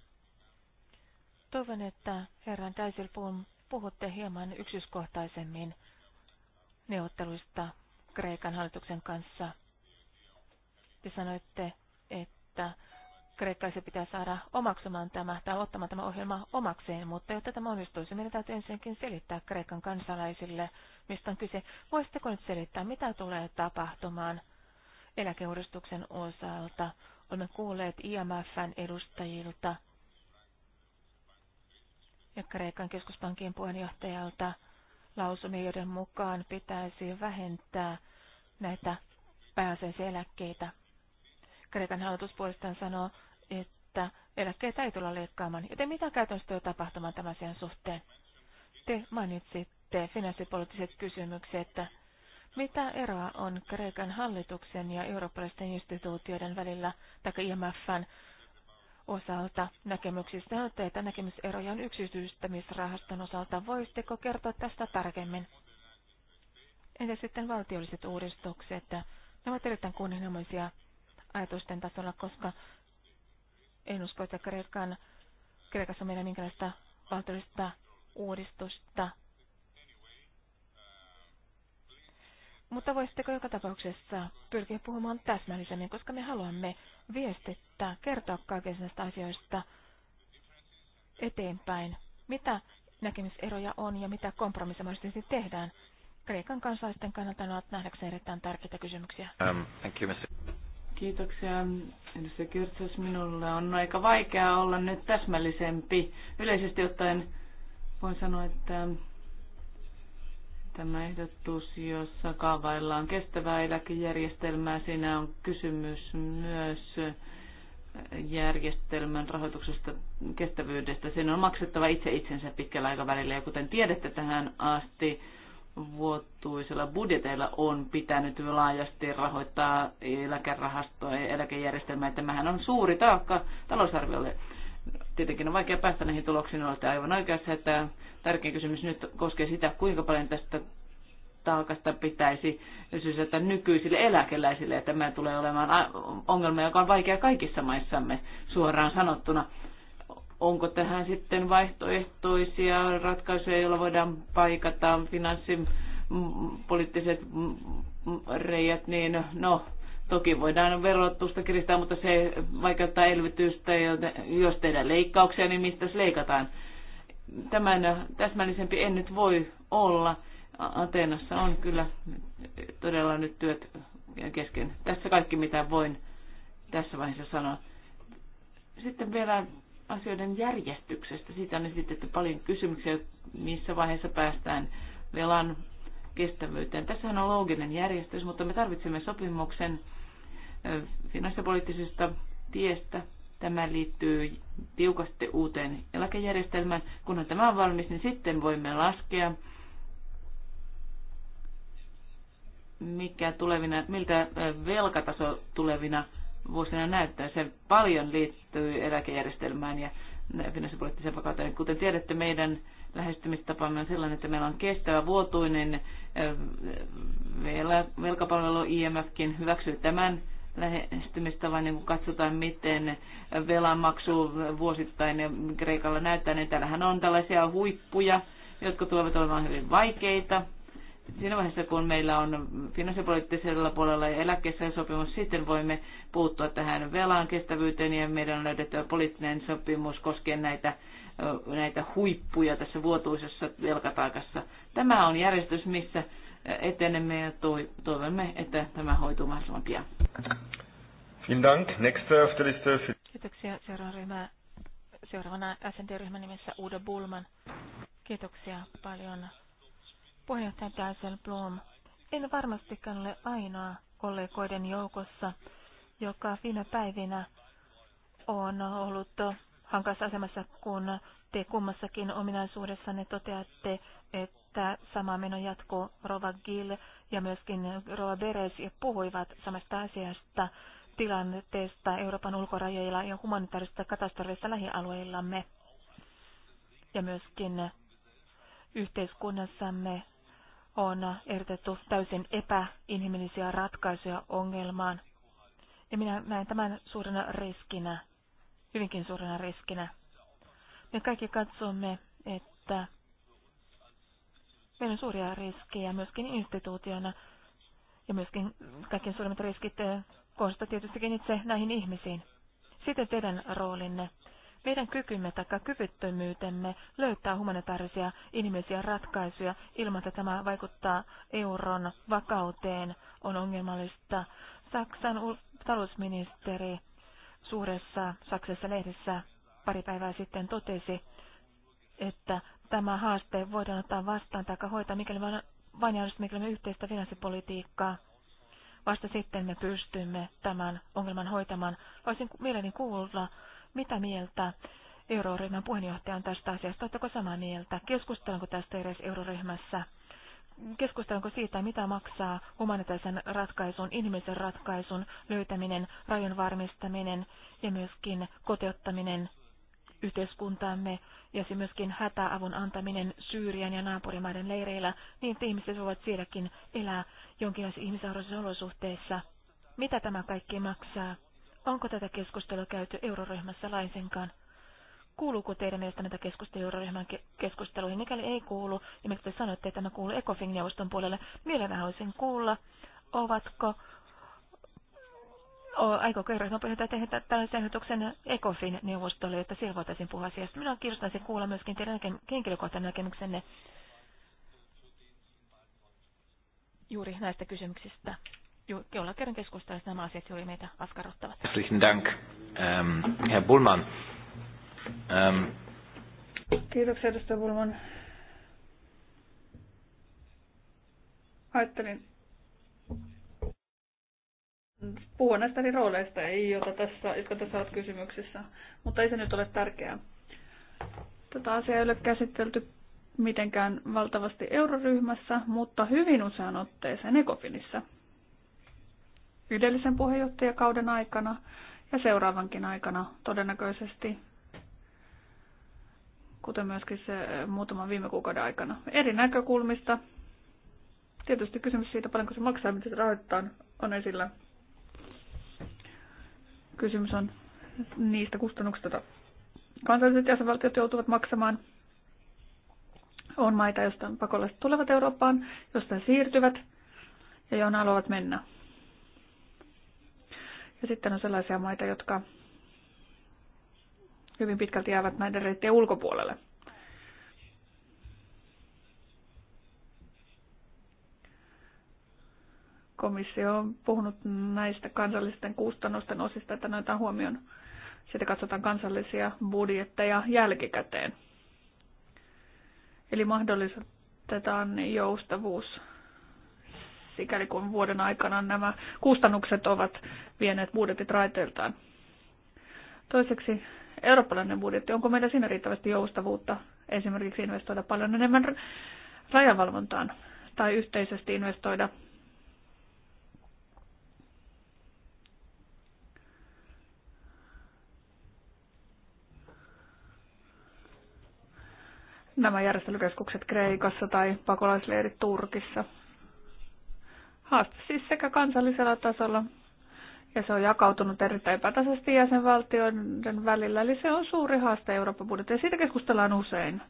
Toivon, että herran Täisilpuun puhutte hieman yksityiskohtaisemmin neuvotteluista Kreikan hallituksen kanssa. Te sanoitte, että kreikkaisia pitää saada omaksumaan tämä tai ottamaan tämä ohjelma omakseen, mutta jotta tämä onnistuisi, meidän täytyy ensinnäkin selittää Kreikan kansalaisille, mistä on kyse. Voisitteko nyt selittää, mitä tulee tapahtumaan eläkeuudistuksen osalta? Olemme kuulleet IMFn edustajilta ja Kreikan keskuspankin puheenjohtajalta lausumia, joiden mukaan pitäisi vähentää näitä pääasiassa eläkkeitä. Kreikan hallitus puolestaan sanoo, että eläkkeitä ei tulla leikkaamaan, joten mitä käytännössä tulee tapahtumaan tämän asian suhteen? Te mainitsitte sitten finanssipoliittiset kysymykset. Mitä eroa on Kreikan hallituksen ja eurooppalaisten instituutioiden välillä, tai IMFn osalta näkemyksistä on teitä näkemyseroja on yksityistämisrahaston osalta. Voisitteko kertoa tästä tarkemmin? Entä sitten valtiolliset uudistukset? Ne ovat erittäin kunnianhimoisia ajatusten tasolla, koska en usko, että Kreikan, Kreikassa meidän minkälaista valtiollista uudistusta Mutta voisitteko joka tapauksessa pyrkiä puhumaan täsmällisemmin, koska me haluamme viestittää, kertoa kaikista näistä asioista eteenpäin. Mitä näkemyseroja on ja mitä kompromissamallisesti tehdään? Kreikan kansalaisten kannalta ne ovat nähdäkseni erittäin tärkeitä kysymyksiä. Um, thank you, Mr. Kiitoksia. Edustaja Kyrtsos, minulle on aika vaikeaa olla nyt täsmällisempi. Yleisesti ottaen voin sanoa, että Tämä ehdotus, jossa kaavaillaan kestävää eläkejärjestelmää, siinä on kysymys myös järjestelmän rahoituksesta kestävyydestä. Sen on maksettava itse itsensä pitkällä aikavälillä ja kuten tiedätte tähän asti, vuotuisilla budjeteilla on pitänyt laajasti rahoittaa eläkerahastoa ja eläkejärjestelmää. Tämähän on suuri taakka talousarviolle Tietenkin on vaikea päästä näihin tuloksiin, olette aivan oikeassa, että tärkeä kysymys nyt koskee sitä, kuinka paljon tästä taakasta pitäisi sysätä nykyisille eläkeläisille. Ja tämä tulee olemaan ongelma, joka on vaikea kaikissa maissamme suoraan sanottuna. Onko tähän sitten vaihtoehtoisia ratkaisuja, joilla voidaan paikata finanssipoliittiset reijät, niin no, Toki voidaan verotusta kiristää, mutta se vaikeuttaa elvytystä, jos tehdään leikkauksia, niin mistä leikataan? Tämän täsmällisempi en nyt voi olla. Ateenassa on kyllä todella nyt työt kesken. Tässä kaikki, mitä voin tässä vaiheessa sanoa. Sitten vielä asioiden järjestyksestä. Siitä on esitetty paljon kysymyksiä, missä vaiheessa päästään velan kestävyyteen. Tässähän on looginen järjestys, mutta me tarvitsemme sopimuksen, finanssipoliittisesta tiestä. Tämä liittyy tiukasti uuteen eläkejärjestelmään. Kunhan tämä on valmis, niin sitten voimme laskea, mikä tulevina, miltä velkataso tulevina vuosina näyttää. Se paljon liittyy eläkejärjestelmään ja finanssipoliittiseen vakauteen. Kuten tiedätte, meidän lähestymistapamme on sellainen, että meillä on kestävä vuotuinen velkapalvelu. IMFkin hyväksyy tämän lähestymistavan, niin kun katsotaan, miten velanmaksu vuosittain Kreikalla näyttää, niin täällähän on tällaisia huippuja, jotka tulevat olemaan hyvin vaikeita. Siinä vaiheessa, kun meillä on finanssipoliittisella puolella ja eläkkeessä sopimus, sitten voimme puuttua tähän velan kestävyyteen ja meidän on löydettävä poliittinen sopimus koskien näitä näitä huippuja tässä vuotuisessa velkataakassa. Tämä on järjestys, missä etenemme ja toivomme, että tämä hoituu mahdollisimman pian. Vielen Dank. Nächster auf der Liste. Kiitoksia. Seuraava seuraavana SNT-ryhmän nimessä Udo Bulman. Kiitoksia paljon. Puheenjohtaja Daisel Blom. En varmastikaan ole ainoa kollegoiden joukossa, joka viime päivinä on ollut hankassa asemassa, kun te kummassakin ominaisuudessanne toteatte, että Tämä sama meno jatkuu. Rova Gill ja myöskin Rova Beres puhuivat samasta asiasta tilanteesta Euroopan ulkorajoilla ja humanitaarisesta katastrofista lähialueillamme ja myöskin yhteiskunnassamme on ehdotettu täysin epäinhimillisiä ratkaisuja ongelmaan. Ja minä näen tämän suurena riskinä, hyvinkin suurena riskinä. Me kaikki katsomme, että Meillä on suuria riskejä myöskin instituutiona ja myöskin kaikkien suurimmat riskit eh, kohdistuvat tietystikin itse näihin ihmisiin. Sitten teidän roolinne. Meidän kykymme tai kyvyttömyytemme löytää humanitaarisia inhimillisiä ratkaisuja ilman, että tämä vaikuttaa euron vakauteen, on ongelmallista. Saksan talousministeri suuressa Saksassa lehdessä pari päivää sitten totesi, että tämä haaste voidaan ottaa vastaan tai hoitaa, mikäli vain me yhteistä finanssipolitiikkaa. Vasta sitten me pystymme tämän ongelman hoitamaan. Voisin mielelläni kuulla, mitä mieltä euroryhmän puheenjohtaja on tästä asiasta. Oletteko samaa mieltä? Keskustellaanko tästä edes euroryhmässä? Keskustellaanko siitä, mitä maksaa humanitaarisen ratkaisun, inhimillisen ratkaisun löytäminen, rajan varmistaminen ja myöskin koteuttaminen yhteiskuntaamme ja se myöskin hätäavun antaminen Syyrian ja naapurimaiden leireillä, niin että ihmiset voivat sielläkin elää jonkinlaisissa ihmisarvoisissa olosuhteissa. Mitä tämä kaikki maksaa? Onko tätä keskustelua käyty euroryhmässä laisenkaan? Kuuluuko teidän mielestä näitä keskustelua euroryhmän ke- keskusteluihin? Mikäli ei kuulu, ja niin miksi te sanoitte, että tämä kuuluu ECOFIN-neuvoston puolelle, mielellään haluaisin kuulla, ovatko aikooko Euroopan puheenjohtaja tehdä tällaisen ehdotuksen ECOFIN neuvostolle, että siellä voitaisiin puhua asiasta. Minä kiinnostaisin kuulla myöskin teidän henkilökohtainen näkemyksenne juuri näistä kysymyksistä. Jolla kerran keskustelussa nämä asiat juuri meitä askarruttavat. Herr Dank, ähm, Herr Bullmann. Ähm. Kiitoksia, edustaja Bullmann. Ajattelin puhua näistä eri rooleista, ei, jota tässä, jotka tässä ovat kysymyksissä, mutta ei se nyt ole tärkeää. Tätä asiaa ei ole käsitelty mitenkään valtavasti euroryhmässä, mutta hyvin usean otteeseen Ekofinissa. Yhdellisen puheenjohtajakauden aikana ja seuraavankin aikana todennäköisesti, kuten myöskin se muutaman viime kuukauden aikana. Eri näkökulmista. Tietysti kysymys siitä, paljonko se maksaa, mitä se rahoittaa, on esillä Kysymys on niistä kustannuksista, joita kansalliset jäsenvaltiot joutuvat maksamaan. On maita, joista pakolaiset tulevat Eurooppaan, josta he siirtyvät ja johon haluavat mennä. Ja sitten on sellaisia maita, jotka hyvin pitkälti jäävät näiden reittien ulkopuolelle – komissio on puhunut näistä kansallisten kustannusten osista, että noita huomioon. Sitten katsotaan kansallisia budjetteja jälkikäteen. Eli mahdollistetaan joustavuus, sikäli kun vuoden aikana nämä kustannukset ovat vieneet budjetit raiteiltaan. Toiseksi eurooppalainen budjetti. Onko meillä siinä riittävästi joustavuutta esimerkiksi investoida paljon enemmän rajavalvontaan tai yhteisesti investoida nämä järjestelykeskukset Kreikassa tai pakolaisleirit Turkissa. Haaste siis sekä kansallisella tasolla, ja se on jakautunut erittäin epätasaisesti jäsenvaltioiden välillä, eli se on suuri haaste Euroopan budjetti, ja siitä keskustellaan usein.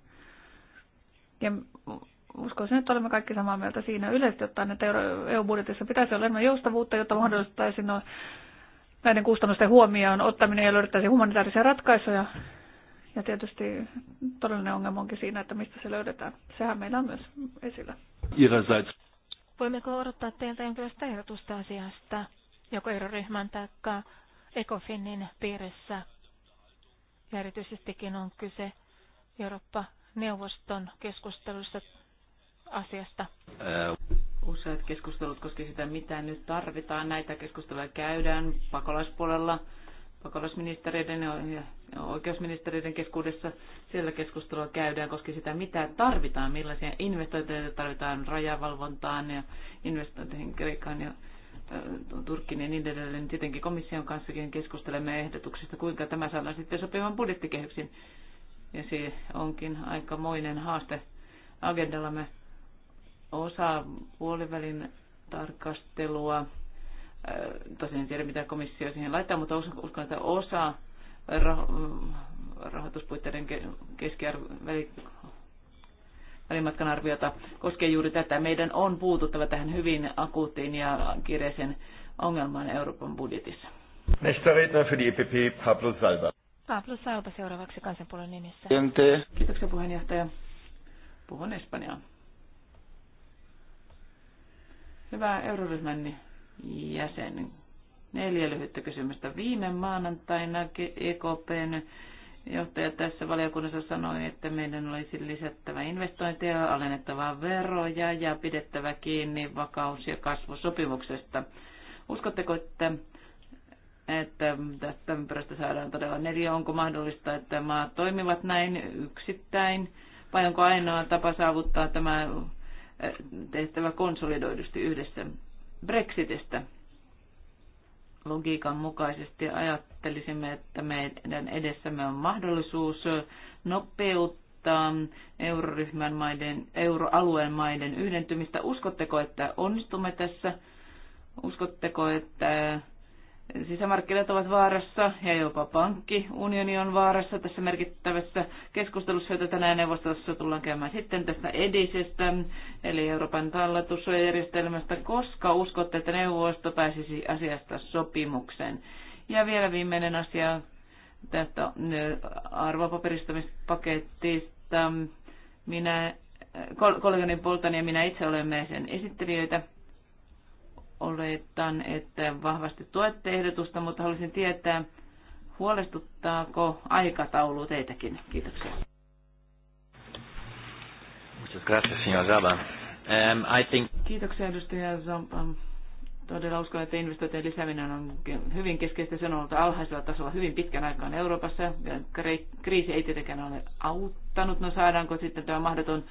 Ja uskoisin, että olemme kaikki samaa mieltä siinä yleisesti ottaen, että EU-budjetissa pitäisi olla enemmän joustavuutta, jotta mahdollistaisi näiden kustannusten huomioon ottaminen ja löydettäisiin humanitaarisia ratkaisuja ja tietysti todellinen ongelma onkin siinä, että mistä se löydetään. Sehän meillä on myös esillä. Voimmeko odottaa teiltä jonkinlaista ehdotusta asiasta, joko eroryhmän tai ECOFINin piirissä? Ja erityisestikin on kyse Eurooppa-neuvoston keskustelusta asiasta. Äh, useat keskustelut koskevat sitä, mitä nyt tarvitaan. Näitä keskusteluja käydään pakolaispuolella pakolaisministeriöiden ja oikeusministeriöiden keskuudessa siellä keskustelua käydään koskien sitä, mitä tarvitaan, millaisia investointeja tarvitaan rajavalvontaan ja investointeihin Kreikkaan ja Turkkiin ja niin edelleen. Tietenkin komission kanssakin keskustelemme ehdotuksista, kuinka tämä saadaan sitten sopivan budjettikehyksin. Ja se onkin aikamoinen haaste agendallamme osa puolivälin tarkastelua Tosiaan en tiedä, mitä komissio siihen laittaa, mutta uskon, että osa rahoituspuitteiden keskiarvo- välimatkan arviota koskee juuri tätä. Meidän on puututtava tähän hyvin akuuttiin ja kiireisen ongelmaan Euroopan budjetissa. Nästa redner för EPP, Pablo Salva. Pablo Salva seuraavaksi kansanpuolen nimissä. Kiitoksia puheenjohtaja. Puhun Espanjaa. Hyvää euroryhmän jäsen. Neljä lyhyttä kysymystä. Viime maanantaina EKPn johtaja tässä valiokunnassa sanoi, että meidän olisi lisättävä investointeja, alennettava veroja ja pidettävä kiinni vakaus- ja kasvusopimuksesta. Uskotteko, että, että tästä ympäristö saadaan todella neljä? Onko mahdollista, että maat toimivat näin yksittäin? Vai onko ainoa tapa saavuttaa tämä eh, tehtävä konsolidoidusti yhdessä? Brexitistä. Logiikan mukaisesti ajattelisimme, että meidän edessämme on mahdollisuus nopeuttaa euroryhmän maiden, euroalueen maiden yhdentymistä. Uskotteko, että onnistumme tässä? Uskotteko, että sisämarkkinat ovat vaarassa ja jopa pankkiunioni on vaarassa tässä merkittävässä keskustelussa, jota tänään neuvostossa tullaan käymään sitten tästä edisestä, eli Euroopan talletussuojajärjestelmästä, koska uskotte, että neuvosto pääsisi asiasta sopimukseen. Ja vielä viimeinen asia tästä äh, arvopaperistamispaketista. Minä, äh, kollegani Poltani ja minä itse olemme sen esittelijöitä Oletan, että vahvasti tuette ehdotusta, mutta haluaisin tietää, huolestuttaako aikataulu teitäkin? Kiitoksia. Muchas gracias, señor Zaba. Um, I think... Kiitoksia, edustaja Zaba. Todella uskon, että investointien lisääminen on hyvin keskeistä. Se on ollut alhaisella tasolla hyvin pitkän aikaan Euroopassa. Ja kriisi ei tietenkään ole auttanut. No saadaanko sitten tämä mahdoton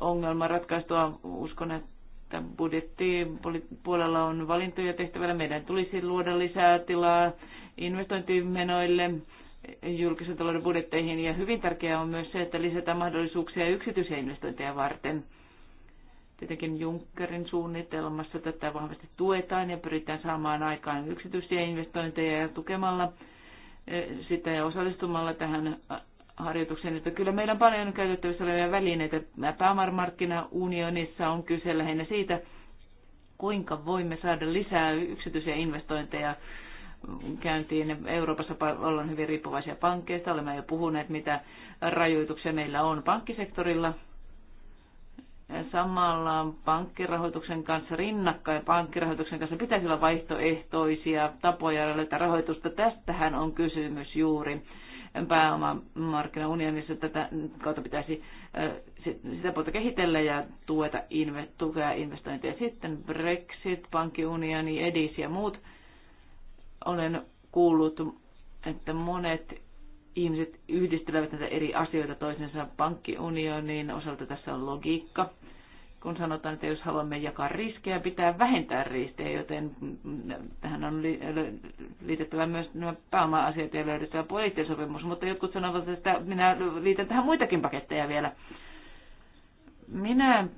ongelma ratkaistua? Uskon, että että budjettipuolella on valintoja tehtävällä. Meidän tulisi luoda lisää tilaa investointimenoille julkisen talouden budjetteihin ja hyvin tärkeää on myös se, että lisätään mahdollisuuksia yksityisiä investointeja varten. Tietenkin Junckerin suunnitelmassa tätä vahvasti tuetaan ja pyritään saamaan aikaan yksityisiä investointeja ja tukemalla eh, sitä ja osallistumalla tähän Harjoituksen että kyllä meillä on paljon käytettävissä olevia välineitä. Unionissa on kyse lähinnä siitä, kuinka voimme saada lisää yksityisiä investointeja käyntiin. Euroopassa ollaan hyvin riippuvaisia pankkeista. Olemme jo puhuneet, mitä rajoituksia meillä on pankkisektorilla. Samalla pankkirahoituksen kanssa rinnakkain pankkirahoituksen kanssa pitäisi olla vaihtoehtoisia tapoja löytää rahoitusta. Tästähän on kysymys juuri pääomamarkkinaunionissa tätä kautta pitäisi sitä puolta kehitellä ja tueta, inve, tukea investointeja. Sitten Brexit, pankkiunioni, EDIS ja muut. Olen kuullut, että monet ihmiset yhdistelevät näitä eri asioita toisensa pankkiunionin osalta. Tässä on logiikka kun sanotaan, että jos haluamme jakaa riskejä, pitää vähentää riskejä, joten tähän on liitettävä myös nämä pääoma-asiat ja löydettävä sopimus. mutta jotkut sanovat, että minä liitän tähän muitakin paketteja vielä. Minä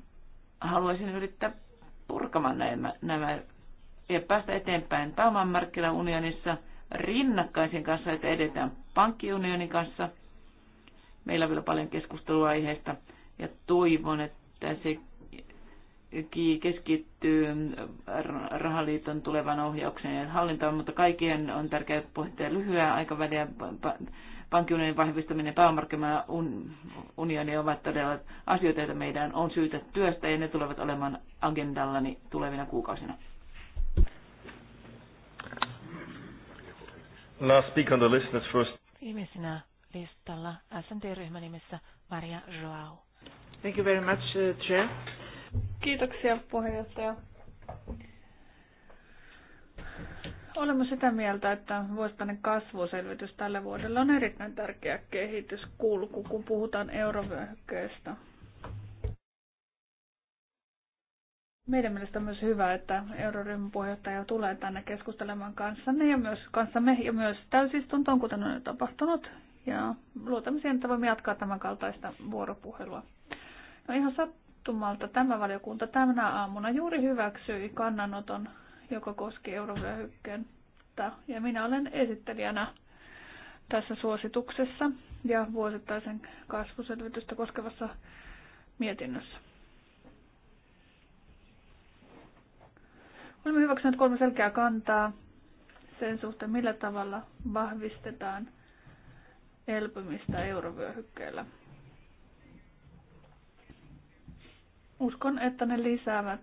haluaisin yrittää purkamaan nämä, nämä ja päästä eteenpäin pääomanmarkkinaunionissa rinnakkaisin kanssa, että edetään pankkiunionin kanssa. Meillä on vielä paljon keskustelua aiheesta ja toivon, että se keskittyy rahaliiton tulevan ohjaukseen ja hallintaan, mutta kaikkien on tärkeää pohtia lyhyen aikaväliä. Pankkiunionin vahvistaminen ja pääomarkkinaunioni ovat todella asioita, joita meidän on syytä työstä ja ne tulevat olemaan agendallani tulevina kuukausina. Last speak on the list first. Viimeisenä listalla st ryhmän nimessä Maria Joao. Thank you very much, uh, Chair. Kiitoksia puheenjohtaja. Olemme sitä mieltä, että vuosittainen kasvuselvitys tälle vuodelle on erittäin tärkeä kehityskulku, kun puhutaan eurovyöhykkeestä. Meidän mielestä on myös hyvä, että euroryhmän puheenjohtaja tulee tänne keskustelemaan kanssanne ja myös kanssamme ja myös täysistuntoon, kuten on jo tapahtunut. Ja luotamme siihen, että voimme jatkaa tämän kaltaista vuoropuhelua. No ihan sattumalta tämä valiokunta tänä aamuna juuri hyväksyi kannanoton, joka koski eurovyöhykkeettä. Ja minä olen esittelijänä tässä suosituksessa ja vuosittaisen kasvuselvitystä koskevassa mietinnössä. Olemme hyväksyneet kolme selkeää kantaa sen suhteen, millä tavalla vahvistetaan elpymistä eurovyöhykkeellä. uskon, että ne lisäävät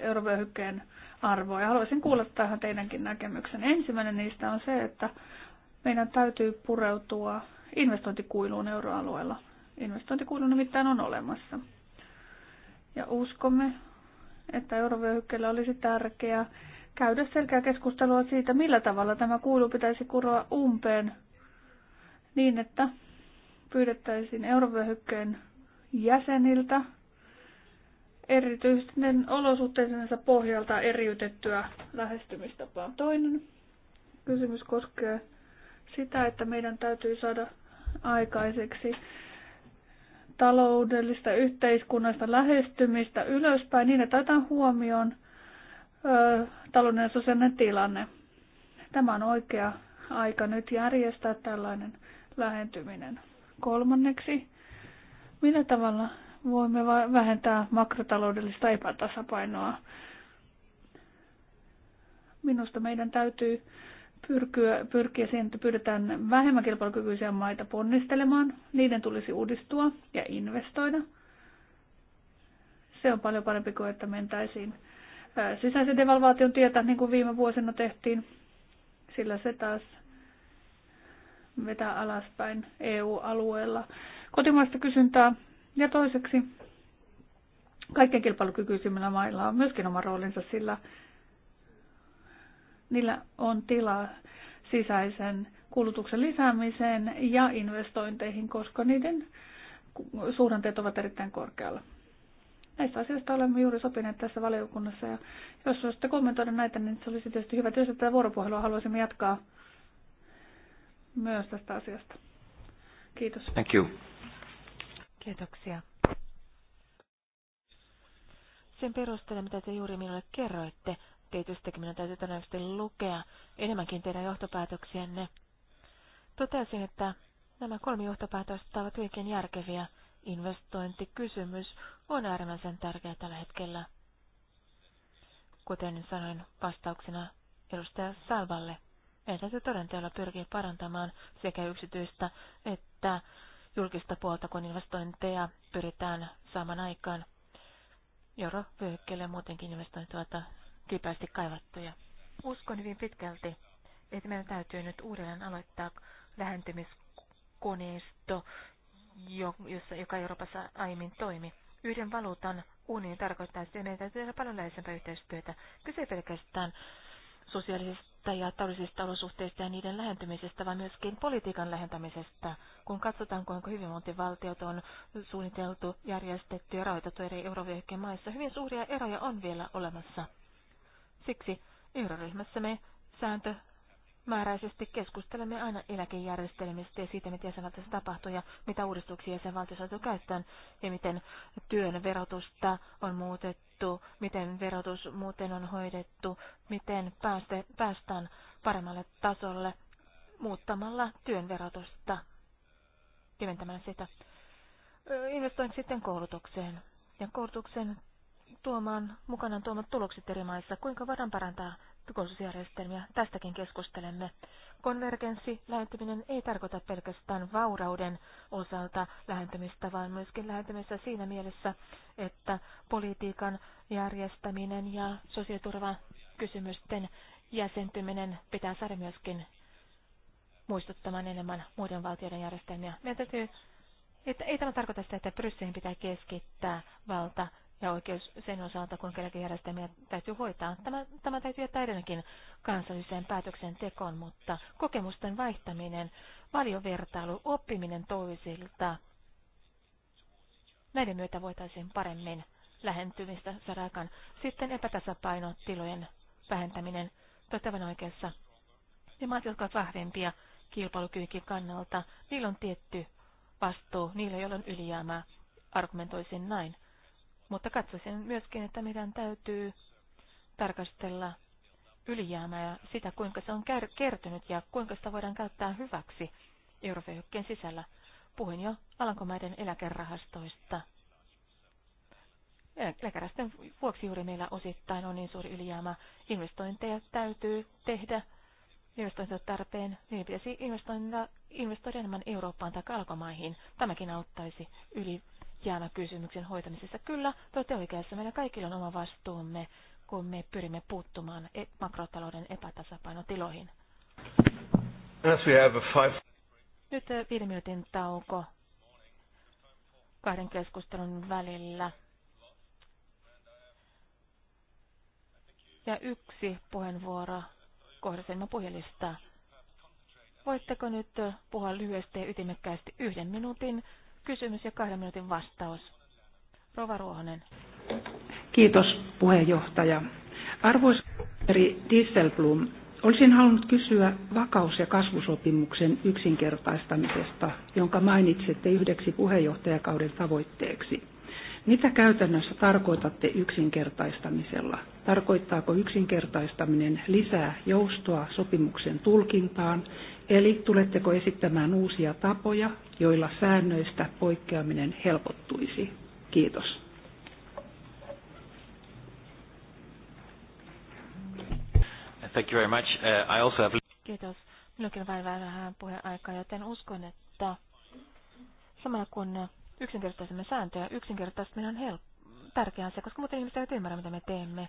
eurovyöhykkeen arvoa. Ja haluaisin kuulla tähän teidänkin näkemyksen. Ensimmäinen niistä on se, että meidän täytyy pureutua investointikuiluun euroalueella. Investointikuilu nimittäin on olemassa. Ja uskomme, että eurovyöhykkeellä olisi tärkeää käydä selkeää keskustelua siitä, millä tavalla tämä kuilu pitäisi kuroa umpeen niin, että pyydettäisiin eurovyöhykkeen jäseniltä erityisten olosuhteidensa pohjalta eriytettyä lähestymistapaa. Toinen kysymys koskee sitä, että meidän täytyy saada aikaiseksi taloudellista yhteiskunnasta lähestymistä ylöspäin niin, että otetaan huomioon ö, talouden ja sosiaalinen tilanne. Tämä on oikea aika nyt järjestää tällainen lähentyminen. Kolmanneksi, millä tavalla voimme vähentää makrotaloudellista epätasapainoa? Minusta meidän täytyy pyrkyä, pyrkiä siihen, että pyydetään vähemmän kilpailukykyisiä maita ponnistelemaan. Niiden tulisi uudistua ja investoida. Se on paljon parempi kuin, että mentäisiin sisäisen devalvaation tietä, niin kuin viime vuosina tehtiin, sillä se taas vetää alaspäin EU-alueella kotimaista kysyntää. Ja toiseksi kaikkein kilpailukykyisimmillä mailla on myöskin oma roolinsa, sillä niillä on tilaa sisäisen kulutuksen lisäämiseen ja investointeihin, koska niiden suhdanteet ovat erittäin korkealla. Näistä asioista olemme juuri sopineet tässä valiokunnassa ja jos olisitte kommentoida näitä, niin se olisi tietysti hyvä. Jos tätä vuoropuhelua haluaisimme jatkaa myös tästä asiasta. Kiitos. Thank you. Kiitoksia. Sen perusteella, mitä te juuri minulle kerroitte, tietysti minun täytyy todennäköisesti lukea enemmänkin teidän johtopäätöksienne. Totesin, että nämä kolme johtopäätöstä ovat hyvinkin järkeviä. Investointikysymys on äärimmäisen tärkeä tällä hetkellä. Kuten sanoin vastauksena edustaja Salvalle. Meidän se todenteella pyrkii parantamaan sekä yksityistä että julkista puolta, kun investointeja pyritään saamaan aikaan. Eurovyöhykkeelle muutenkin investoinnit ovat kipeästi kaivattuja. Uskon hyvin pitkälti, että meidän täytyy nyt uudelleen aloittaa lähentymiskoneisto, jossa, joka Euroopassa aiemmin toimi. Yhden valuutan unioni tarkoittaa, että meidän täytyy tehdä paljon läheisempää yhteistyötä. Kyse pelkästään sosiaalisista ja taloudellisista olosuhteista ja niiden lähentymisestä, vaan myöskin politiikan lähentämisestä, kun katsotaan, kuinka hyvinvointivaltiot on suunniteltu, järjestetty ja rahoitettu eri eurovyöhykkeen maissa. Hyvin suuria eroja on vielä olemassa. Siksi euroryhmässä me sääntö määräisesti keskustelemme aina eläkejärjestelmistä ja siitä, mitä jäsenvaltiossa tapahtuu ja mitä uudistuksia jäsenvaltiossa on käyttöön ja miten työn verotusta on muutettu hoidettu, miten verotus muuten on hoidettu, miten pääste, päästään paremmalle tasolle muuttamalla työn verotusta, keventämään sitä. Investoin sitten koulutukseen ja koulutuksen tuomaan mukanaan tuomat tulokset eri maissa, kuinka voidaan parantaa koulutusjärjestelmiä. Tästäkin keskustelemme. Konvergenssi, lähentyminen ei tarkoita pelkästään vaurauden osalta lähentymistä, vaan myöskin lähentymistä siinä mielessä, että politiikan järjestäminen ja sosiaaliturvan kysymysten jäsentyminen pitää saada myöskin muistuttamaan enemmän muiden valtioiden järjestelmiä. Meidän täytyy, että ei tämä tarkoita sitä, että Brysselin pitää keskittää valta ja oikeus sen osalta, kuinka eläkejärjestelmiä täytyy hoitaa. Tämä, tämä täytyy jättää edelleenkin kansalliseen päätöksentekoon, mutta kokemusten vaihtaminen, valiovertailu, oppiminen toisilta, näiden myötä voitaisiin paremmin lähentymistä saada Sitten epätasapaino tilojen vähentäminen toittavan oikeassa. Ne maat, jotka ovat vahvempia kilpailukyvykin kannalta, niillä on tietty vastuu, niillä, joilla on ylijäämää. Argumentoisin näin. Mutta katsoisin myöskin, että meidän täytyy tarkastella ylijäämää ja sitä, kuinka se on kertynyt ja kuinka sitä voidaan käyttää hyväksi Eurofeyhykkeen sisällä. Puhuin jo Alankomaiden eläkerahastoista. Eläkerahastojen vuoksi juuri meillä osittain on niin suuri ylijäämä. Investointeja täytyy tehdä. Investointit tarpeen. Niihin pitäisi investoida, investoida enemmän Eurooppaan tai alkomaihin. Tämäkin auttaisi yli jäämä kysymyksen hoitamisessa. Kyllä, te olette oikeassa. Meillä kaikilla on oma vastuumme, kun me pyrimme puuttumaan e- makrotalouden epätasapainotiloihin. Nyt viiden minuutin tauko kahden keskustelun välillä. Ja yksi puheenvuoro kohdassa puhelista. Voitteko nyt puhua lyhyesti ja ytimekkäästi yhden minuutin kysymys ja kahden minuutin vastaus. Rova Ruohonen. Kiitos puheenjohtaja. Arvoisa ministeri Dieselblom, olisin halunnut kysyä vakaus- ja kasvusopimuksen yksinkertaistamisesta, jonka mainitsitte yhdeksi puheenjohtajakauden tavoitteeksi. Mitä käytännössä tarkoitatte yksinkertaistamisella? Tarkoittaako yksinkertaistaminen lisää joustoa sopimuksen tulkintaan Eli tuletteko esittämään uusia tapoja, joilla säännöistä poikkeaminen helpottuisi? Kiitos. Thank you very much. Uh, I also have... Kiitos. Minullakin vain vähän aikaa, joten uskon, että samalla kun yksinkertaisemme sääntöjä, yksinkertaistaminen on helppo, tärkeää se, koska muuten ihmiset eivät ymmärrä, mitä me teemme.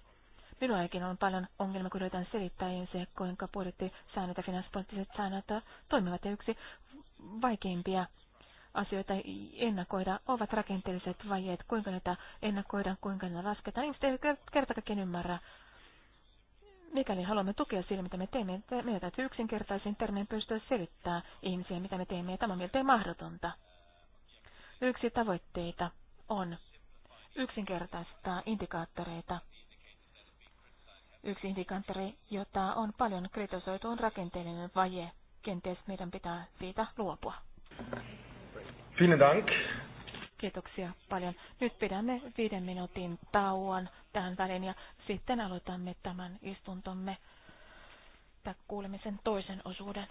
Minullakin on paljon ongelmia, kun yritän selittää se, kuinka budjettisäännöt ja finanssipoliittiset säännöt toimivat. Ja yksi vaikeimpia asioita ennakoida ovat rakenteelliset vajeet, kuinka niitä ennakoidaan, kuinka ne lasketaan. Ihmiset eivät kertakaikkiaan ymmärrä. Mikäli haluamme tukea sille, mitä me teemme, meidän täytyy yksinkertaisin termein pystyä selittää ihmisiä, mitä me teemme, ja tämä on miltei mahdotonta. Yksi tavoitteita on yksinkertaistaa indikaattoreita Yksi indikaattori, jota on paljon kritisoitu, on rakenteellinen vaje. Kenties meidän pitää siitä luopua. Vielen dank. Kiitoksia paljon. Nyt pidämme viiden minuutin tauon tähän väliin ja sitten aloitamme tämän istuntomme tai kuulemisen toisen osuuden.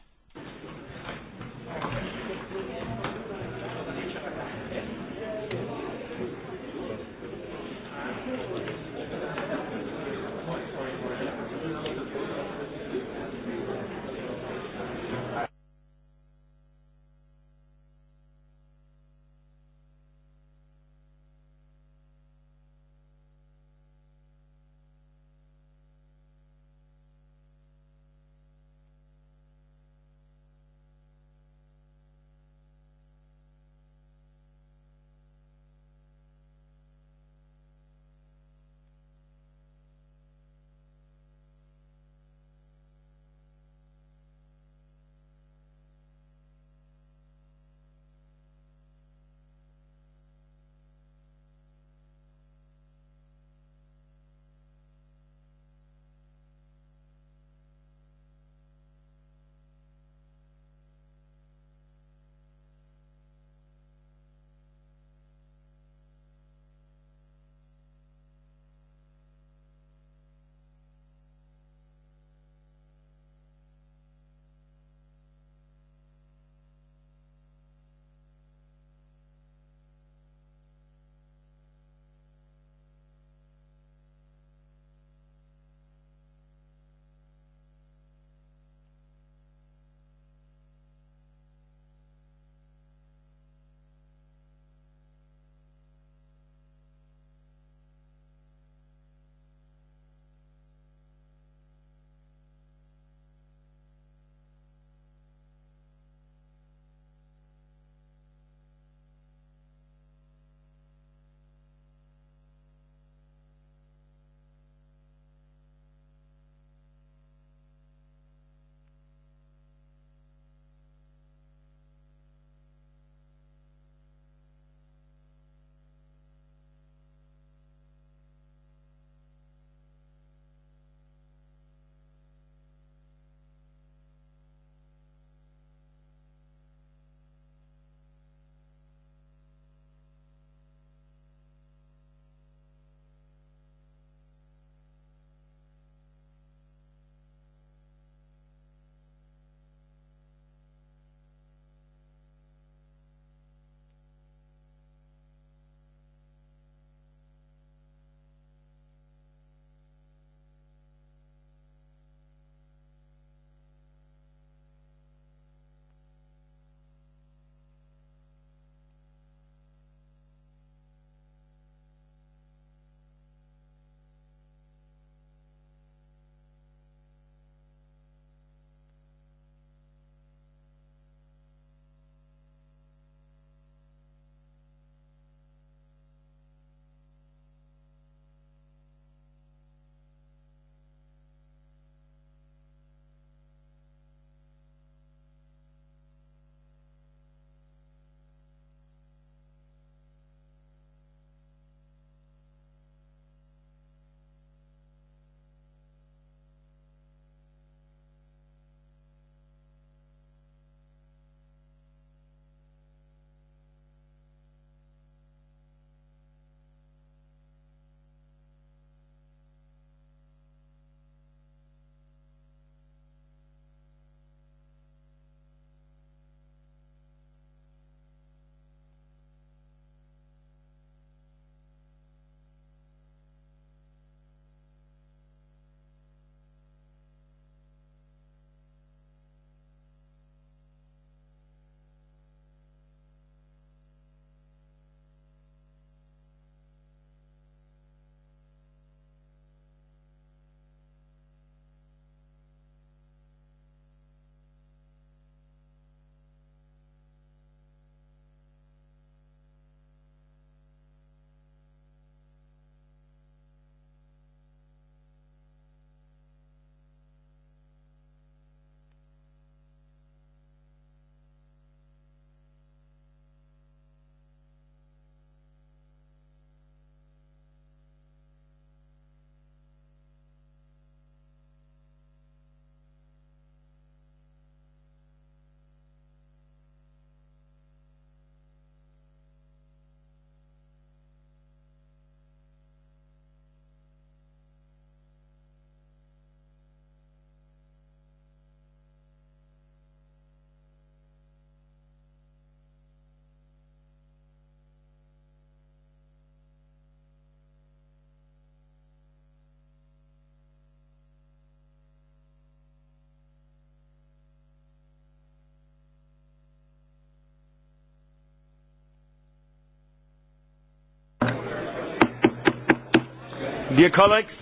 Dear colleagues,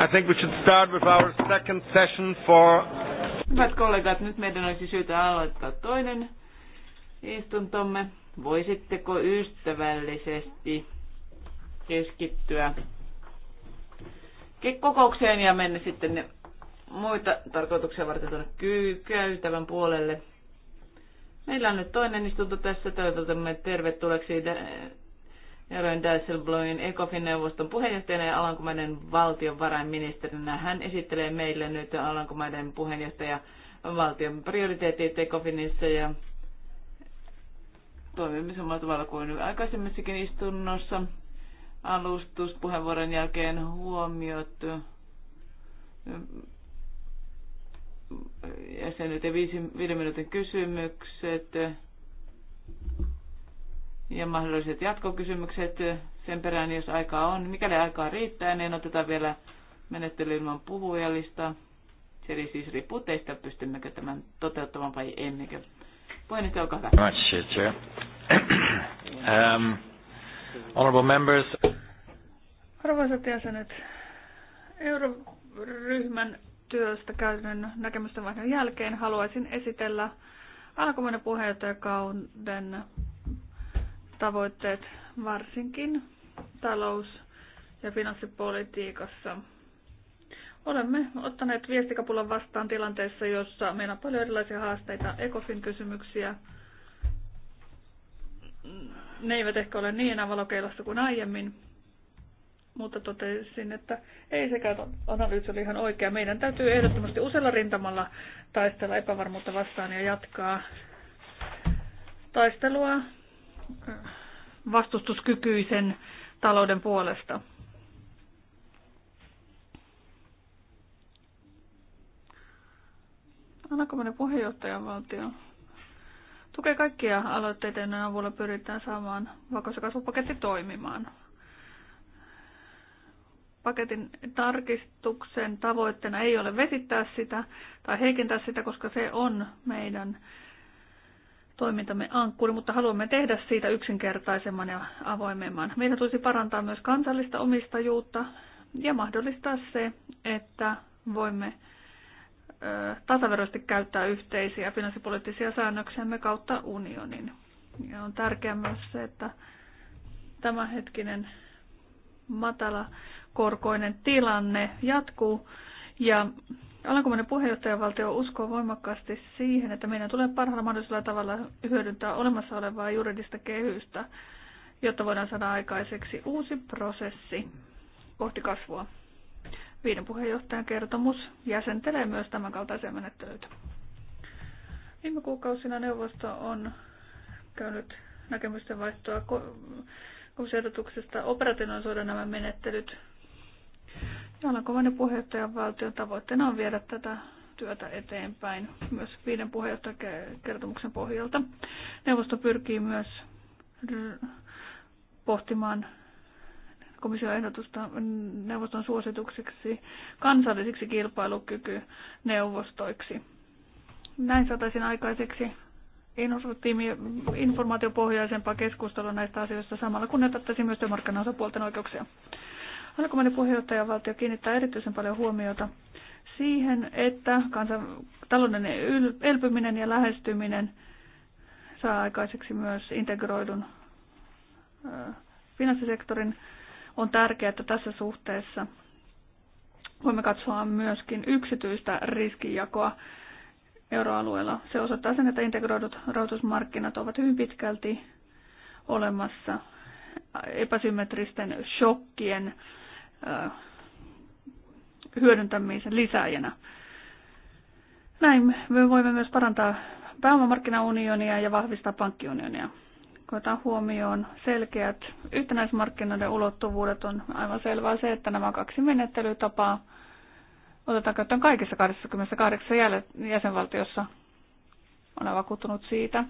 I think we should start with our second session for... Hyvät kollegat, nyt meidän olisi syytä aloittaa toinen istuntomme. Voisitteko ystävällisesti keskittyä kokoukseen ja mennä sitten ne muita tarkoituksia varten tuonne käytävän puolelle? Meillä on nyt toinen istunto tässä. Toivotamme tervetulleeksi Eroin Dijsselbloemin ECOFIN-neuvoston puheenjohtajana ja Alankomaiden valtionvarainministerinä. Hän esittelee meille nyt Alankomaiden puheenjohtaja valtion prioriteetit ECOFINissa ja toimimme samalla tavalla kuin aikaisemmissakin istunnossa. Alustuspuheenvuoron jälkeen huomiot jäsenet ja viisi, viiden minuutin kysymykset ja mahdolliset jatkokysymykset sen perään, jos aikaa on. Mikäli aikaa riittää, niin otetaan vielä menettely ilman puhujalista. Se siis riippuu teistä, pystymmekö tämän toteuttamaan vai emmekö. Puheenjohtaja, olkaa hyvä. [CLEARS THROAT] um, honorable members. Arvoisat jäsenet, euroryhmän työstä käytännön näkemysten vaihdon jälkeen haluaisin esitellä alkuvuoden puheenjohtajakauden tavoitteet varsinkin talous- ja finanssipolitiikassa. Olemme ottaneet viestikapulan vastaan tilanteessa, jossa meillä on paljon erilaisia haasteita, ECOFIN kysymyksiä. Ne eivät ehkä ole niin enää valokeilassa kuin aiemmin, mutta totesin, että ei sekään analyysi oli ihan oikea. Meidän täytyy ehdottomasti usealla rintamalla taistella epävarmuutta vastaan ja jatkaa taistelua vastustuskykyisen talouden puolesta. Alakomainen puheenjohtajavaltio tukee kaikkia aloitteita, joiden avulla pyritään saamaan vakaus- ja kasvupaketti toimimaan. Paketin tarkistuksen tavoitteena ei ole vesittää sitä tai heikentää sitä, koska se on meidän toimintamme ankkuri, mutta haluamme tehdä siitä yksinkertaisemman ja avoimemman. Meidän tulisi parantaa myös kansallista omistajuutta ja mahdollistaa se, että voimme tasaveroisesti käyttää yhteisiä finanssipoliittisia säännöksiämme kautta unionin. Ja on tärkeää myös se, että tämänhetkinen matala korkoinen tilanne jatkuu ja Alankomainen puheenjohtajavaltio uskoo voimakkaasti siihen, että meidän tulee parhaalla mahdollisella tavalla hyödyntää olemassa olevaa juridista kehystä, jotta voidaan saada aikaiseksi uusi prosessi kohti kasvua. Viiden puheenjohtajan kertomus jäsentelee myös tämänkaltaisia menettelyitä. Viime kuukausina neuvosto on käynyt näkemysten vaihtoa komissiotuksesta operatiivisuuden nämä menettelyt Alankomainen puheenjohtajan valtion tavoitteena on viedä tätä työtä eteenpäin myös viiden kertomuksen pohjalta. Neuvosto pyrkii myös pohtimaan komission ehdotusta neuvoston suosituksiksi kansallisiksi kilpailukykyneuvostoiksi. Näin saataisiin aikaiseksi informaatiopohjaisempaa keskustelua näistä asioista samalla kun kunnioitettaisiin myös työmarkkinaosapuolten oikeuksia. Alkomainen puheenjohtajavaltio kiinnittää erityisen paljon huomiota siihen, että kansan, talouden elpyminen ja lähestyminen saa aikaiseksi myös integroidun finanssisektorin. On tärkeää, että tässä suhteessa voimme katsoa myöskin yksityistä riskijakoa euroalueella. Se osoittaa sen, että integroidut rahoitusmarkkinat ovat hyvin pitkälti olemassa epäsymmetristen shokkien Äh, hyödyntämisen lisäjänä. Näin me voimme myös parantaa pääomamarkkinaunionia ja vahvistaa pankkiunionia. Koetaan huomioon selkeät yhtenäismarkkinoiden ulottuvuudet. On aivan selvää se, että nämä kaksi menettelytapaa otetaan käyttöön kaikissa 28 jäsenvaltiossa. Olen vakuuttunut siitä,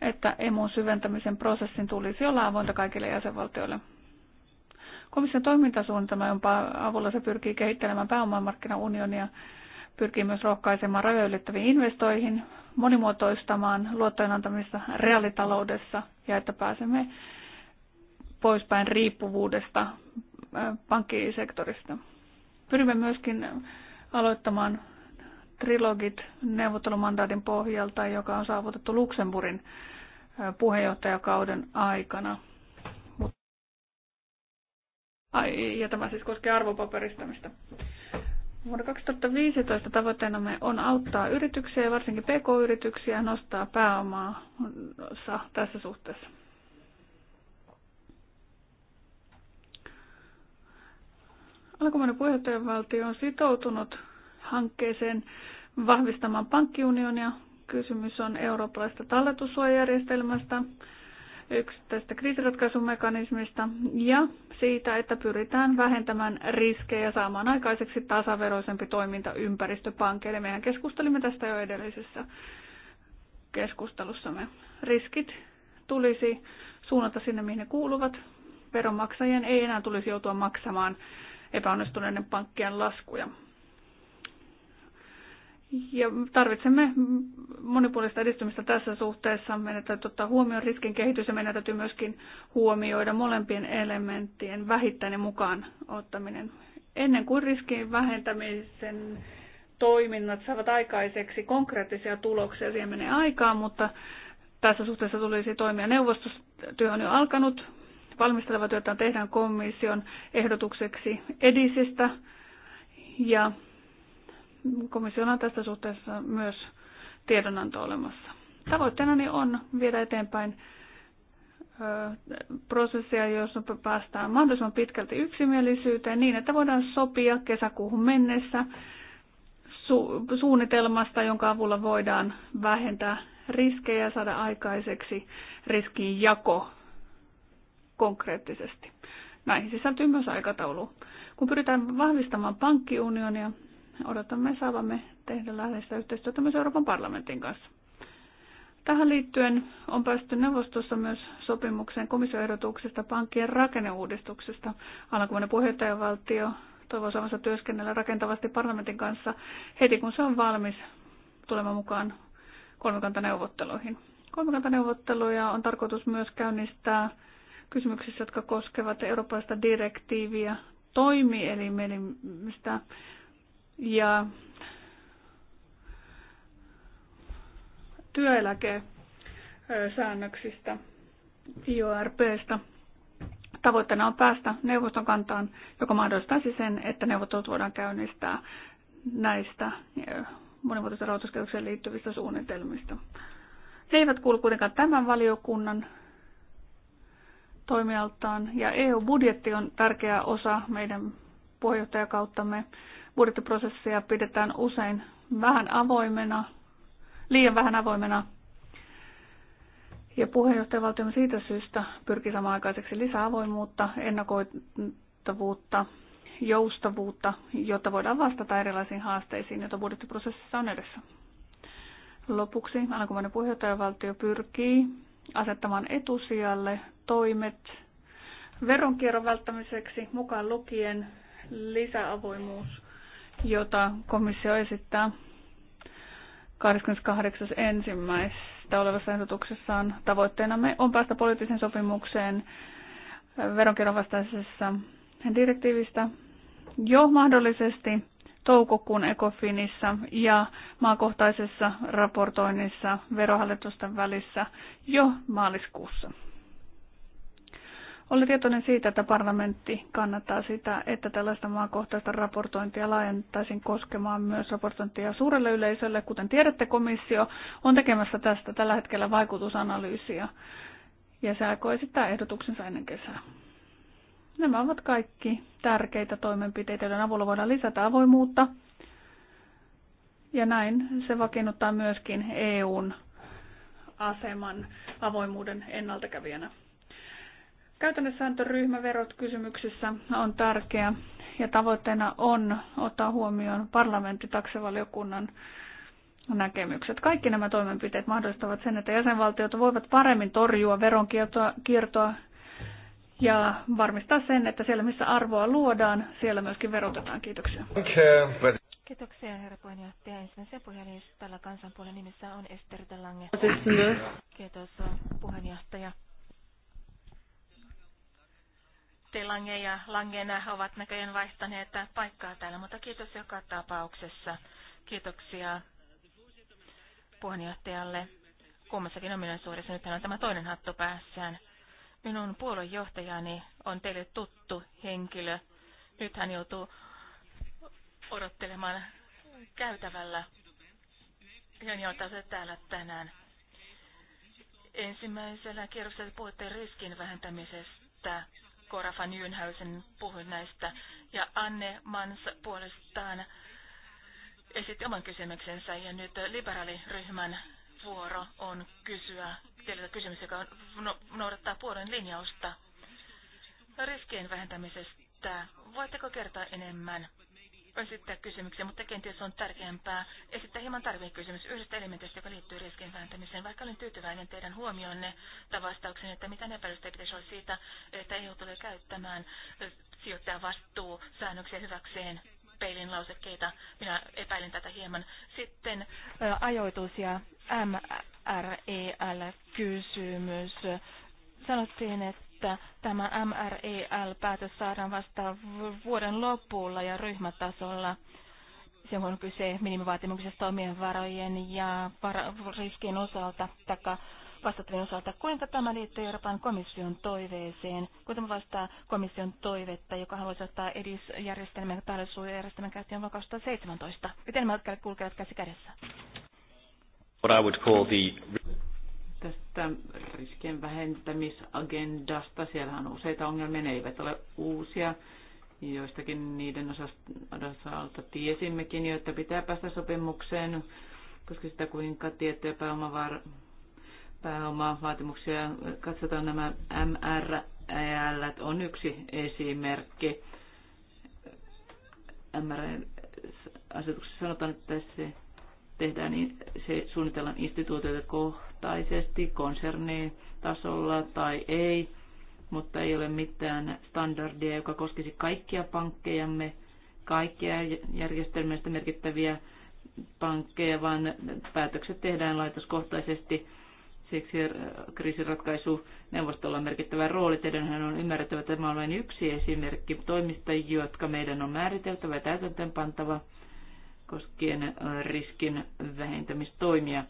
että emun syventämisen prosessin tulisi olla avointa kaikille jäsenvaltioille. Komission toimintasuunnitelma, jonka avulla se pyrkii kehittelemään pääomamarkkinaunionia, pyrkii myös rohkaisemaan rajoja ylittäviin investoihin, monimuotoistamaan luottojen antamista reaalitaloudessa ja että pääsemme poispäin riippuvuudesta pankkisektorista. Pyrimme myöskin aloittamaan trilogit neuvottelumandaatin pohjalta, joka on saavutettu Luxemburgin puheenjohtajakauden aikana. Ai, ja tämä siis koskee arvopaperistamista. Vuonna 2015 tavoitteena me on auttaa yrityksiä ja varsinkin pk-yrityksiä nostaa pääomaa tässä suhteessa. Alkuvuoden puheenjohtajavaltio on sitoutunut hankkeeseen vahvistamaan pankkiunionia. Kysymys on eurooppalaista talletussuojajärjestelmästä, yksi tästä kriisiratkaisumekanismista ja siitä, että pyritään vähentämään riskejä saamaan aikaiseksi tasaveroisempi toimintaympäristö pankeille. Mehän keskustelimme tästä jo edellisessä keskustelussamme. Riskit tulisi suunnata sinne, mihin ne kuuluvat. Veronmaksajien ei enää tulisi joutua maksamaan epäonnistuneiden pankkien laskuja. Ja tarvitsemme monipuolista edistymistä tässä suhteessa. Meidän täytyy ottaa huomioon riskin kehitys ja meidän täytyy myöskin huomioida molempien elementtien vähittäinen mukaan ottaminen. Ennen kuin riskin vähentämisen toiminnat saavat aikaiseksi konkreettisia tuloksia, siihen menee aikaa, mutta tässä suhteessa tulisi toimia neuvostotyö on jo alkanut. Valmisteleva työtä tehdään komission ehdotukseksi edisistä ja komission on tässä suhteessa myös tiedonanto olemassa. Tavoitteenani niin on viedä eteenpäin prosessia, jossa päästään mahdollisimman pitkälti yksimielisyyteen niin, että voidaan sopia kesäkuuhun mennessä su- suunnitelmasta, jonka avulla voidaan vähentää riskejä ja saada aikaiseksi riskin jako konkreettisesti. Näihin sisältyy myös aikataulu. Kun pyritään vahvistamaan pankkiunionia, Odotamme saavamme tehdä läheistä yhteistyötä myös Euroopan parlamentin kanssa. Tähän liittyen on päästy neuvostossa myös sopimukseen komissioehdotuksesta pankkien rakenneuudistuksesta. Alankuvainen puheenjohtajavaltio toivoo saavansa työskennellä rakentavasti parlamentin kanssa heti kun se on valmis tulemaan mukaan kolmikantaneuvotteluihin. Kolmikantaneuvotteluja on tarkoitus myös käynnistää kysymyksissä, jotka koskevat eurooppalaista direktiiviä toimielimistä ja työeläkesäännöksistä, IORPstä. Tavoitteena on päästä neuvoston kantaan, joka mahdollistaisi sen, että neuvottelut voidaan käynnistää näistä monivuotisen rahoituskeskukseen liittyvistä suunnitelmista. Ne eivät kuulu kuitenkaan tämän valiokunnan toimialtaan, ja EU-budjetti on tärkeä osa meidän puheenjohtajakauttamme budjettiprosessia pidetään usein vähän avoimena, liian vähän avoimena. Ja puheenjohtajavaltiomme siitä syystä pyrkii samaan aikaiseksi lisää avoimuutta, ennakoitavuutta, joustavuutta, jotta voidaan vastata erilaisiin haasteisiin, joita budjettiprosessissa on edessä. Lopuksi alkuvainen puheenjohtajavaltio pyrkii asettamaan etusijalle toimet veronkierron välttämiseksi mukaan lukien lisäavoimuus jota komissio esittää 28.1. olevassa ehdotuksessaan tavoitteenamme on päästä poliittisen sopimukseen veronkierron vastaisessa direktiivistä jo mahdollisesti toukokuun ECOFINissa ja maakohtaisessa raportoinnissa verohallitusten välissä jo maaliskuussa. Olen tietoinen siitä, että parlamentti kannattaa sitä, että tällaista maakohtaista raportointia laajentaisiin koskemaan myös raportointia suurelle yleisölle. Kuten tiedätte, komissio on tekemässä tästä tällä hetkellä vaikutusanalyysiä ja se aikoo esittää ehdotuksensa ennen kesää. Nämä ovat kaikki tärkeitä toimenpiteitä, joiden avulla voidaan lisätä avoimuutta. Ja näin se vakiinnuttaa myöskin EUn aseman avoimuuden ennaltakävijänä. Käytännössääntöryhmäverot kysymyksessä on tärkeä ja tavoitteena on ottaa huomioon parlamentti näkemykset. Kaikki nämä toimenpiteet mahdollistavat sen, että jäsenvaltiot voivat paremmin torjua veronkiertoa ja varmistaa sen, että siellä missä arvoa luodaan, siellä myöskin verotetaan. Kiitoksia. Okay, Kiitoksia herra puheenjohtaja. Ensimmäisen puheenjohtajalla kansanpuolen nimessä on Ester Delange. Kiitos puheenjohtaja. Matti Lange ja Langena ovat näköjään vaihtaneet paikkaa täällä, mutta kiitos joka tapauksessa. Kiitoksia puheenjohtajalle kummassakin ominaisuudessa. Nyt on tämä toinen hattu päässään. Minun puoluejohtajani on teille tuttu henkilö. Nyt hän joutuu odottelemaan käytävällä. Hän joutaa se täällä tänään. Ensimmäisellä kierroksella puhutte riskin vähentämisestä. Cora van Jynhäysen puhui näistä. Ja Anne Mans puolestaan esitti oman kysymyksensä ja nyt liberaaliryhmän vuoro on kysyä teiltä kysymys, joka no, noudattaa puolen linjausta riskien vähentämisestä. Voitteko kertoa enemmän esittää kysymyksiä, mutta kenties on tärkeämpää esittää hieman kysymys yhdestä elementistä, joka liittyy riskien vääntämiseen. Vaikka olen tyytyväinen teidän huomionne tai vastauksen, että mitä epäilystä pitäisi olla siitä, että EU tulee käyttämään sijoittajan vastuu säännöksiä hyväkseen peilin lausekkeita. Minä epäilen tätä hieman. Sitten ajoitus ja MREL-kysymys. Sanottiin, että että tämä MREL-päätös saadaan vasta vuoden lopulla ja ryhmätasolla. Se on kyse minimivaatimuksesta omien varojen ja var- riskien osalta, taikka vastattavien osalta, kuinka tämä liittyy Euroopan komission toiveeseen, kuinka tämä vastaa komission toivetta, joka haluaisi ottaa edisjärjestelmän päällyssuojajärjestelmän käyttöön vuonna 2017. Miten nämä kulkevat käsi kädessä? What I would call the tästä riskien vähentämisagendasta. Siellähän on useita ongelmia, ne eivät ole uusia. Joistakin niiden osalta tiesimmekin jo, että pitää päästä sopimukseen, koska sitä kuinka tiettyjä pääomavar- pääomavaatimuksia katsotaan nämä MRL on yksi esimerkki. MRL-asetuksessa sanotaan, että se tehdään, niin se suunnitellaan instituutioita kohtaisesti, konsernitasolla tai ei, mutta ei ole mitään standardia, joka koskisi kaikkia pankkejamme, kaikkia järjestelmästä merkittäviä pankkeja, vaan päätökset tehdään laitoskohtaisesti. Siksi kriisiratkaisu neuvostolla on merkittävä rooli. Teidänhän on ymmärrettävä, että tämä on vain yksi esimerkki toimista, jotka meidän on määriteltävä ja täytäntöönpantava. pantava koskien äh, riskin vähentämistoimia.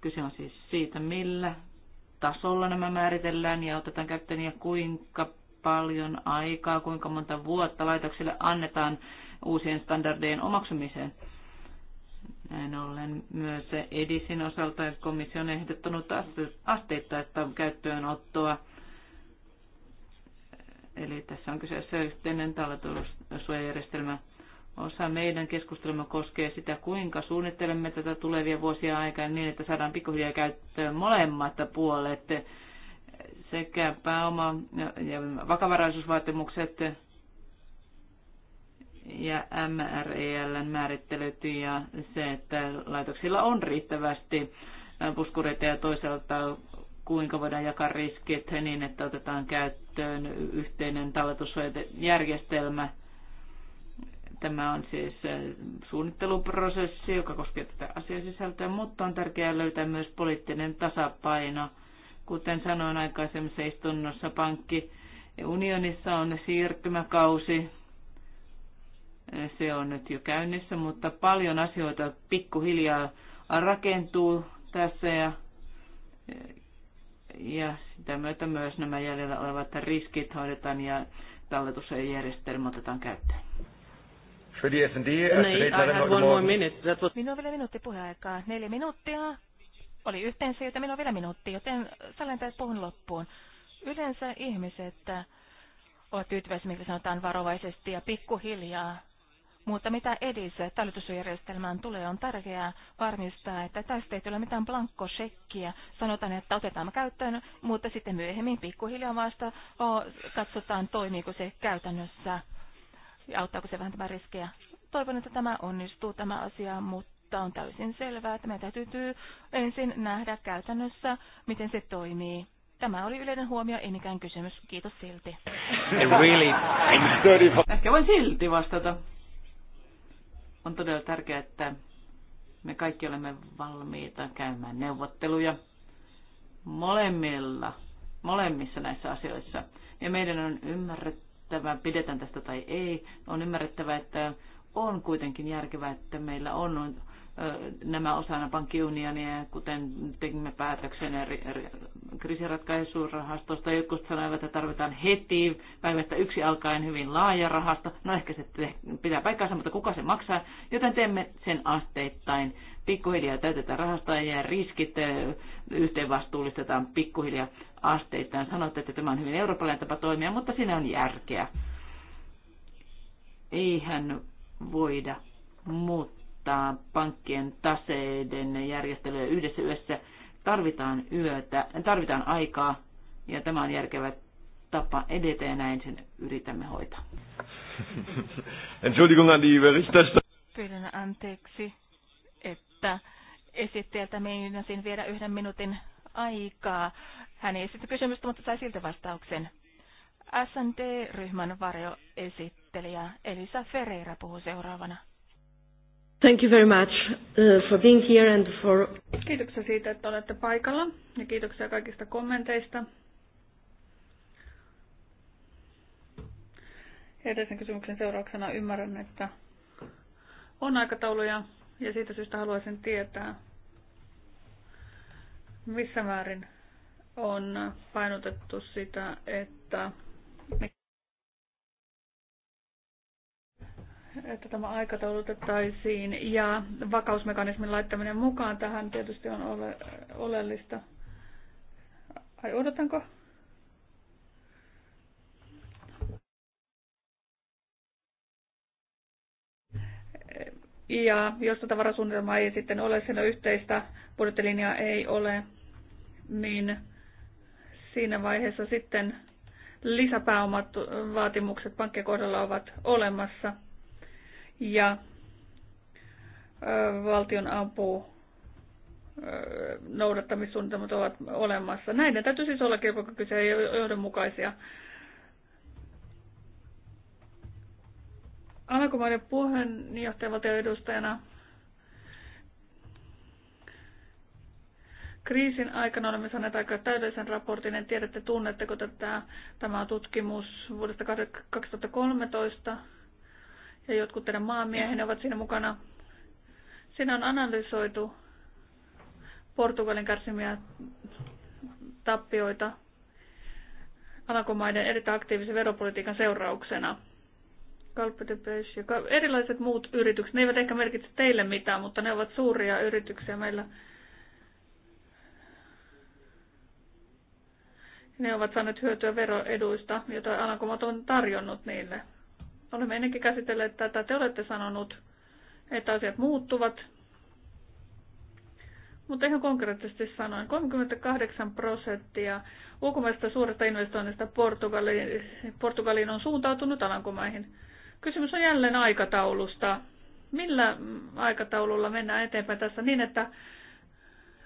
Kyse on siis siitä, millä tasolla nämä määritellään ja otetaan käyttöön ja kuinka paljon aikaa, kuinka monta vuotta laitokselle annetaan uusien standardien omaksumiseen. Näin ollen myös Edisin osalta komissio on ehdottanut asteittaista käyttöönottoa. Eli tässä on kyseessä yhteinen talletussuojajärjestelmä Osa meidän keskustelumme koskee sitä, kuinka suunnittelemme tätä tulevia vuosia aikaa niin, että saadaan pikkuhiljaa käyttöön molemmat puolet, sekä pääoma- ja vakavaraisuusvaatimukset ja MRELn määrittelyt ja se, että laitoksilla on riittävästi puskureita ja toisaalta kuinka voidaan jakaa riskit niin, että otetaan käyttöön yhteinen talletussuojajärjestelmä – Tämä on siis äh, suunnitteluprosessi, joka koskee tätä asiasisältöä, mutta on tärkeää löytää myös poliittinen tasapaino. Kuten sanoin aikaisemmissa istunnossa, pankki unionissa on siirtymäkausi. Se on nyt jo käynnissä, mutta paljon asioita pikkuhiljaa rakentuu tässä ja, ja sitä myötä myös nämä jäljellä olevat riskit hoidetaan ja talletusjärjestelmä otetaan käyttöön. Für die S&D, Minulla on vielä minuutti puheaikaa. Neljä minuuttia oli yhteensä, joten minulla on vielä minuutti, joten sallin tässä puhun loppuun. Yleensä ihmiset äh, ovat tyytyväisiä, mitä sanotaan varovaisesti ja pikkuhiljaa. Mutta mitä edissä talletusjärjestelmään tulee, on tärkeää varmistaa, että tästä ei tule mitään blankkosekkiä. Sanotaan, että otetaan käyttöön, mutta sitten myöhemmin pikkuhiljaa vasta oh, katsotaan, toimiiko se käytännössä ja auttaako se vähentämään riskejä. Toivon, että tämä onnistuu tämä asia, mutta on täysin selvää, että meidän täytyy ensin nähdä käytännössä, miten se toimii. Tämä oli yleinen huomio, ei mikään kysymys. Kiitos silti. Really, [LAUGHS] Ehkä voin silti vastata. On todella tärkeää, että me kaikki olemme valmiita käymään neuvotteluja molemmilla, molemmissa näissä asioissa. Ja meidän on ymmärretty, ymmärrettävä, pidetään tästä tai ei. On ymmärrettävä, että on kuitenkin järkevää, että meillä on nämä osana pankkiunionia, kuten teimme päätöksen kriisiratkaisurahastosta. Jotkut sanoivat, että tarvitaan heti päivästä yksi alkaen hyvin laaja rahasto. No ehkä se pitää paikkaansa, mutta kuka se maksaa? Joten teemme sen asteittain. Pikkuhiljaa täytetään rahastoja ja riskit yhteenvastuullistetaan pikkuhiljaa asteittain. Sanoitte, että tämä on hyvin eurooppalainen tapa toimia, mutta siinä on järkeä. Eihän voida muuttaa pankkien taseiden järjestelyä yhdessä yössä. Tarvitaan yötä, tarvitaan aikaa ja tämä on järkevä tapa edetä ja näin sen yritämme hoitaa. [LAUGHS] Entschuldigung an die Pyydän anteeksi, että esittäjältä meinasin viedä yhden minuutin aikaa. Hän ei esittänyt kysymystä, mutta sai siltä vastauksen. S&D-ryhmän varjoesittelijä Elisa Ferreira puhuu seuraavana. Thank you very much uh, for being here and for... Kiitoksia siitä, että olette paikalla ja kiitoksia kaikista kommenteista. Edellisen kysymyksen seurauksena ymmärrän, että on aikatauluja ja siitä syystä haluaisin tietää, missä määrin on painotettu sitä, että, että tämä aikataulutettaisiin ja vakausmekanismin laittaminen mukaan tähän tietysti on ole, oleellista. Ai odotanko? Ja jos tätä varasuunnitelmaa ei sitten ole, sen yhteistä budjettilinjaa ei ole, niin siinä vaiheessa sitten lisäpääomat vaatimukset pankkien kohdalla ovat olemassa ja valtion apu noudattamissuunnitelmat ovat olemassa. Näiden täytyy siis olla kilpailukykyisiä ja johdonmukaisia. Alankomaiden puheenjohtajavaltion edustajana Kriisin aikana olemme saaneet aika täydellisen raportin. En tiedä, että tunnetteko tätä. Tämä on tutkimus vuodesta 2013 ja jotkut teidän maamiehenne ovat siinä mukana. Siinä on analysoitu Portugalin kärsimiä tappioita Alankomaiden erittäin aktiivisen veropolitiikan seurauksena. Kalpetepesh ja erilaiset muut yritykset, ne eivät ehkä merkitse teille mitään, mutta ne ovat suuria yrityksiä meillä Ne ovat saaneet hyötyä veroeduista, joita Alankomat on tarjonnut niille. Olemme ennenkin käsitelleet tätä. Te olette sanonut, että asiat muuttuvat. Mutta ihan konkreettisesti sanoen, 38 prosenttia ulkomaista suuresta investoinnista Portugaliin, Portugaliin on suuntautunut Alankomaihin. Kysymys on jälleen aikataulusta. Millä aikataululla mennään eteenpäin tässä niin, että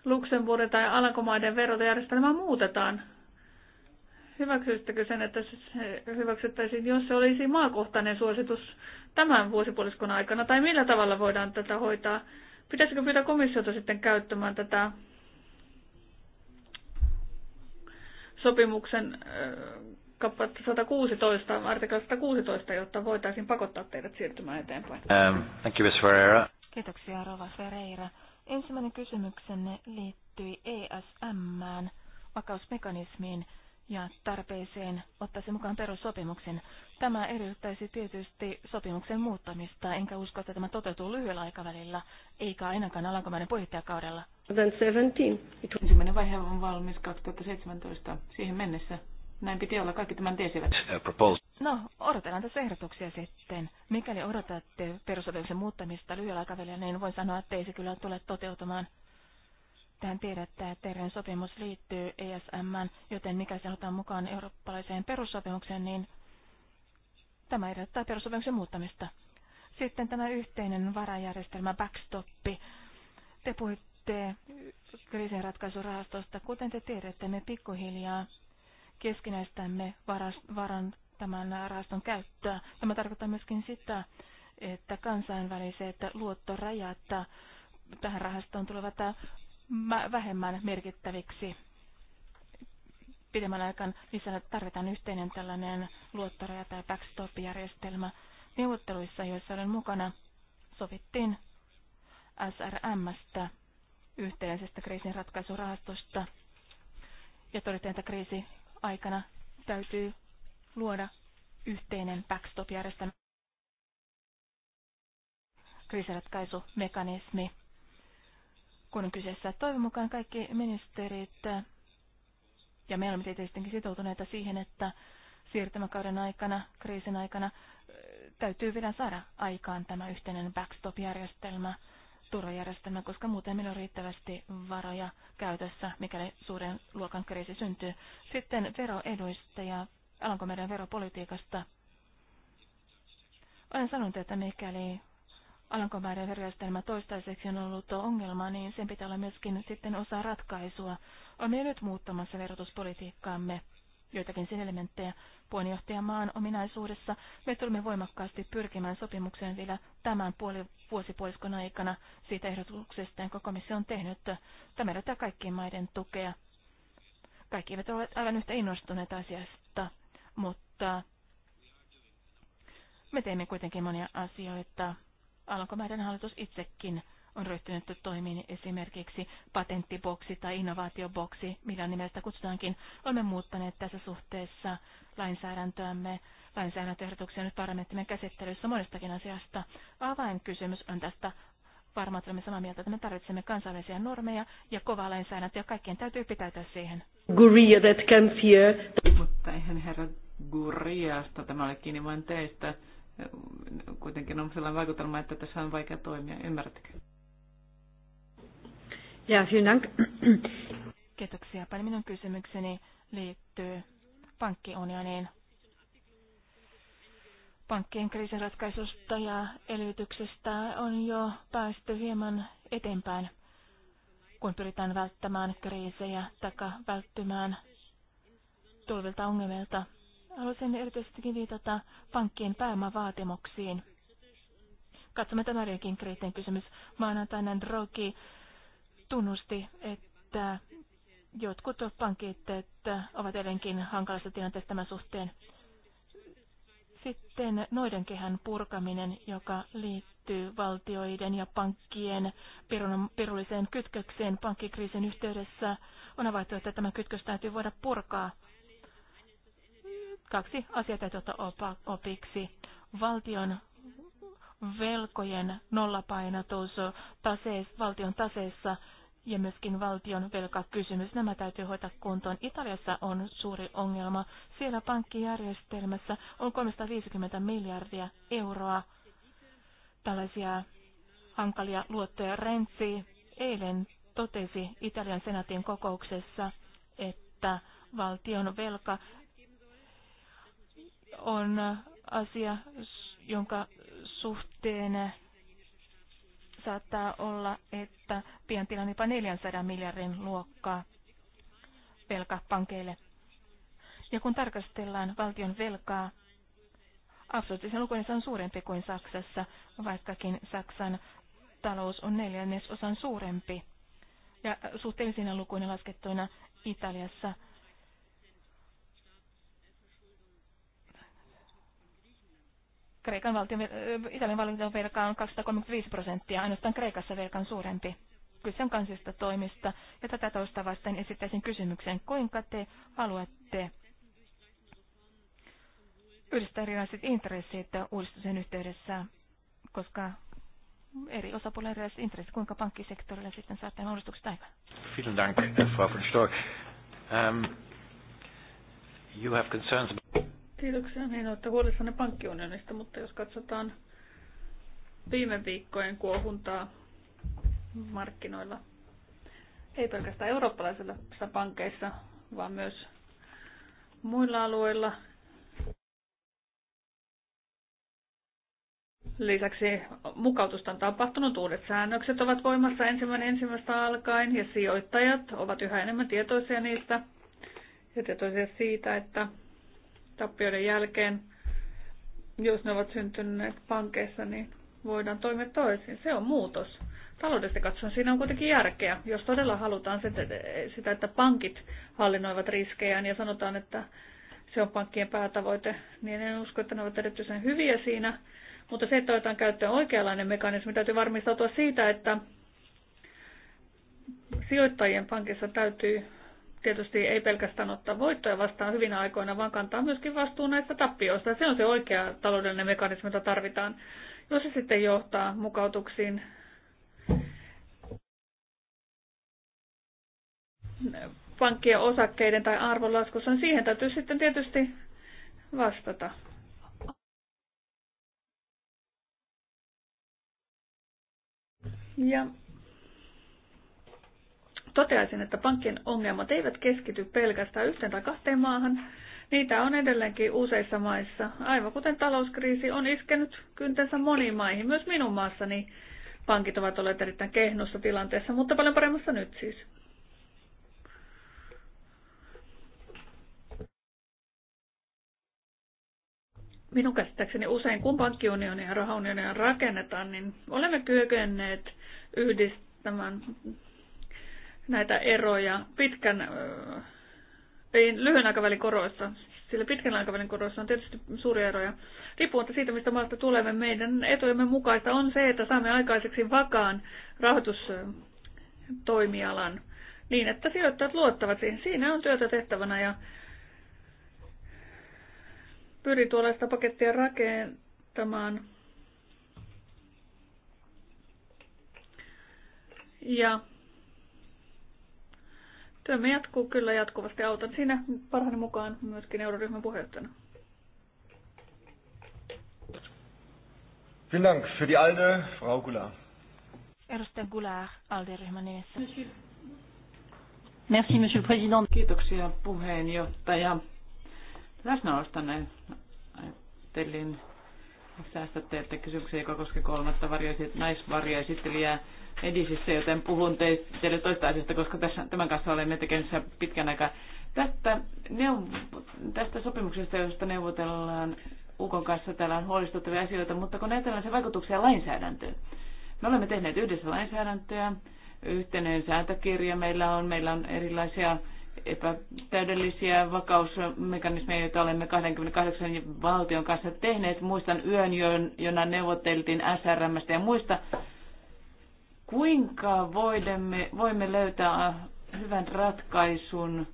Luxemburgin tai Alankomaiden verotajärjestelmää muutetaan Hyväksyttekö sen, että se hyväksyttäisiin, jos se olisi maakohtainen suositus tämän vuosipuoliskon aikana, tai millä tavalla voidaan tätä hoitaa? Pitäisikö pyytää komissiota sitten käyttämään tätä sopimuksen äh, kappaletta 116, artikla 116, jotta voitaisiin pakottaa teidät siirtymään eteenpäin. Um, thank you, Ms. Ferreira. Kiitoksia, Rova Ferreira. Ensimmäinen kysymyksenne liittyi ESM-vakausmekanismiin ja tarpeeseen ottaisi mukaan perussopimuksen. Tämä edellyttäisi tietysti sopimuksen muuttamista, enkä usko, että tämä toteutuu lyhyellä aikavälillä, eikä ainakaan alankomainen puheenjohtajakaudella. Ensimmäinen vaihe on valmis 2017 siihen mennessä. Näin piti olla, kaikki tämän tiesivät. No, odotellaan tässä ehdotuksia sitten. Mikäli odotatte perusopimuksen muuttamista lyhyellä aikavälillä, niin voin sanoa, että ei se kyllä tule toteutumaan. Tähän tiedettä, että teidän sopimus liittyy ESM, joten mikä se otetaan mukaan eurooppalaiseen perussopimukseen, niin tämä edellyttää perussopimuksen muuttamista. Sitten tämä yhteinen varajärjestelmä, backstoppi. Te puhutte kriisinratkaisurahastosta. Kuten te tiedätte, me pikkuhiljaa keskinäistämme varas, varan tämän rahaston käyttöä. Tämä tarkoittaa myöskin sitä, että kansainväliset luottorajat tähän rahastoon tulevat vähemmän merkittäviksi pidemmän aikaan lisänä tarvitaan yhteinen tällainen luottoraja- tai backstop-järjestelmä. Neuvotteluissa, joissa olen mukana, sovittiin SRMstä, yhteisestä kriisinratkaisurahastosta, ja todettiin, että kriisi aikana täytyy luoda yhteinen backstop-järjestelmä kriisiratkaisumekanismi kun on kyseessä. Toivon mukaan kaikki ministerit, ja me olemme tietenkin sitoutuneita siihen, että siirtymäkauden aikana, kriisin aikana, täytyy vielä saada aikaan tämä yhteinen backstop-järjestelmä, turvajärjestelmä, koska muuten meillä on riittävästi varoja käytössä, mikäli suuren luokan kriisi syntyy. Sitten veroeduista ja alanko meidän veropolitiikasta. Olen sanonut, että mikäli Alankomaiden verojärjestelmä toistaiseksi on ollut ongelma, niin sen pitää olla myöskin sitten osa ratkaisua. Olemme nyt muuttamassa verotuspolitiikkaamme joitakin sen elementtejä maan ominaisuudessa. Me tulemme voimakkaasti pyrkimään sopimukseen vielä tämän puoli vuosipuoliskon aikana siitä ehdotuksesta, jonka komissio on tehnyt. Tämä edetään kaikkien maiden tukea. Kaikki eivät ole aivan yhtä innostuneet asiasta, mutta me teemme kuitenkin monia asioita Alankomaiden hallitus itsekin on ryhtynyt toimiin esimerkiksi patenttiboksi tai innovaatioboksi, millä nimestä kutsutaankin. Olemme muuttaneet tässä suhteessa lainsäädäntöämme, lainsäädäntöehdotuksia nyt parlamenttimen käsittelyssä monestakin asiasta. Avainkysymys on tästä varmaan olemme samaa mieltä, että me tarvitsemme kansainvälisiä normeja ja kovaa lainsäädäntöä. Kaikkien täytyy pitäytyä siihen. Guria that comes here. Mutta eihän herra Guriasta, tämä ole kiinni vain teistä kuitenkin on sellainen vaikutelma, että tässä on vaikea toimia. Ymmärrättekö? Ja, dank. Kiitoksia Päin Minun kysymykseni liittyy pankkiunioniin. Pankkien kriisiratkaisusta ja elvytyksestä on jo päästy hieman eteenpäin, kun pyritään välttämään kriisejä tai välttymään tulvilta ongelmilta Haluaisin erityisestikin viitata pankkien pääomavaatimuksiin. Katsomme tämä olikin kriittinen kysymys. Maanantaina Drogi tunnusti, että jotkut pankit että ovat edelleenkin hankalassa tilanteessa tämän suhteen. Sitten noidenkehän purkaminen, joka liittyy valtioiden ja pankkien pirulliseen kytkökseen pankkikriisin yhteydessä, on havaittu, että tämä kytkös täytyy voida purkaa – kaksi asiaa täytyy ottaa opiksi. Valtion velkojen nollapainotus tasees, valtion taseessa ja myöskin valtion velkakysymys. Nämä täytyy hoitaa kuntoon. Italiassa on suuri ongelma. Siellä pankkijärjestelmässä on 350 miljardia euroa tällaisia hankalia luottoja. Renzi eilen totesi Italian senaatin kokouksessa, että valtion velka on asia, jonka suhteen saattaa olla, että pian tilanne jopa 400 miljardin luokkaa pankeille. Ja kun tarkastellaan valtion velkaa, absoluuttisen lukuinsa on suurempi kuin Saksassa, vaikkakin Saksan talous on neljännesosan suurempi. Ja suhteellisina lukuina laskettuina Italiassa Kreikan valtion, äh, Italian valtion velka on 235 prosenttia, ainoastaan Kreikassa velka on suurempi. Kyse on kansista toimista, ja tätä toista vasten esittäisin kysymyksen, kuinka te haluatte yhdistää erilaiset intressit uudistuksen yhteydessä, koska eri osapuolen erilaiset intressit, kuinka pankkisektorilla sitten saattaa uudistukset aikaan. Vielen dank, Frau von Storch. Um, you have concerns about... Kiitoksia. Niin olette huolissanne pankkiunionista, mutta jos katsotaan viime viikkojen kuohuntaa markkinoilla, ei pelkästään eurooppalaisissa pankeissa, vaan myös muilla alueilla. Lisäksi mukautusta on tapahtunut. Uudet säännökset ovat voimassa ensimmäinen ensimmäistä alkaen ja sijoittajat ovat yhä enemmän tietoisia niistä ja tietoisia siitä, että tappioiden jälkeen, jos ne ovat syntyneet pankeissa, niin voidaan toimia toisin. Se on muutos. Taloudesta katsoen siinä on kuitenkin järkeä. Jos todella halutaan sitä, että pankit hallinnoivat riskejään ja sanotaan, että se on pankkien päätavoite, niin en usko, että ne ovat erityisen hyviä siinä. Mutta se, että otetaan käyttöön oikeanlainen mekanismi, täytyy varmistautua siitä, että sijoittajien pankissa täytyy tietysti ei pelkästään ottaa voittoja vastaan hyvinä aikoina, vaan kantaa myöskin vastuun näistä tappioista. Se on se oikea taloudellinen mekanismi, jota tarvitaan, jos se sitten johtaa mukautuksiin. pankkien osakkeiden tai arvonlaskussa, niin siihen täytyy sitten tietysti vastata. Ja toteaisin, että pankkien ongelmat eivät keskity pelkästään yhteen tai kahteen maahan. Niitä on edelleenkin useissa maissa. Aivan kuten talouskriisi on iskenyt kyntensä moniin maihin, myös minun maassani pankit ovat olleet erittäin kehnossa tilanteessa, mutta paljon paremmassa nyt siis. minun käsittääkseni usein, kun pankkiunionia ja rahaunionia rakennetaan, niin olemme kyökenneet yhdistämään näitä eroja pitkän, ei lyhyen aikavälin koroissa, sillä pitkän aikavälin koroissa on tietysti suuria eroja. Riippumatta siitä, mistä maasta tulemme, meidän etujemme mukaista on se, että saamme aikaiseksi vakaan rahoitustoimialan niin, että sijoittajat luottavat siihen. Siinä on työtä tehtävänä ja pyri tuollaista pakettia rakentamaan. Ja Työmme jatkuu kyllä jatkuvasti. Autan siinä parhaani mukaan myöskin euroryhmän puheenjohtajana. Vielen Dank. Für die ALDE, Frau Edustaja ALDE-ryhmän nimessä. Merci, Monsieur Kiitoksia puheenjohtaja. Läsnäolostanne ajattelin säästä teiltä kysymyksiä, joka koskee kolmatta varjoisit, naisvarjoesittelijää. Nice edisissä, joten puhun teille toista asiasta, koska tässä, tämän kanssa olemme tekemässä pitkän aikaa. Tästä, neuv- tästä sopimuksesta, josta neuvotellaan Ukon kanssa, täällä on huolestuttavia asioita, mutta kun ajatellaan se vaikutuksia lainsäädäntöön. Me olemme tehneet yhdessä lainsäädäntöä, yhteinen sääntökirja meillä on, meillä on erilaisia epätäydellisiä vakausmekanismeja, joita olemme 28 valtion kanssa tehneet. Muistan yön, jona neuvoteltiin SRM ja muista Kuinka voidemme, voimme löytää hyvän ratkaisun,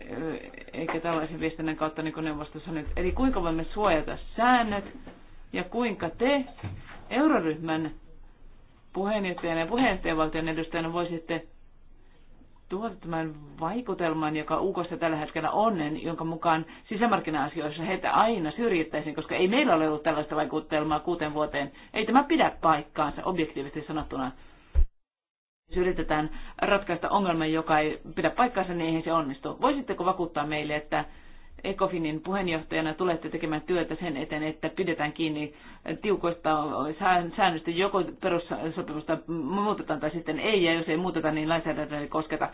eh, eikä tällaisen viestinnän kautta niin kuin neuvosto sanoi, eli kuinka voimme suojata säännöt ja kuinka te euroryhmän puheenjohtajana ja puheenjohtajavaltion edustajana voisitte tuota tämän vaikutelman, joka UKssa tällä hetkellä on, jonka mukaan sisämarkkina-asioissa heitä aina syrjittäisiin, koska ei meillä ole ollut tällaista vaikutelmaa kuuteen vuoteen. Ei tämä pidä paikkaansa objektiivisesti sanottuna. Jos siis yritetään ratkaista ongelman, joka ei pidä paikkaansa, niin eihän se onnistu. Voisitteko vakuuttaa meille, että Ecofinin puheenjohtajana tulette tekemään työtä sen eteen, että pidetään kiinni tiukoista säännöistä, joko perussopimusta muutetaan tai sitten ei, ja jos ei muuteta, niin lainsäädäntöä ei kosketa.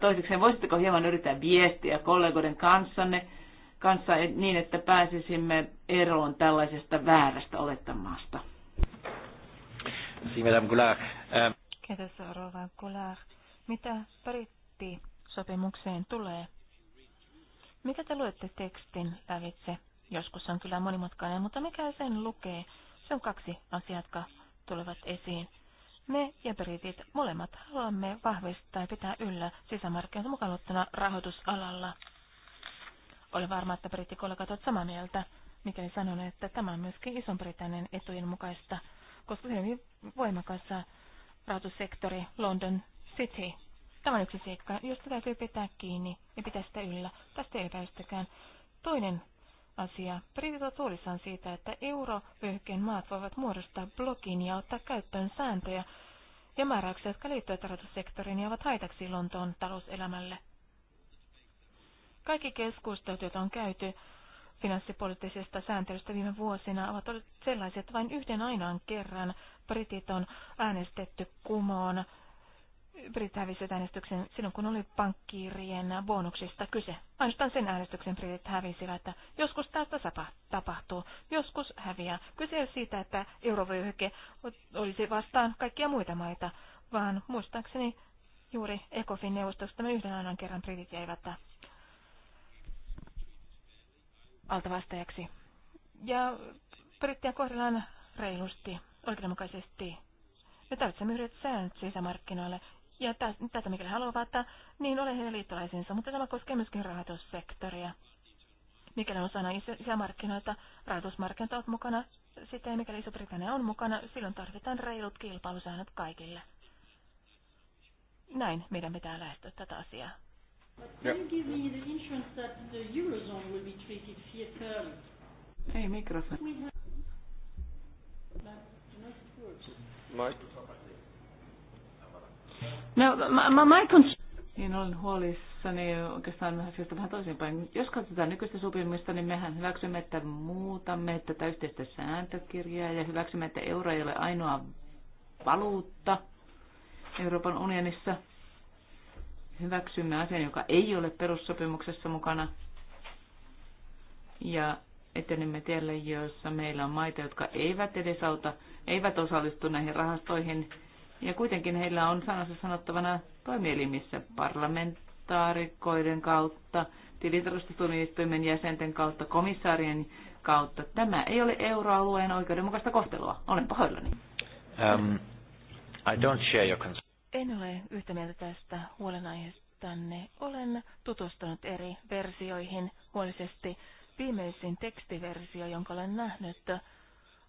Toiseksi voisitteko hieman yrittää viestiä kollegoiden kanssanne, kanssa niin, että pääsisimme eroon tällaisesta väärästä olettamasta? Ähm. Kiitos, Mitä britti sopimukseen tulee? Mitä te luette tekstin lävitse? Joskus on kyllä monimutkainen, mutta mikä sen lukee? Se on kaksi asiaa, jotka tulevat esiin. Me ja britit molemmat haluamme vahvistaa ja pitää yllä sisämarkkinoita mukaan rahoitusalalla. Olen varma, että brittikollegat ovat samaa mieltä, mikäli sanon, että tämä on myöskin Ison-Britannian etujen mukaista, koska hyvin voimakas rahoitussektori London City Tämä on yksi seikka, josta täytyy pitää kiinni ja pitää sitä yllä. Tästä ei päästäkään. Toinen asia. Britit ovat huolissaan siitä, että eurovyöhykkeen maat voivat muodostaa blogin ja ottaa käyttöön sääntöjä ja määräyksiä, jotka liittyvät rahoitussektoriin ja ovat haitaksi Lontoon talouselämälle. Kaikki keskustelut, joita on käyty finanssipoliittisesta sääntelystä viime vuosina, ovat olleet sellaiset vain yhden ainoan kerran Britit on äänestetty kumoon Britta hävisi äänestyksen silloin, kun oli pankkiirien bonuksista kyse. Ainoastaan sen äänestyksen britit hävisivät, että joskus tästä tapahtuu, joskus häviää. Kyse ei siitä, että eurovyöhyke olisi vastaan kaikkia muita maita, vaan muistaakseni juuri ECOFin neuvostosta me yhden ainoan kerran britit jäivät altavastajaksi. Ja brittiä kohdellaan reilusti, oikeudenmukaisesti. Me tarvitsemme yhdet säännöt sisämarkkinoille, ja tätä mikäli haluavat, niin ole heidän liittolaisensa, mutta tämä koskee myöskin rahoitussektoria. Mikäli on osana isämarkkinoita, rahoitusmarkkinoita ovat mukana, sitten mikäli Iso-Britannia on mukana, silloin tarvitaan reilut kilpailusäännöt kaikille. Näin meidän pitää lähestyä tätä asiaa. Ei mikrofoni. Mike. No, mä, mä concern... Niin olen huolissani oikeastaan asiasta vähän toisinpäin. Jos katsotaan nykyistä sopimusta, niin mehän hyväksymme, että muutamme tätä yhteistä sääntökirjaa ja hyväksymme, että euro ei ole ainoa valuutta Euroopan unionissa. Hyväksymme asian, joka ei ole perussopimuksessa mukana. Ja etenemme tielle, jossa meillä on maita, jotka eivät edesauta, eivät osallistu näihin rahastoihin, ja kuitenkin heillä on sanansa sanottavana toimielimissä parlamentaarikoiden kautta, tilintarkastustuomioistuimen jäsenten kautta, komissaarien kautta. Tämä ei ole euroalueen oikeudenmukaista kohtelua. Olen pahoillani. Um, I don't share your concern. En ole yhtä mieltä tästä huolenaiheestanne. Olen tutustunut eri versioihin huolisesti. Viimeisin tekstiversio, jonka olen nähnyt,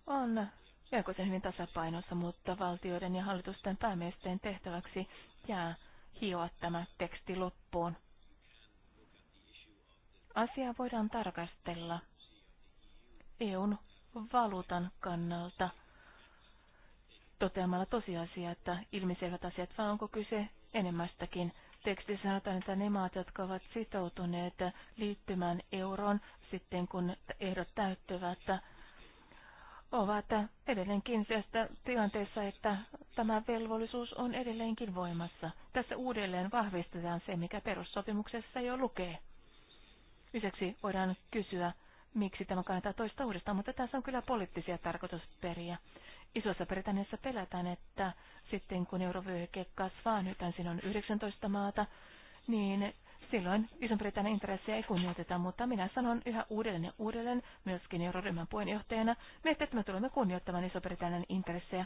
on melkoisen hyvin tasapainossa, mutta valtioiden ja hallitusten päämiesten tehtäväksi jää hioa tämä teksti loppuun. Asiaa voidaan tarkastella EUn valuutan kannalta toteamalla tosiasia, että ilmiselvät asiat, vaan onko kyse enemmästäkin. Teksti sanotaan, että ne maat, jotka ovat sitoutuneet liittymään euroon sitten, kun ehdot täyttyvät, ovat edelleenkin tässä tilanteessa, että tämä velvollisuus on edelleenkin voimassa. Tässä uudelleen vahvistetaan se, mikä perussopimuksessa jo lukee. Lisäksi voidaan kysyä, miksi tämä kannattaa toista uudestaan, mutta tässä on kyllä poliittisia tarkoitusperiä. Isossa Britanniassa pelätään, että sitten kun eurovyöhyke kasvaa, nyt siinä on 19 maata, niin silloin Iso-Britannian intressejä ei kunnioiteta, mutta minä sanon yhä uudelleen ja uudelleen myöskin euroryhmän puheenjohtajana, että me tulemme kunnioittamaan Iso-Britannian intressejä.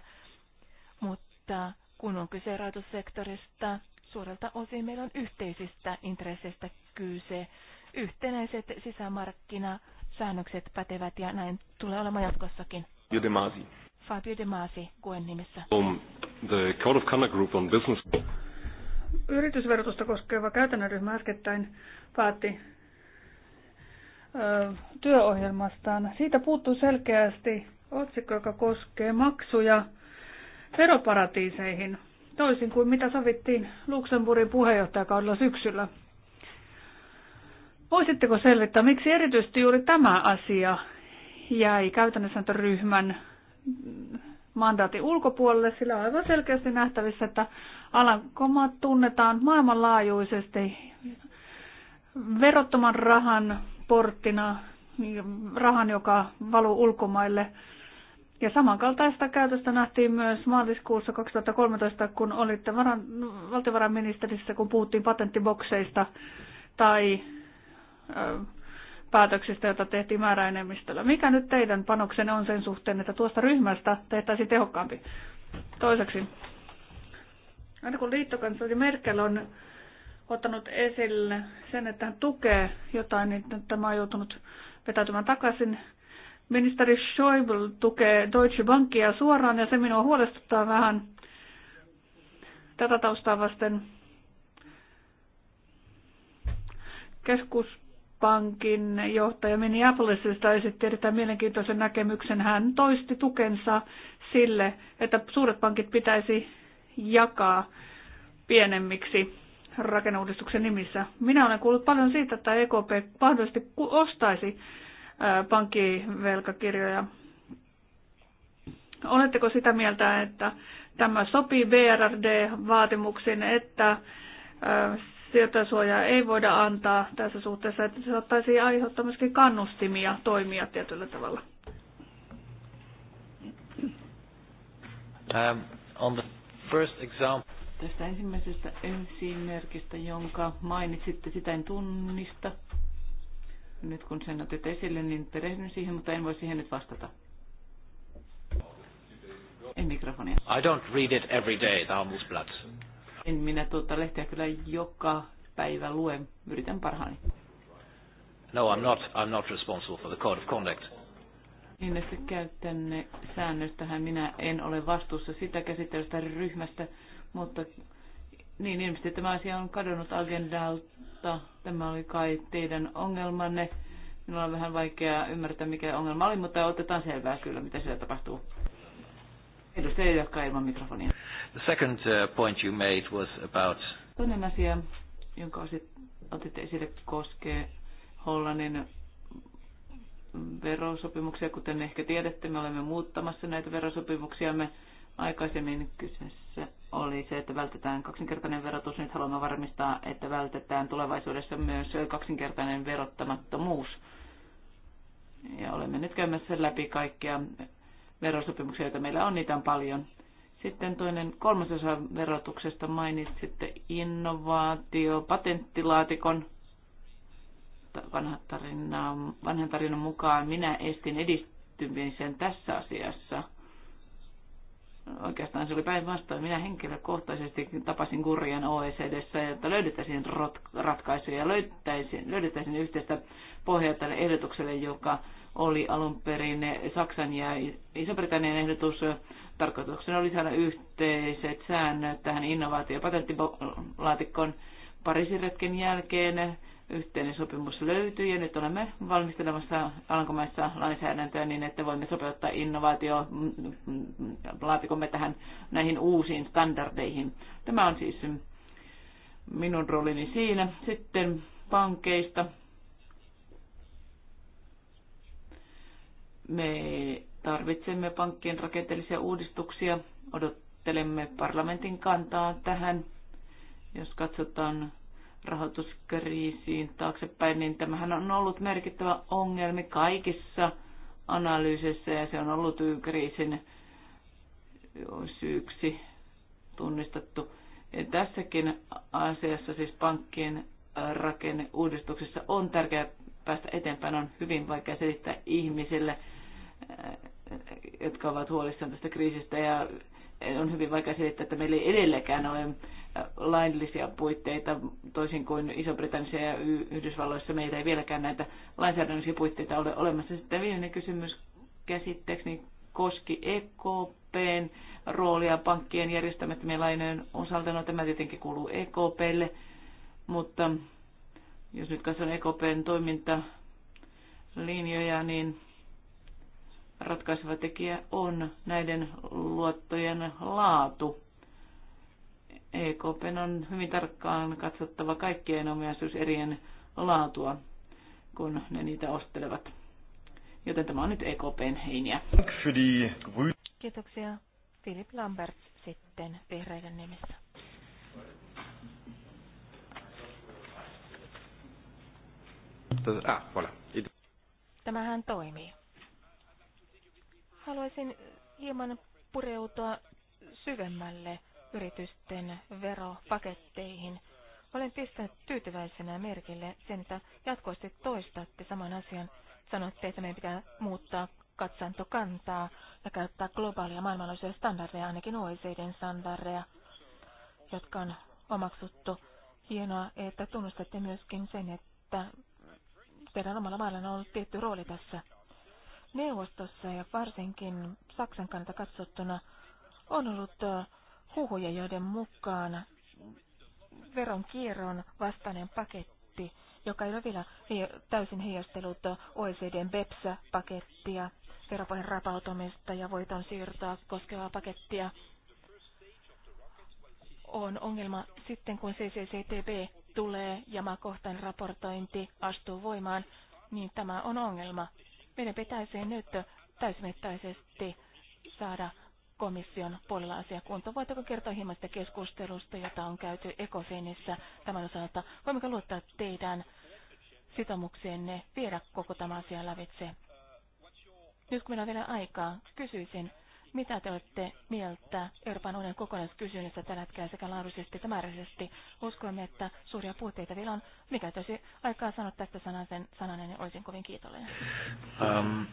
Mutta kun on kyse rahoitussektorista, suurelta osin meillä on yhteisistä intresseistä kyse. Yhtenäiset sisämarkkinasäännökset pätevät ja näin tulee olemaan jatkossakin. Fabio De Masi, Guen nimissä. Um, the Code of Conduct Group on Business yritysverotusta koskeva käytännön ryhmä äskettäin päätti työohjelmastaan. Siitä puuttuu selkeästi otsikko, joka koskee maksuja veroparatiiseihin, toisin kuin mitä sovittiin Luxemburgin puheenjohtajakaudella syksyllä. Voisitteko selvittää, miksi erityisesti juuri tämä asia jäi käytännössä ryhmän mandaatin ulkopuolelle, sillä on aivan selkeästi nähtävissä, että Alankomaat tunnetaan maailmanlaajuisesti verottoman rahan porttina, rahan, joka valuu ulkomaille. Ja samankaltaista käytöstä nähtiin myös maaliskuussa 2013, kun olitte varan, valtiovarainministerissä, kun puhuttiin patenttibokseista tai ö, päätöksistä, joita tehtiin määräenemmistöllä. Mikä nyt teidän panoksenne on sen suhteen, että tuosta ryhmästä tehtäisiin tehokkaampi? Toiseksi, Aina kun liittokansleri Merkel on ottanut esille sen, että hän tukee jotain, niin nyt tämä on joutunut vetäytymään takaisin. Ministeri Schäuble tukee Deutsche Bankia suoraan ja se minua huolestuttaa vähän tätä taustaa vasten. Keskuspankin johtaja Minneapolisista esitti erittäin mielenkiintoisen näkemyksen. Hän toisti tukensa sille, että suuret pankit pitäisi jakaa pienemmiksi rakenneuudistuksen nimissä. Minä olen kuullut paljon siitä, että EKP mahdollisesti ostaisi pankkivelkakirjoja. Oletteko sitä mieltä, että tämä sopii BRD-vaatimuksiin, että sijoittajasuojaa ei voida antaa tässä suhteessa, että se saattaisi aiheuttaa myöskin kannustimia toimia tietyllä tavalla? Um, on the first example. Tästä ensimmäisestä esimerkistä, jonka mainitsitte, sitä en tunnista. Nyt kun sen otit esille, niin perehdyn siihen, mutta en voi siihen nyt vastata. En mikrofonia. I don't read it every day, the blood. En minä tuota lehteä kyllä joka päivä luen. Yritän parhaani. No, I'm not, I'm not responsible for the code of conduct. Niin näistä käytänne säännöstähän minä en ole vastuussa sitä käsittelystä ryhmästä, mutta niin ilmeisesti tämä asia on kadonnut agendalta. Tämä oli kai teidän ongelmanne. Minulla on vähän vaikea ymmärtää, mikä ongelma oli, mutta otetaan selvää kyllä, mitä siellä tapahtuu. Edustaja jatkaa ilman mikrofonia. The second uh, point you made was about... Toinen asia, jonka otitte esille, koskee Hollannin verosopimuksia. Kuten ehkä tiedätte, me olemme muuttamassa näitä verosopimuksia me Aikaisemmin kyseessä oli se, että vältetään kaksinkertainen verotus. Nyt haluamme varmistaa, että vältetään tulevaisuudessa myös kaksinkertainen verottamattomuus. Ja olemme nyt käymässä läpi kaikkia verosopimuksia, joita meillä on, niitä on paljon. Sitten toinen kolmasosa verotuksesta mainitsitte innovaatio, patenttilaatikon vanhan tarinan, mukaan minä estin edistymisen tässä asiassa. Oikeastaan se oli päinvastoin. Minä henkilökohtaisesti tapasin kurjan OECDssä, että löydettäisiin ratkaisuja ja löydettäisiin, löydettäisiin yhteistä pohjaa tälle ehdotukselle, joka oli alun perin Saksan ja Iso-Britannian ehdotus. Tarkoituksena oli saada yhteiset säännöt tähän patenttilaatikkoon Pariisin retken jälkeen yhteinen sopimus löytyy ja nyt olemme valmistelemassa Alankomaissa lainsäädäntöä niin, että voimme sopeuttaa innovaatio mm, mm, laatikomme tähän näihin uusiin standardeihin. Tämä on siis minun roolini siinä. Sitten pankeista. Me tarvitsemme pankkien rakenteellisia uudistuksia. Odottelemme parlamentin kantaa tähän. Jos katsotaan rahoituskriisiin taaksepäin, niin tämähän on ollut merkittävä ongelmi kaikissa analyysissä ja se on ollut kriisin syyksi tunnistettu. Ja tässäkin asiassa siis pankkien rakenneuudistuksessa on tärkeää päästä eteenpäin. On hyvin vaikea selittää ihmisille, jotka ovat huolissaan tästä kriisistä ja on hyvin vaikea selittää, että meillä ei edelläkään ole laillisia puitteita, toisin kuin Iso-Britannia ja Yhdysvalloissa meillä ei vieläkään näitä lainsäädännöllisiä puitteita ole olemassa. Sitten viimeinen kysymys käsitteeksi niin koski EKPn roolia pankkien järjestämättömien lainojen osalta. No tämä tietenkin kuuluu EKPlle, mutta jos nyt katson EKPn toimintalinjoja, niin ratkaiseva tekijä on näiden luottojen laatu EKP on hyvin tarkkaan katsottava kaikkien ominaisuuserien laatua, kun ne niitä ostelevat. Joten tämä on nyt EKPn heiniä. Kiitoksia. Philip Lambert sitten vihreiden nimissä. Ah, voilà. Tämähän toimii. Haluaisin hieman pureutua syvemmälle yritysten veropaketteihin. Olen pistänyt tyytyväisenä merkille sen, että jatkuvasti toistatte saman asian. Sanotte, että meidän pitää muuttaa katsantokantaa ja käyttää globaalia maailmanlaajuisia standardeja, ainakin OECDn standardeja, jotka on omaksuttu. Hienoa, että tunnustatte myöskin sen, että teidän omalla maallanne on ollut tietty rooli tässä neuvostossa ja varsinkin Saksan kannalta katsottuna on ollut huhuja, joiden mukaan kierron vastainen paketti, joka ei ole vielä täysin heijastellut OECDn BEPS-pakettia, veropohjan rapautumista ja voiton siirtoa koskevaa pakettia, on ongelma sitten, kun CCCTB tulee ja maakohtainen raportointi astuu voimaan, niin tämä on ongelma. Meidän pitäisi nyt täysimittaisesti saada komission puolella asiakunta. Voitteko kertoa hieman sitä keskustelusta, jota on käyty Ecofinissä tämän osalta? Voimmeko luottaa teidän sitomukseenne viedä koko tämä asia lävitse? Nyt kun meillä on vielä aikaa, kysyisin, mitä te olette mieltä Euroopan unionin kokonaiskysynnästä tällä hetkellä sekä laadullisesti että määräisesti? Uskoimme, että suuria puutteita vielä on. Mikä tosi aikaa sanoa tästä sananen, sanan, niin olisin kovin kiitollinen. Um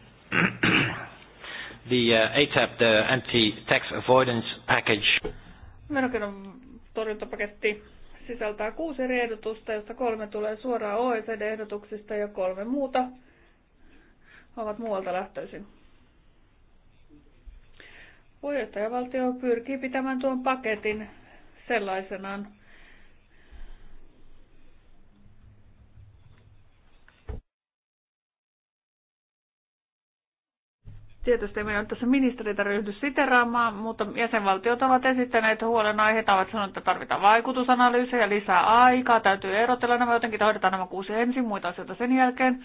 the uh, ATAP, the anti-tax avoidance package. Veronkierron torjuntapaketti sisältää kuusi eri ehdotusta, joista kolme tulee suoraan OECD-ehdotuksista ja kolme muuta ovat muualta lähtöisin. Puheenjohtajavaltio pyrkii pitämään tuon paketin sellaisenaan Tietysti minä on tässä ministeritä ryhdy siteraamaan, mutta jäsenvaltiot ovat esittäneet huolenaiheita, ovat sanoneet, että tarvitaan vaikutusanalyysejä, lisää aikaa, täytyy erotella nämä jotenkin, hoidetaan nämä kuusi ensin, muita asioita sen jälkeen.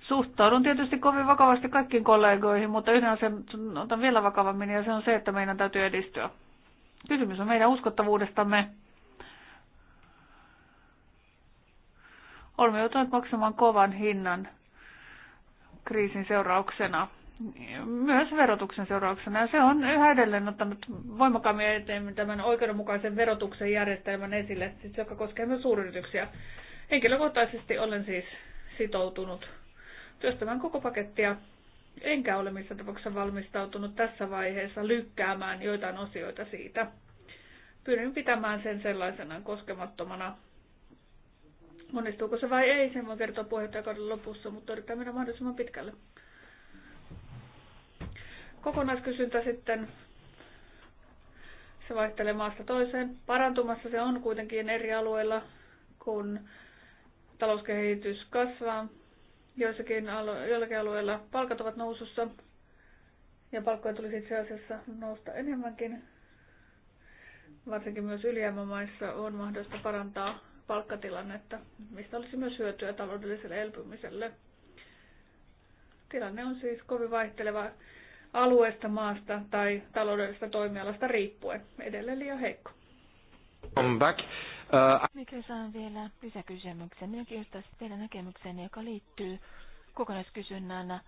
Suhtaudun tietysti kovin vakavasti kaikkiin kollegoihin, mutta yhden asian otan vielä vakavammin ja se on se, että meidän täytyy edistyä. Kysymys on meidän uskottavuudestamme. Olemme joutuneet maksamaan kovan hinnan kriisin seurauksena myös verotuksen seurauksena. Ja se on yhä edelleen ottanut voimakkaammin eteen tämän oikeudenmukaisen verotuksen järjestelmän esille, siis joka koskee myös suuryrityksiä. Henkilökohtaisesti olen siis sitoutunut työstämään koko pakettia, enkä ole missään tapauksessa valmistautunut tässä vaiheessa lykkäämään joitain osioita siitä. Pyrin pitämään sen sellaisena koskemattomana. Onnistuuko se vai ei, sen voi kertoa puheenjohtajakauden lopussa, mutta yritetään mennä mahdollisimman pitkälle. Kokonaiskysyntä sitten, se vaihtelee maasta toiseen. Parantumassa se on kuitenkin eri alueilla, kun talouskehitys kasvaa. Joissakin alue- joillakin alueilla palkat ovat nousussa ja palkkoja tulisi itse asiassa nousta enemmänkin. Varsinkin myös ylijäämämaissa on mahdollista parantaa palkkatilannetta, mistä olisi myös hyötyä taloudelliselle elpymiselle. Tilanne on siis kovin vaihteleva alueesta, maasta tai taloudellisesta toimialasta riippuen. Edelleen liian heikko. Come back. Uh, Mikä saan vielä lisäkysymyksen? Minä kiinnostaisin teidän näkemykseen, joka liittyy kokonaiskysynnän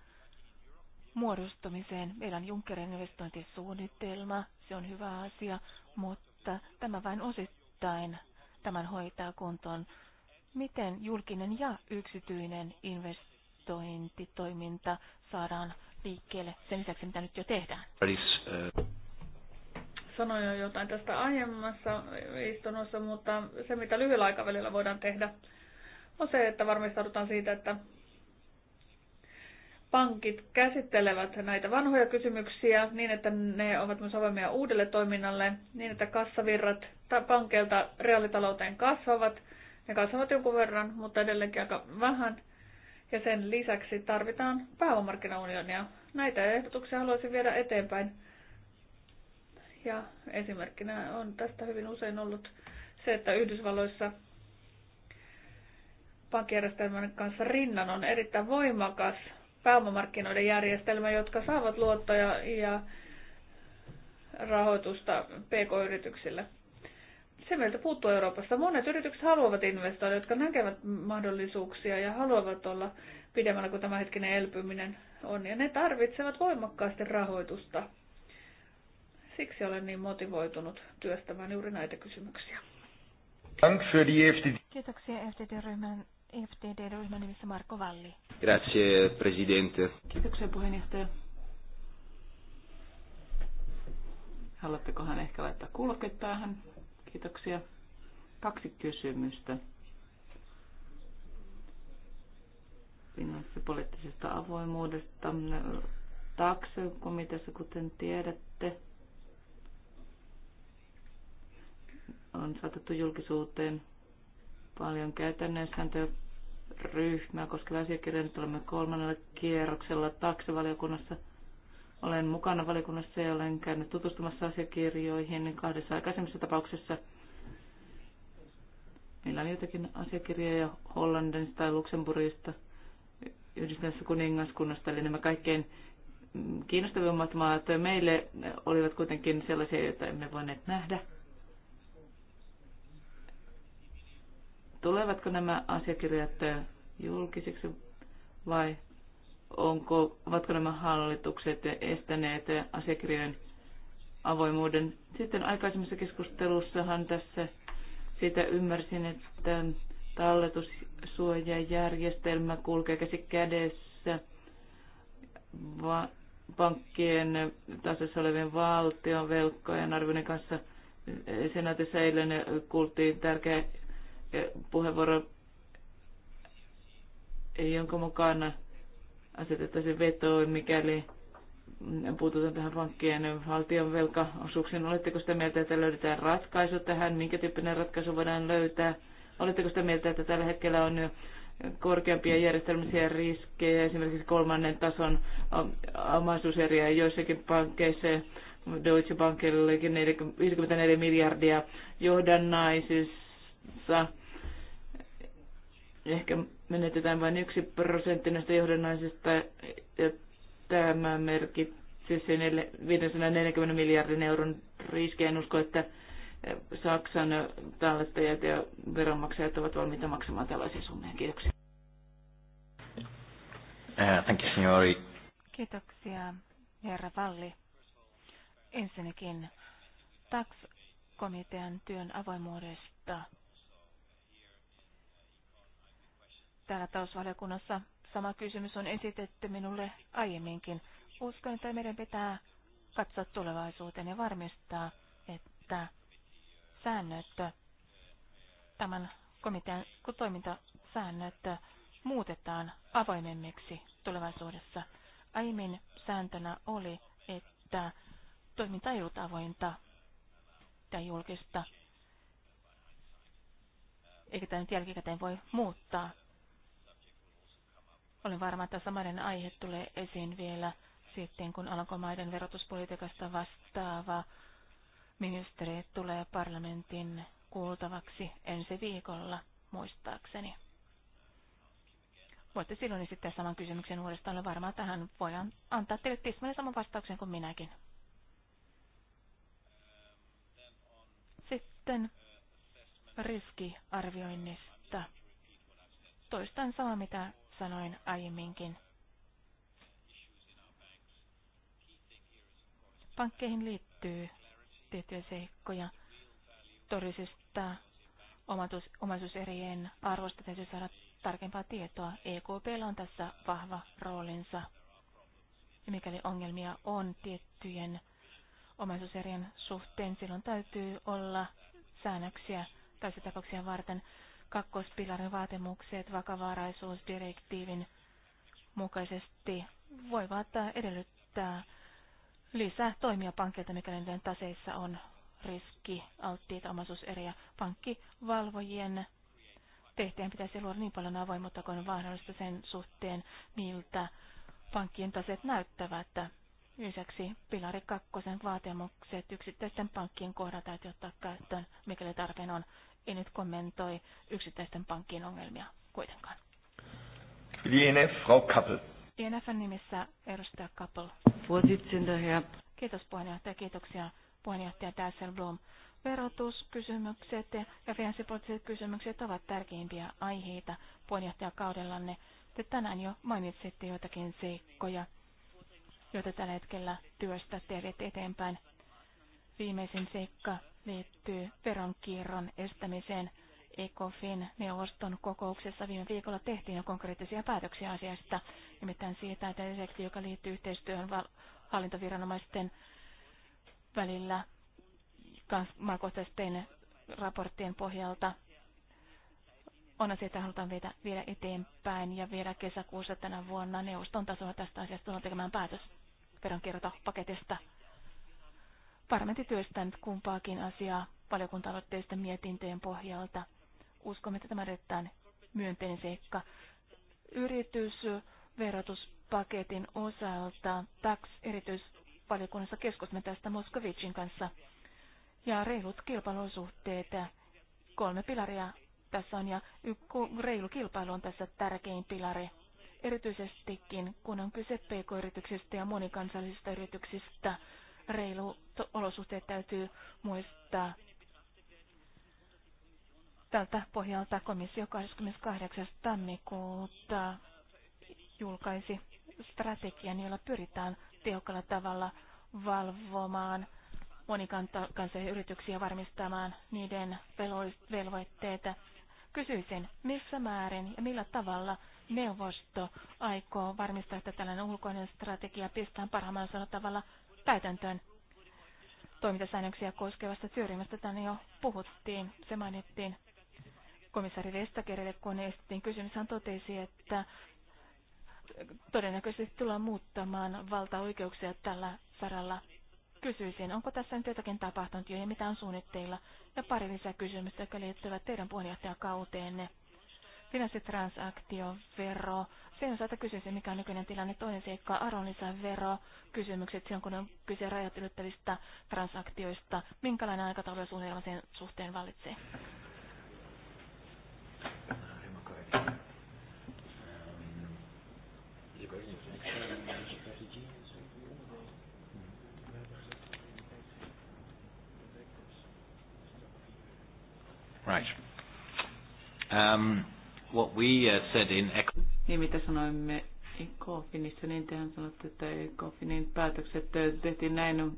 muodostumiseen. Meillä on Junckerin investointisuunnitelma, se on hyvä asia, mutta tämä vain osittain tämän hoitaa kuntoon. Miten julkinen ja yksityinen investointitoiminta saadaan liikkeelle sen lisäksi, mitä nyt jo tehdään. Äh. Sanoin jo jotain tästä aiemmassa istunnossa, mutta se, mitä lyhyellä aikavälillä voidaan tehdä, on se, että varmistaudutaan siitä, että pankit käsittelevät näitä vanhoja kysymyksiä niin, että ne ovat myös avoimia uudelle toiminnalle, niin että kassavirrat pankeilta reaalitalouteen kasvavat. Ne kasvavat jonkun verran, mutta edelleenkin aika vähän. Ja sen lisäksi tarvitaan pääomarkkinaunionia. Näitä ehdotuksia haluaisin viedä eteenpäin. Ja esimerkkinä on tästä hyvin usein ollut se, että Yhdysvalloissa pankkijärjestelmän kanssa rinnan on erittäin voimakas pääomamarkkinoiden järjestelmä, jotka saavat luottoja ja rahoitusta pk-yrityksille se meiltä puuttuu Euroopasta. Monet yritykset haluavat investoida, jotka näkevät mahdollisuuksia ja haluavat olla pidemmällä kuin tämänhetkinen elpyminen on. Ja ne tarvitsevat voimakkaasti rahoitusta. Siksi olen niin motivoitunut työstämään juuri näitä kysymyksiä. E Kiitoksia e FTD-ryhmän e FTD-ryhmän nimissä Marko Valli. Grazie, presidente. Kiitoksia puheenjohtaja. Haluatteko hän ehkä laittaa kuulokkeet päähän? Kiitoksia. Kaksi kysymystä. Finanssipoliittisesta avoimuudesta. TAX-komiteassa, kuten tiedätte, on saatettu julkisuuteen paljon käytännön sääntöryhmää koskevia asiakirjoja. Nyt olemme kolmannella kierroksella taksivaliokunnassa – olen mukana valiokunnassa ja olen käynyt tutustumassa asiakirjoihin kahdessa aikaisemmissa tapauksessa. Meillä on jotakin asiakirjoja Hollandista tai Luxemburgista, Yhdistyneessä kuningaskunnasta, eli nämä kaikkein kiinnostavimmat maat meille olivat kuitenkin sellaisia, joita emme voineet nähdä. Tulevatko nämä asiakirjat julkisiksi vai onko, ovatko nämä hallitukset estäneet asiakirjojen avoimuuden. Sitten aikaisemmassa keskustelussahan tässä siitä ymmärsin, että talletussuojajärjestelmä kulkee käsi kädessä va- pankkien tasossa olevien valtion velkkojen arvioinnin kanssa. Senaatissa eilen kuultiin tärkeä puheenvuoro, jonka mukaan asetettaisiin vetoon, mikäli puututaan tähän pankkien valtion velkaosuuksiin. Oletteko sitä mieltä, että löydetään ratkaisu tähän? Minkä tyyppinen ratkaisu voidaan löytää? Oletteko sitä mieltä, että tällä hetkellä on jo korkeampia järjestelmisiä riskejä, esimerkiksi kolmannen tason omaisuuseriä joissakin pankkeissa, Deutsche Bankillekin 54 miljardia johdannaisissa Ehkä menetetään vain yksi prosentti näistä johdannaisista, ja tämä merkitsisi 540 miljardin euron riskejä. En usko, että Saksan tallettajat ja veronmaksajat ovat valmiita maksamaan tällaisia summia. Kiitoksia. Uh, thank you, signori. Kiitoksia, herra Valli. Ensinnäkin TAX-komitean työn avoimuudesta. täällä talousvaliokunnassa. Sama kysymys on esitetty minulle aiemminkin. Uskon, että meidän pitää katsoa tulevaisuuteen ja varmistaa, että säännöt, tämän komitean toimintasäännöt muutetaan avoimemmiksi tulevaisuudessa. Aiemmin sääntönä oli, että toiminta ei ollut avointa tai julkista, eikä tämä nyt jälkikäteen voi muuttaa. Olen varma, että samainen aihe tulee esiin vielä sitten, kun Alankomaiden verotuspolitiikasta vastaava ministeri tulee parlamentin kuultavaksi ensi viikolla, muistaakseni. Voitte silloin esittää saman kysymyksen uudestaan. Olen varma, että hän voi antaa teille tismalle saman vastauksen kuin minäkin. Sitten riskiarvioinnista. Toistan samaa, mitä sanoin aiemminkin. Pankkeihin liittyy tiettyjä seikkoja todellisista omaisuuserien arvosta täytyy saada tarkempaa tietoa. EKP on tässä vahva roolinsa. Ja mikäli ongelmia on tiettyjen omaisuuserien suhteen, silloin täytyy olla säännöksiä tai tapauksia varten kakkospilarin vaatimukset vakavaraisuusdirektiivin mukaisesti voivat edellyttää lisää toimia pankilta, mikäli niiden taseissa on riski, alttiita omaisuuseriä. Pankkivalvojien tehtäjän pitäisi luoda niin paljon avoimuutta kuin mahdollista sen suhteen, miltä pankkien taseet näyttävät. Lisäksi pilari kakkosen vaatimukset yksittäisten pankkien kohdalla täytyy ottaa käyttöön, mikäli tarpeen on ei nyt kommentoi yksittäisten pankkien ongelmia kuitenkaan. INF, Frau Kappel. INFn nimissä edustaja Kappel. Kiitos puheenjohtaja, kiitoksia puheenjohtaja Dasselblom. Verotuskysymykset ja finanssipoliittiset kysymykset ovat tärkeimpiä aiheita puheenjohtajakaudellanne. Te tänään jo mainitsitte joitakin seikkoja, joita tällä hetkellä työstätte teet eteenpäin. Viimeisin seikka liittyy veronkierron estämiseen. ECOFIN neuvoston kokouksessa viime viikolla tehtiin jo konkreettisia päätöksiä asiasta, nimittäin siitä, että direktiivi, joka liittyy yhteistyöhön hallintoviranomaisten välillä maakohtaisten raporttien pohjalta, on asia, että halutaan viedä, viedä eteenpäin ja vielä kesäkuussa tänä vuonna neuvoston tasolla tästä asiasta tullaan tekemään päätös veronkiertopaketista. paketista Parlamentti työstää nyt kumpaakin asiaa valiokunta mietintöjen pohjalta. Uskomme, että tämä on myönteinen seikka. Yritysverotuspaketin osalta TAX erityisvaliokunnassa keskustelimme tästä Moskovicin kanssa. Ja reilut kilpailusuhteet, kolme pilaria tässä on ja reilu kilpailu on tässä tärkein pilari. Erityisestikin, kun on kyse pk-yrityksistä ja monikansallisista yrityksistä, reilu olosuhteet täytyy muistaa. Tältä pohjalta komissio 28. tammikuuta julkaisi strategian, jolla pyritään tehokkaalla tavalla valvomaan monikansallisia yrityksiä varmistamaan niiden velvoitteita. Kysyisin, missä määrin ja millä tavalla neuvosto aikoo varmistaa, että tällainen ulkoinen strategia pistää parhaimmalla tavalla täytäntöön toimintasäännöksiä koskevasta työryhmästä tänne jo puhuttiin, se mainittiin komissaari Vestakerille, kun esitettiin kysymys, hän totesi, että todennäköisesti tullaan muuttamaan valtaoikeuksia tällä saralla. Kysyisin, onko tässä nyt jotakin tapahtunut jo ja mitä on suunnitteilla? Ja pari lisää kysymystä, jotka liittyvät teidän puheenjohtajakauteenne finanssitransaktiovero. Sen osalta kysyisin, mikä on nykyinen tilanne. Toinen seikka, arvonlisävero, kysymykset silloin, kun on kyse rajat ylittävistä transaktioista. Minkälainen aikataulu ja suunnitelma sen suhteen vallitsee? Right. Um, what we uh, said in Niin mitä sanoimme Ecofinissa, niin tehän sanotte, että Ecofinin päätökset tehtiin näin,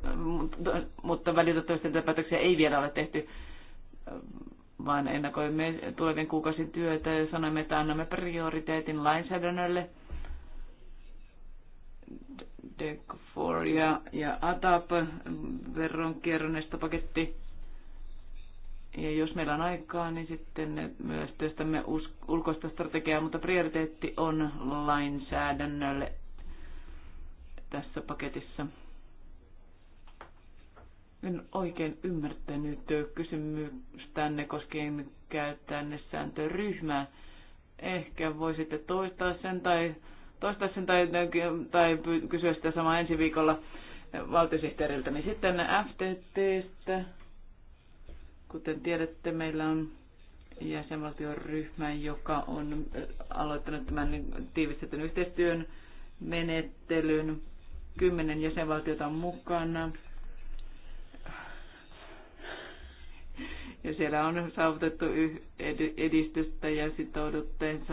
mutta välitöntävästi näitä päätöksiä ei vielä ole tehty, vaan ennakoimme tulevien kuukausien työtä ja sanoimme, että annamme prioriteetin lainsäädännölle. DEC4 ja, ja ATAP, mm, veronkierron paketti ja jos meillä on aikaa, niin sitten myös työstämme ulkoista strategiaa, mutta prioriteetti on lainsäädännölle tässä paketissa. En oikein ymmärtänyt kysymystänne koskien käyttänne sääntöryhmää. Ehkä voisitte toistaa sen tai, toistaa sen tai, tai kysyä sitä samaa ensi viikolla valtiosihteeriltä. Niin sitten FTTstä Kuten tiedätte, meillä on jäsenvaltioryhmä, joka on äh, aloittanut tämän tiivistetyn yhteistyön menettelyn. Kymmenen jäsenvaltiota on mukana. Ja siellä on saavutettu edistystä ja sitoudutteen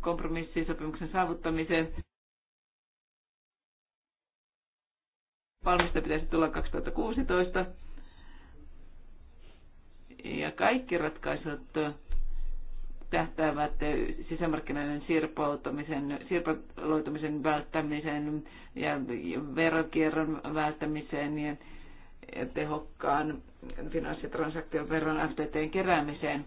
kompromissisopimuksen saavuttamiseen. Valmista pitäisi tulla 2016. Ja kaikki ratkaisut tähtäävät sisämarkkinoiden sirpoutumisen, sirpaloitumisen välttämiseen ja verokierron välttämiseen ja tehokkaan finanssitransaktion verran FTTn keräämiseen.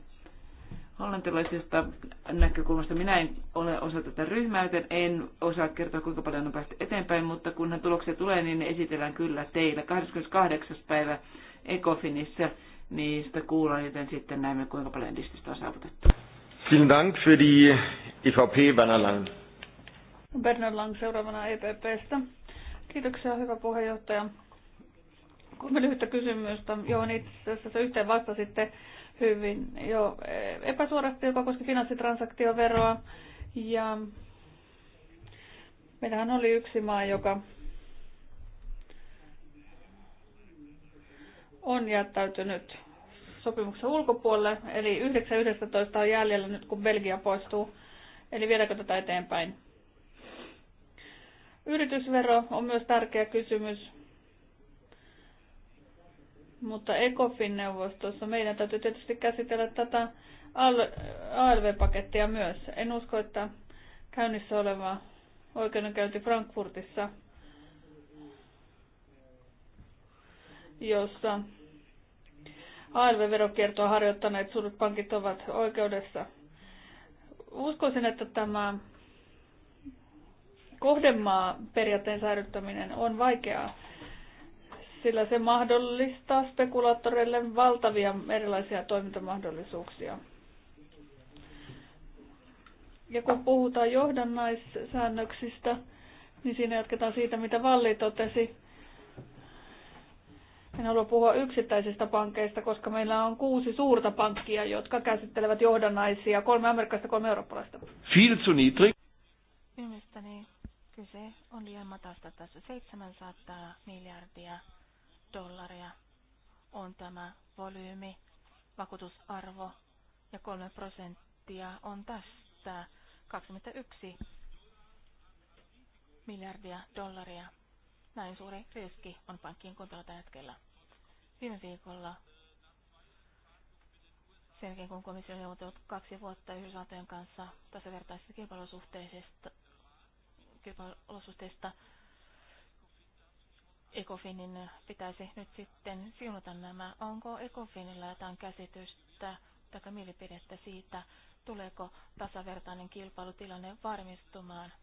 Hollantilaisesta näkökulmasta minä en ole osa tätä ryhmää, joten en osaa kertoa kuinka paljon on päästy eteenpäin, mutta kunhan tuloksia tulee, niin ne esitellään kyllä teillä 28. päivä Ecofinissä niistä kuulla, joten sitten näemme, kuinka paljon edistystä on saavutettu. Vielen Dank für die EVP Bernalang. Bernalang seuraavana EPPstä. Kiitoksia, hyvä puheenjohtaja. Kolme lyhyttä kysymystä, johon itse asiassa yhteen vastasitte hyvin. jo e, epäsuorasti, joka koski finanssitransaktioveroa. Ja meillähän oli yksi maa, joka on jättäytynyt sopimuksen ulkopuolelle, eli 9.11 on jäljellä nyt kun Belgia poistuu. Eli viedäänkö tätä eteenpäin? Yritysvero on myös tärkeä kysymys, mutta ECOFIN-neuvostossa meidän täytyy tietysti käsitellä tätä ALV-pakettia myös. En usko, että käynnissä oleva oikeudenkäynti Frankfurtissa – jossa arv verokiertoa harjoittaneet suuret pankit ovat oikeudessa. Uskoisin, että tämä kohdemaa periaatteen säilyttäminen on vaikeaa, sillä se mahdollistaa spekulaattoreille valtavia erilaisia toimintamahdollisuuksia. Ja kun puhutaan johdannaissäännöksistä, niin siinä jatketaan siitä, mitä Valli totesi en halua puhua yksittäisistä pankeista, koska meillä on kuusi suurta pankkia, jotka käsittelevät johdannaisia, kolme amerikkalaista, kolme eurooppalaista. Viel zu niedrig. Mielestäni kyse on liian matasta tässä 700 miljardia dollaria on tämä volyymi, vakuutusarvo ja kolme prosenttia on tästä 21 miljardia dollaria. Näin suuri riski on pankkien kontolla tällä hetkellä. Viime viikolla sen jälkeen, kun komissio on neuvotellut kaksi vuotta Yhdysvaltojen kanssa tasavertaisista kilpailusuhteista, kilpailusuhteista Ecofinin pitäisi nyt sitten siunata nämä. Onko Ecofinilla jotain käsitystä tai mielipidettä siitä, tuleeko tasavertainen kilpailutilanne varmistumaan,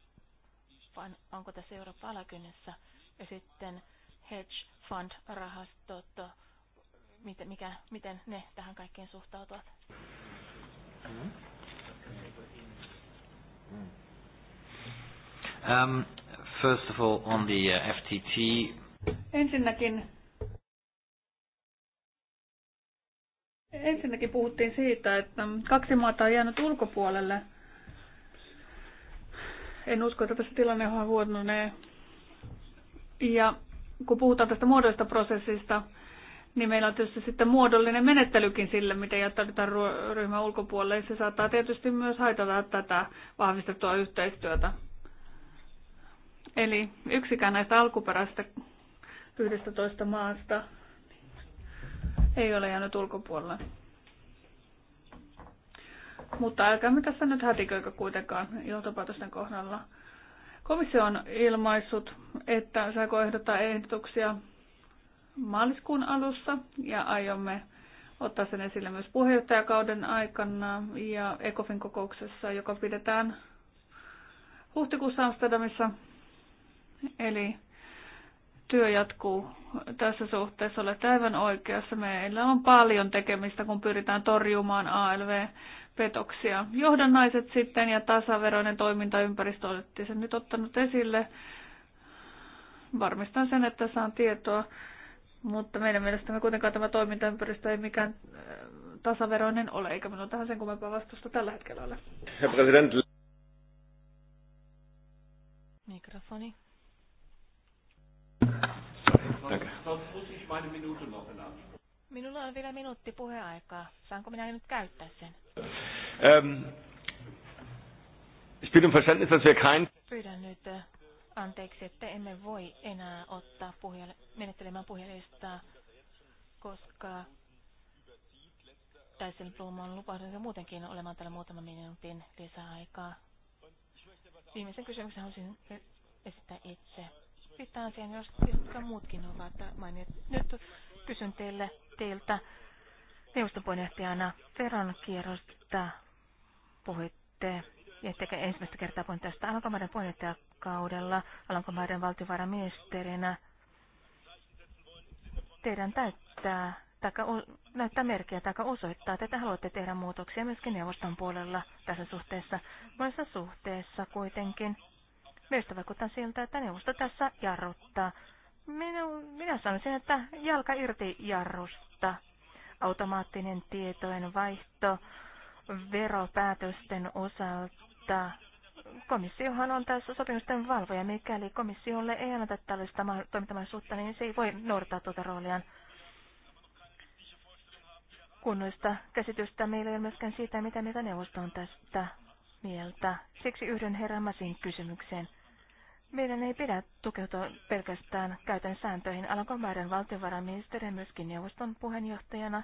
vai onko tässä Eurooppa alakynnessä? ja sitten hedge fund rahastot, miten, mikä, miten ne tähän kaikkeen suhtautuvat? Mm. Um, first of all, on the uh, FTT. Ensinnäkin, ensinnäkin puhuttiin siitä, että kaksi maata on jäänyt ulkopuolelle. En usko, että tässä tilanne on huononee ja kun puhutaan tästä muodollisesta prosessista, niin meillä on tietysti sitten muodollinen menettelykin sille, miten jättäydytään ryhmän ulkopuolelle. Se saattaa tietysti myös haitata tätä vahvistettua yhteistyötä. Eli yksikään näistä alkuperäistä 11 maasta ei ole jäänyt ulkopuolelle. Mutta me tässä nyt hätiköikö kuitenkaan johtopäätösten kohdalla. Komissio on ilmaissut, että saako ehdottaa ehdotuksia maaliskuun alussa ja aiomme ottaa sen esille myös puheenjohtajakauden aikana ja ECOFIN kokouksessa, joka pidetään huhtikuussa Amsterdamissa. Eli työ jatkuu tässä suhteessa. Olet aivan oikeassa. Meillä on paljon tekemistä, kun pyritään torjumaan ALV petoksia. Johdannaiset sitten ja tasaveroinen toimintaympäristö, olette sen nyt ottanut esille. Varmistan sen, että saan tietoa, mutta meidän mielestämme kuitenkaan tämä toimintaympäristö ei mikään äh, tasaveroinen ole, eikä minulla tähän sen kummempaa vastusta tällä hetkellä ole. Mikrofoni. Danke. okay. Minulla on vielä minuutti puheaikaa. Saanko minä nyt käyttää sen? Ähm, um kein... Pyydän nyt äh, anteeksi, että emme voi enää ottaa puhele- menettelemään puhelista, koska Dijsselbloem on lupautunut muutenkin olemaan täällä muutaman minuutin lisäaikaa. Viimeisen kysymyksen haluaisin esittää itse. Pitää siihen, jos muutkin ovat mainit. Nyt Kysyn teille, teiltä neuvoston puheenjohtajana veronkierrosta puhuitte, ettekä ensimmäistä kertaa puhun tästä Alankomaiden puheenjohtajakaudella, Alankomaiden valtiovarainministerinä. Teidän täyttää taikka, näyttää merkkiä tai osoittaa, että te haluatte tehdä muutoksia myöskin neuvoston puolella tässä suhteessa. Monessa suhteessa kuitenkin meistä vaikuttaa siltä, että neuvosto tässä jarruttaa. Minä, minä sanoisin, että jalka irti jarrusta. Automaattinen tietojen vaihto veropäätösten osalta. Komissiohan on tässä sopimusten valvoja. Mikäli komissiolle ei anneta tällaista toimintamaisuutta, niin se ei voi noudattaa tuota rooliaan. Kunnoista käsitystä meillä ei ole myöskään siitä, mitä mitä neuvosto on tästä mieltä. Siksi yhden herran kysymykseen. Meidän ei pidä tukeutua pelkästään käytän sääntöihin. Alankomaiden valtiovarainministeri myöskin neuvoston puheenjohtajana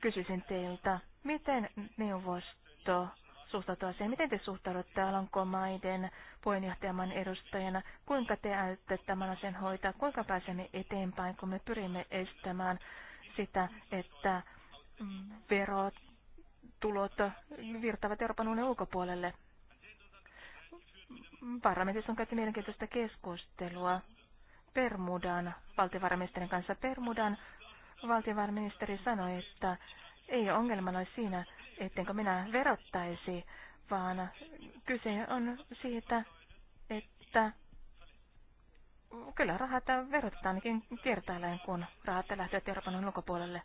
kysyisin teiltä, miten neuvosto suhtautuu asiaan? Miten te suhtaudutte Alankomaiden puheenjohtajaman edustajana? Kuinka te ajatte tämän asian hoitaa? Kuinka pääsemme eteenpäin, kun me pyrimme estämään sitä, että tulot virtaavat Euroopan unionin ulkopuolelle? parlamentissa on käyty mielenkiintoista keskustelua Permudan valtiovarainministerin kanssa. Permudan valtiovarainministeri sanoi, että ei ongelma ole siinä, ettenkö minä verottaisi, vaan kyse on siitä, että kyllä rahat verotetaan ainakin kertaalleen, kun rahat lähtevät Euroopan ulkopuolelle.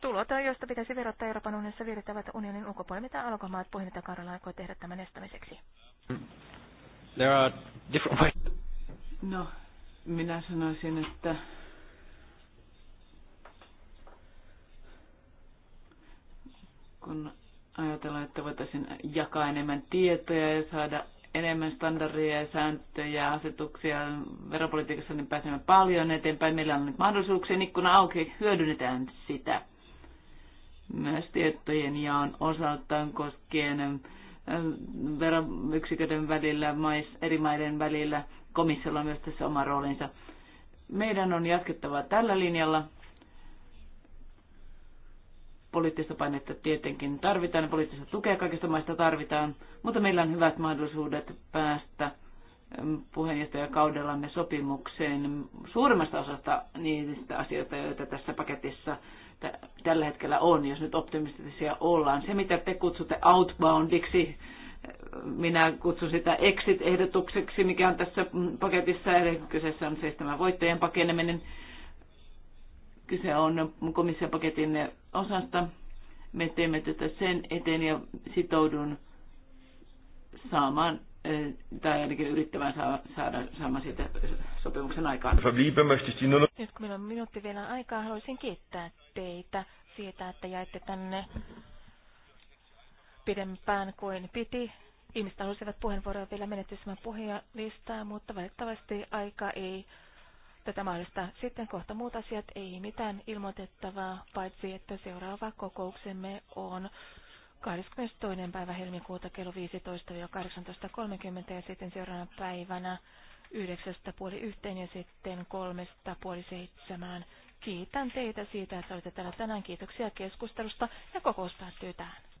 tulot, joista pitäisi verottaa Euroopan unionissa, virittävät unionin ulkopuolelle. Mitä alkomaat puheenjohtajakarjalla aikoo tehdä tämän estämiseksi? There are different ways. No, minä sanoisin, että kun ajatellaan, että voitaisiin jakaa enemmän tietoja ja saada enemmän standardeja ja sääntöjä, asetuksia veropolitiikassa, niin pääsemme paljon eteenpäin. Meillä on nyt mahdollisuuksien ikkuna auki, hyödynnetään sitä myös tietojen jaon osaltaan koskien veroyksiköiden välillä, mais, eri maiden välillä. Komissiolla on myös tässä oma roolinsa. Meidän on jatkettava tällä linjalla Poliittista painetta tietenkin tarvitaan, poliittista tukea kaikista maista tarvitaan, mutta meillä on hyvät mahdollisuudet päästä mm, puheenjohtajakaudellamme sopimukseen suurimmasta osasta niistä asioita, joita tässä paketissa tällä hetkellä on, jos nyt optimistisia ollaan. Se, mitä te kutsutte outboundiksi, mm, minä kutsun sitä exit-ehdotukseksi, mikä on tässä mm, paketissa, eli kyseessä on siis tämä voittojen pakeneminen. Kyse on komissiopaketin osasta. Me teemme tätä sen eteen ja sitoudun saamaan tai ainakin yrittämään saa, saada saamaan siitä sopimuksen aikaan. Nyt kun meillä on minuutti vielä aikaa, haluaisin kiittää teitä siitä, että jäitte tänne pidempään kuin piti. Ihmiset halusivat puheenvuoroja vielä menettyisemmän puheenlistaa, mutta valitettavasti aika ei tätä mahdollista. Sitten kohta muut asiat, ei mitään ilmoitettavaa, paitsi että seuraava kokouksemme on 22. päivä helmikuuta kello 15-18.30 ja sitten seuraavana päivänä 9.30 ja sitten 3.30 Kiitän teitä siitä, että olette täällä tänään. Kiitoksia keskustelusta ja kokous päättyy tähän.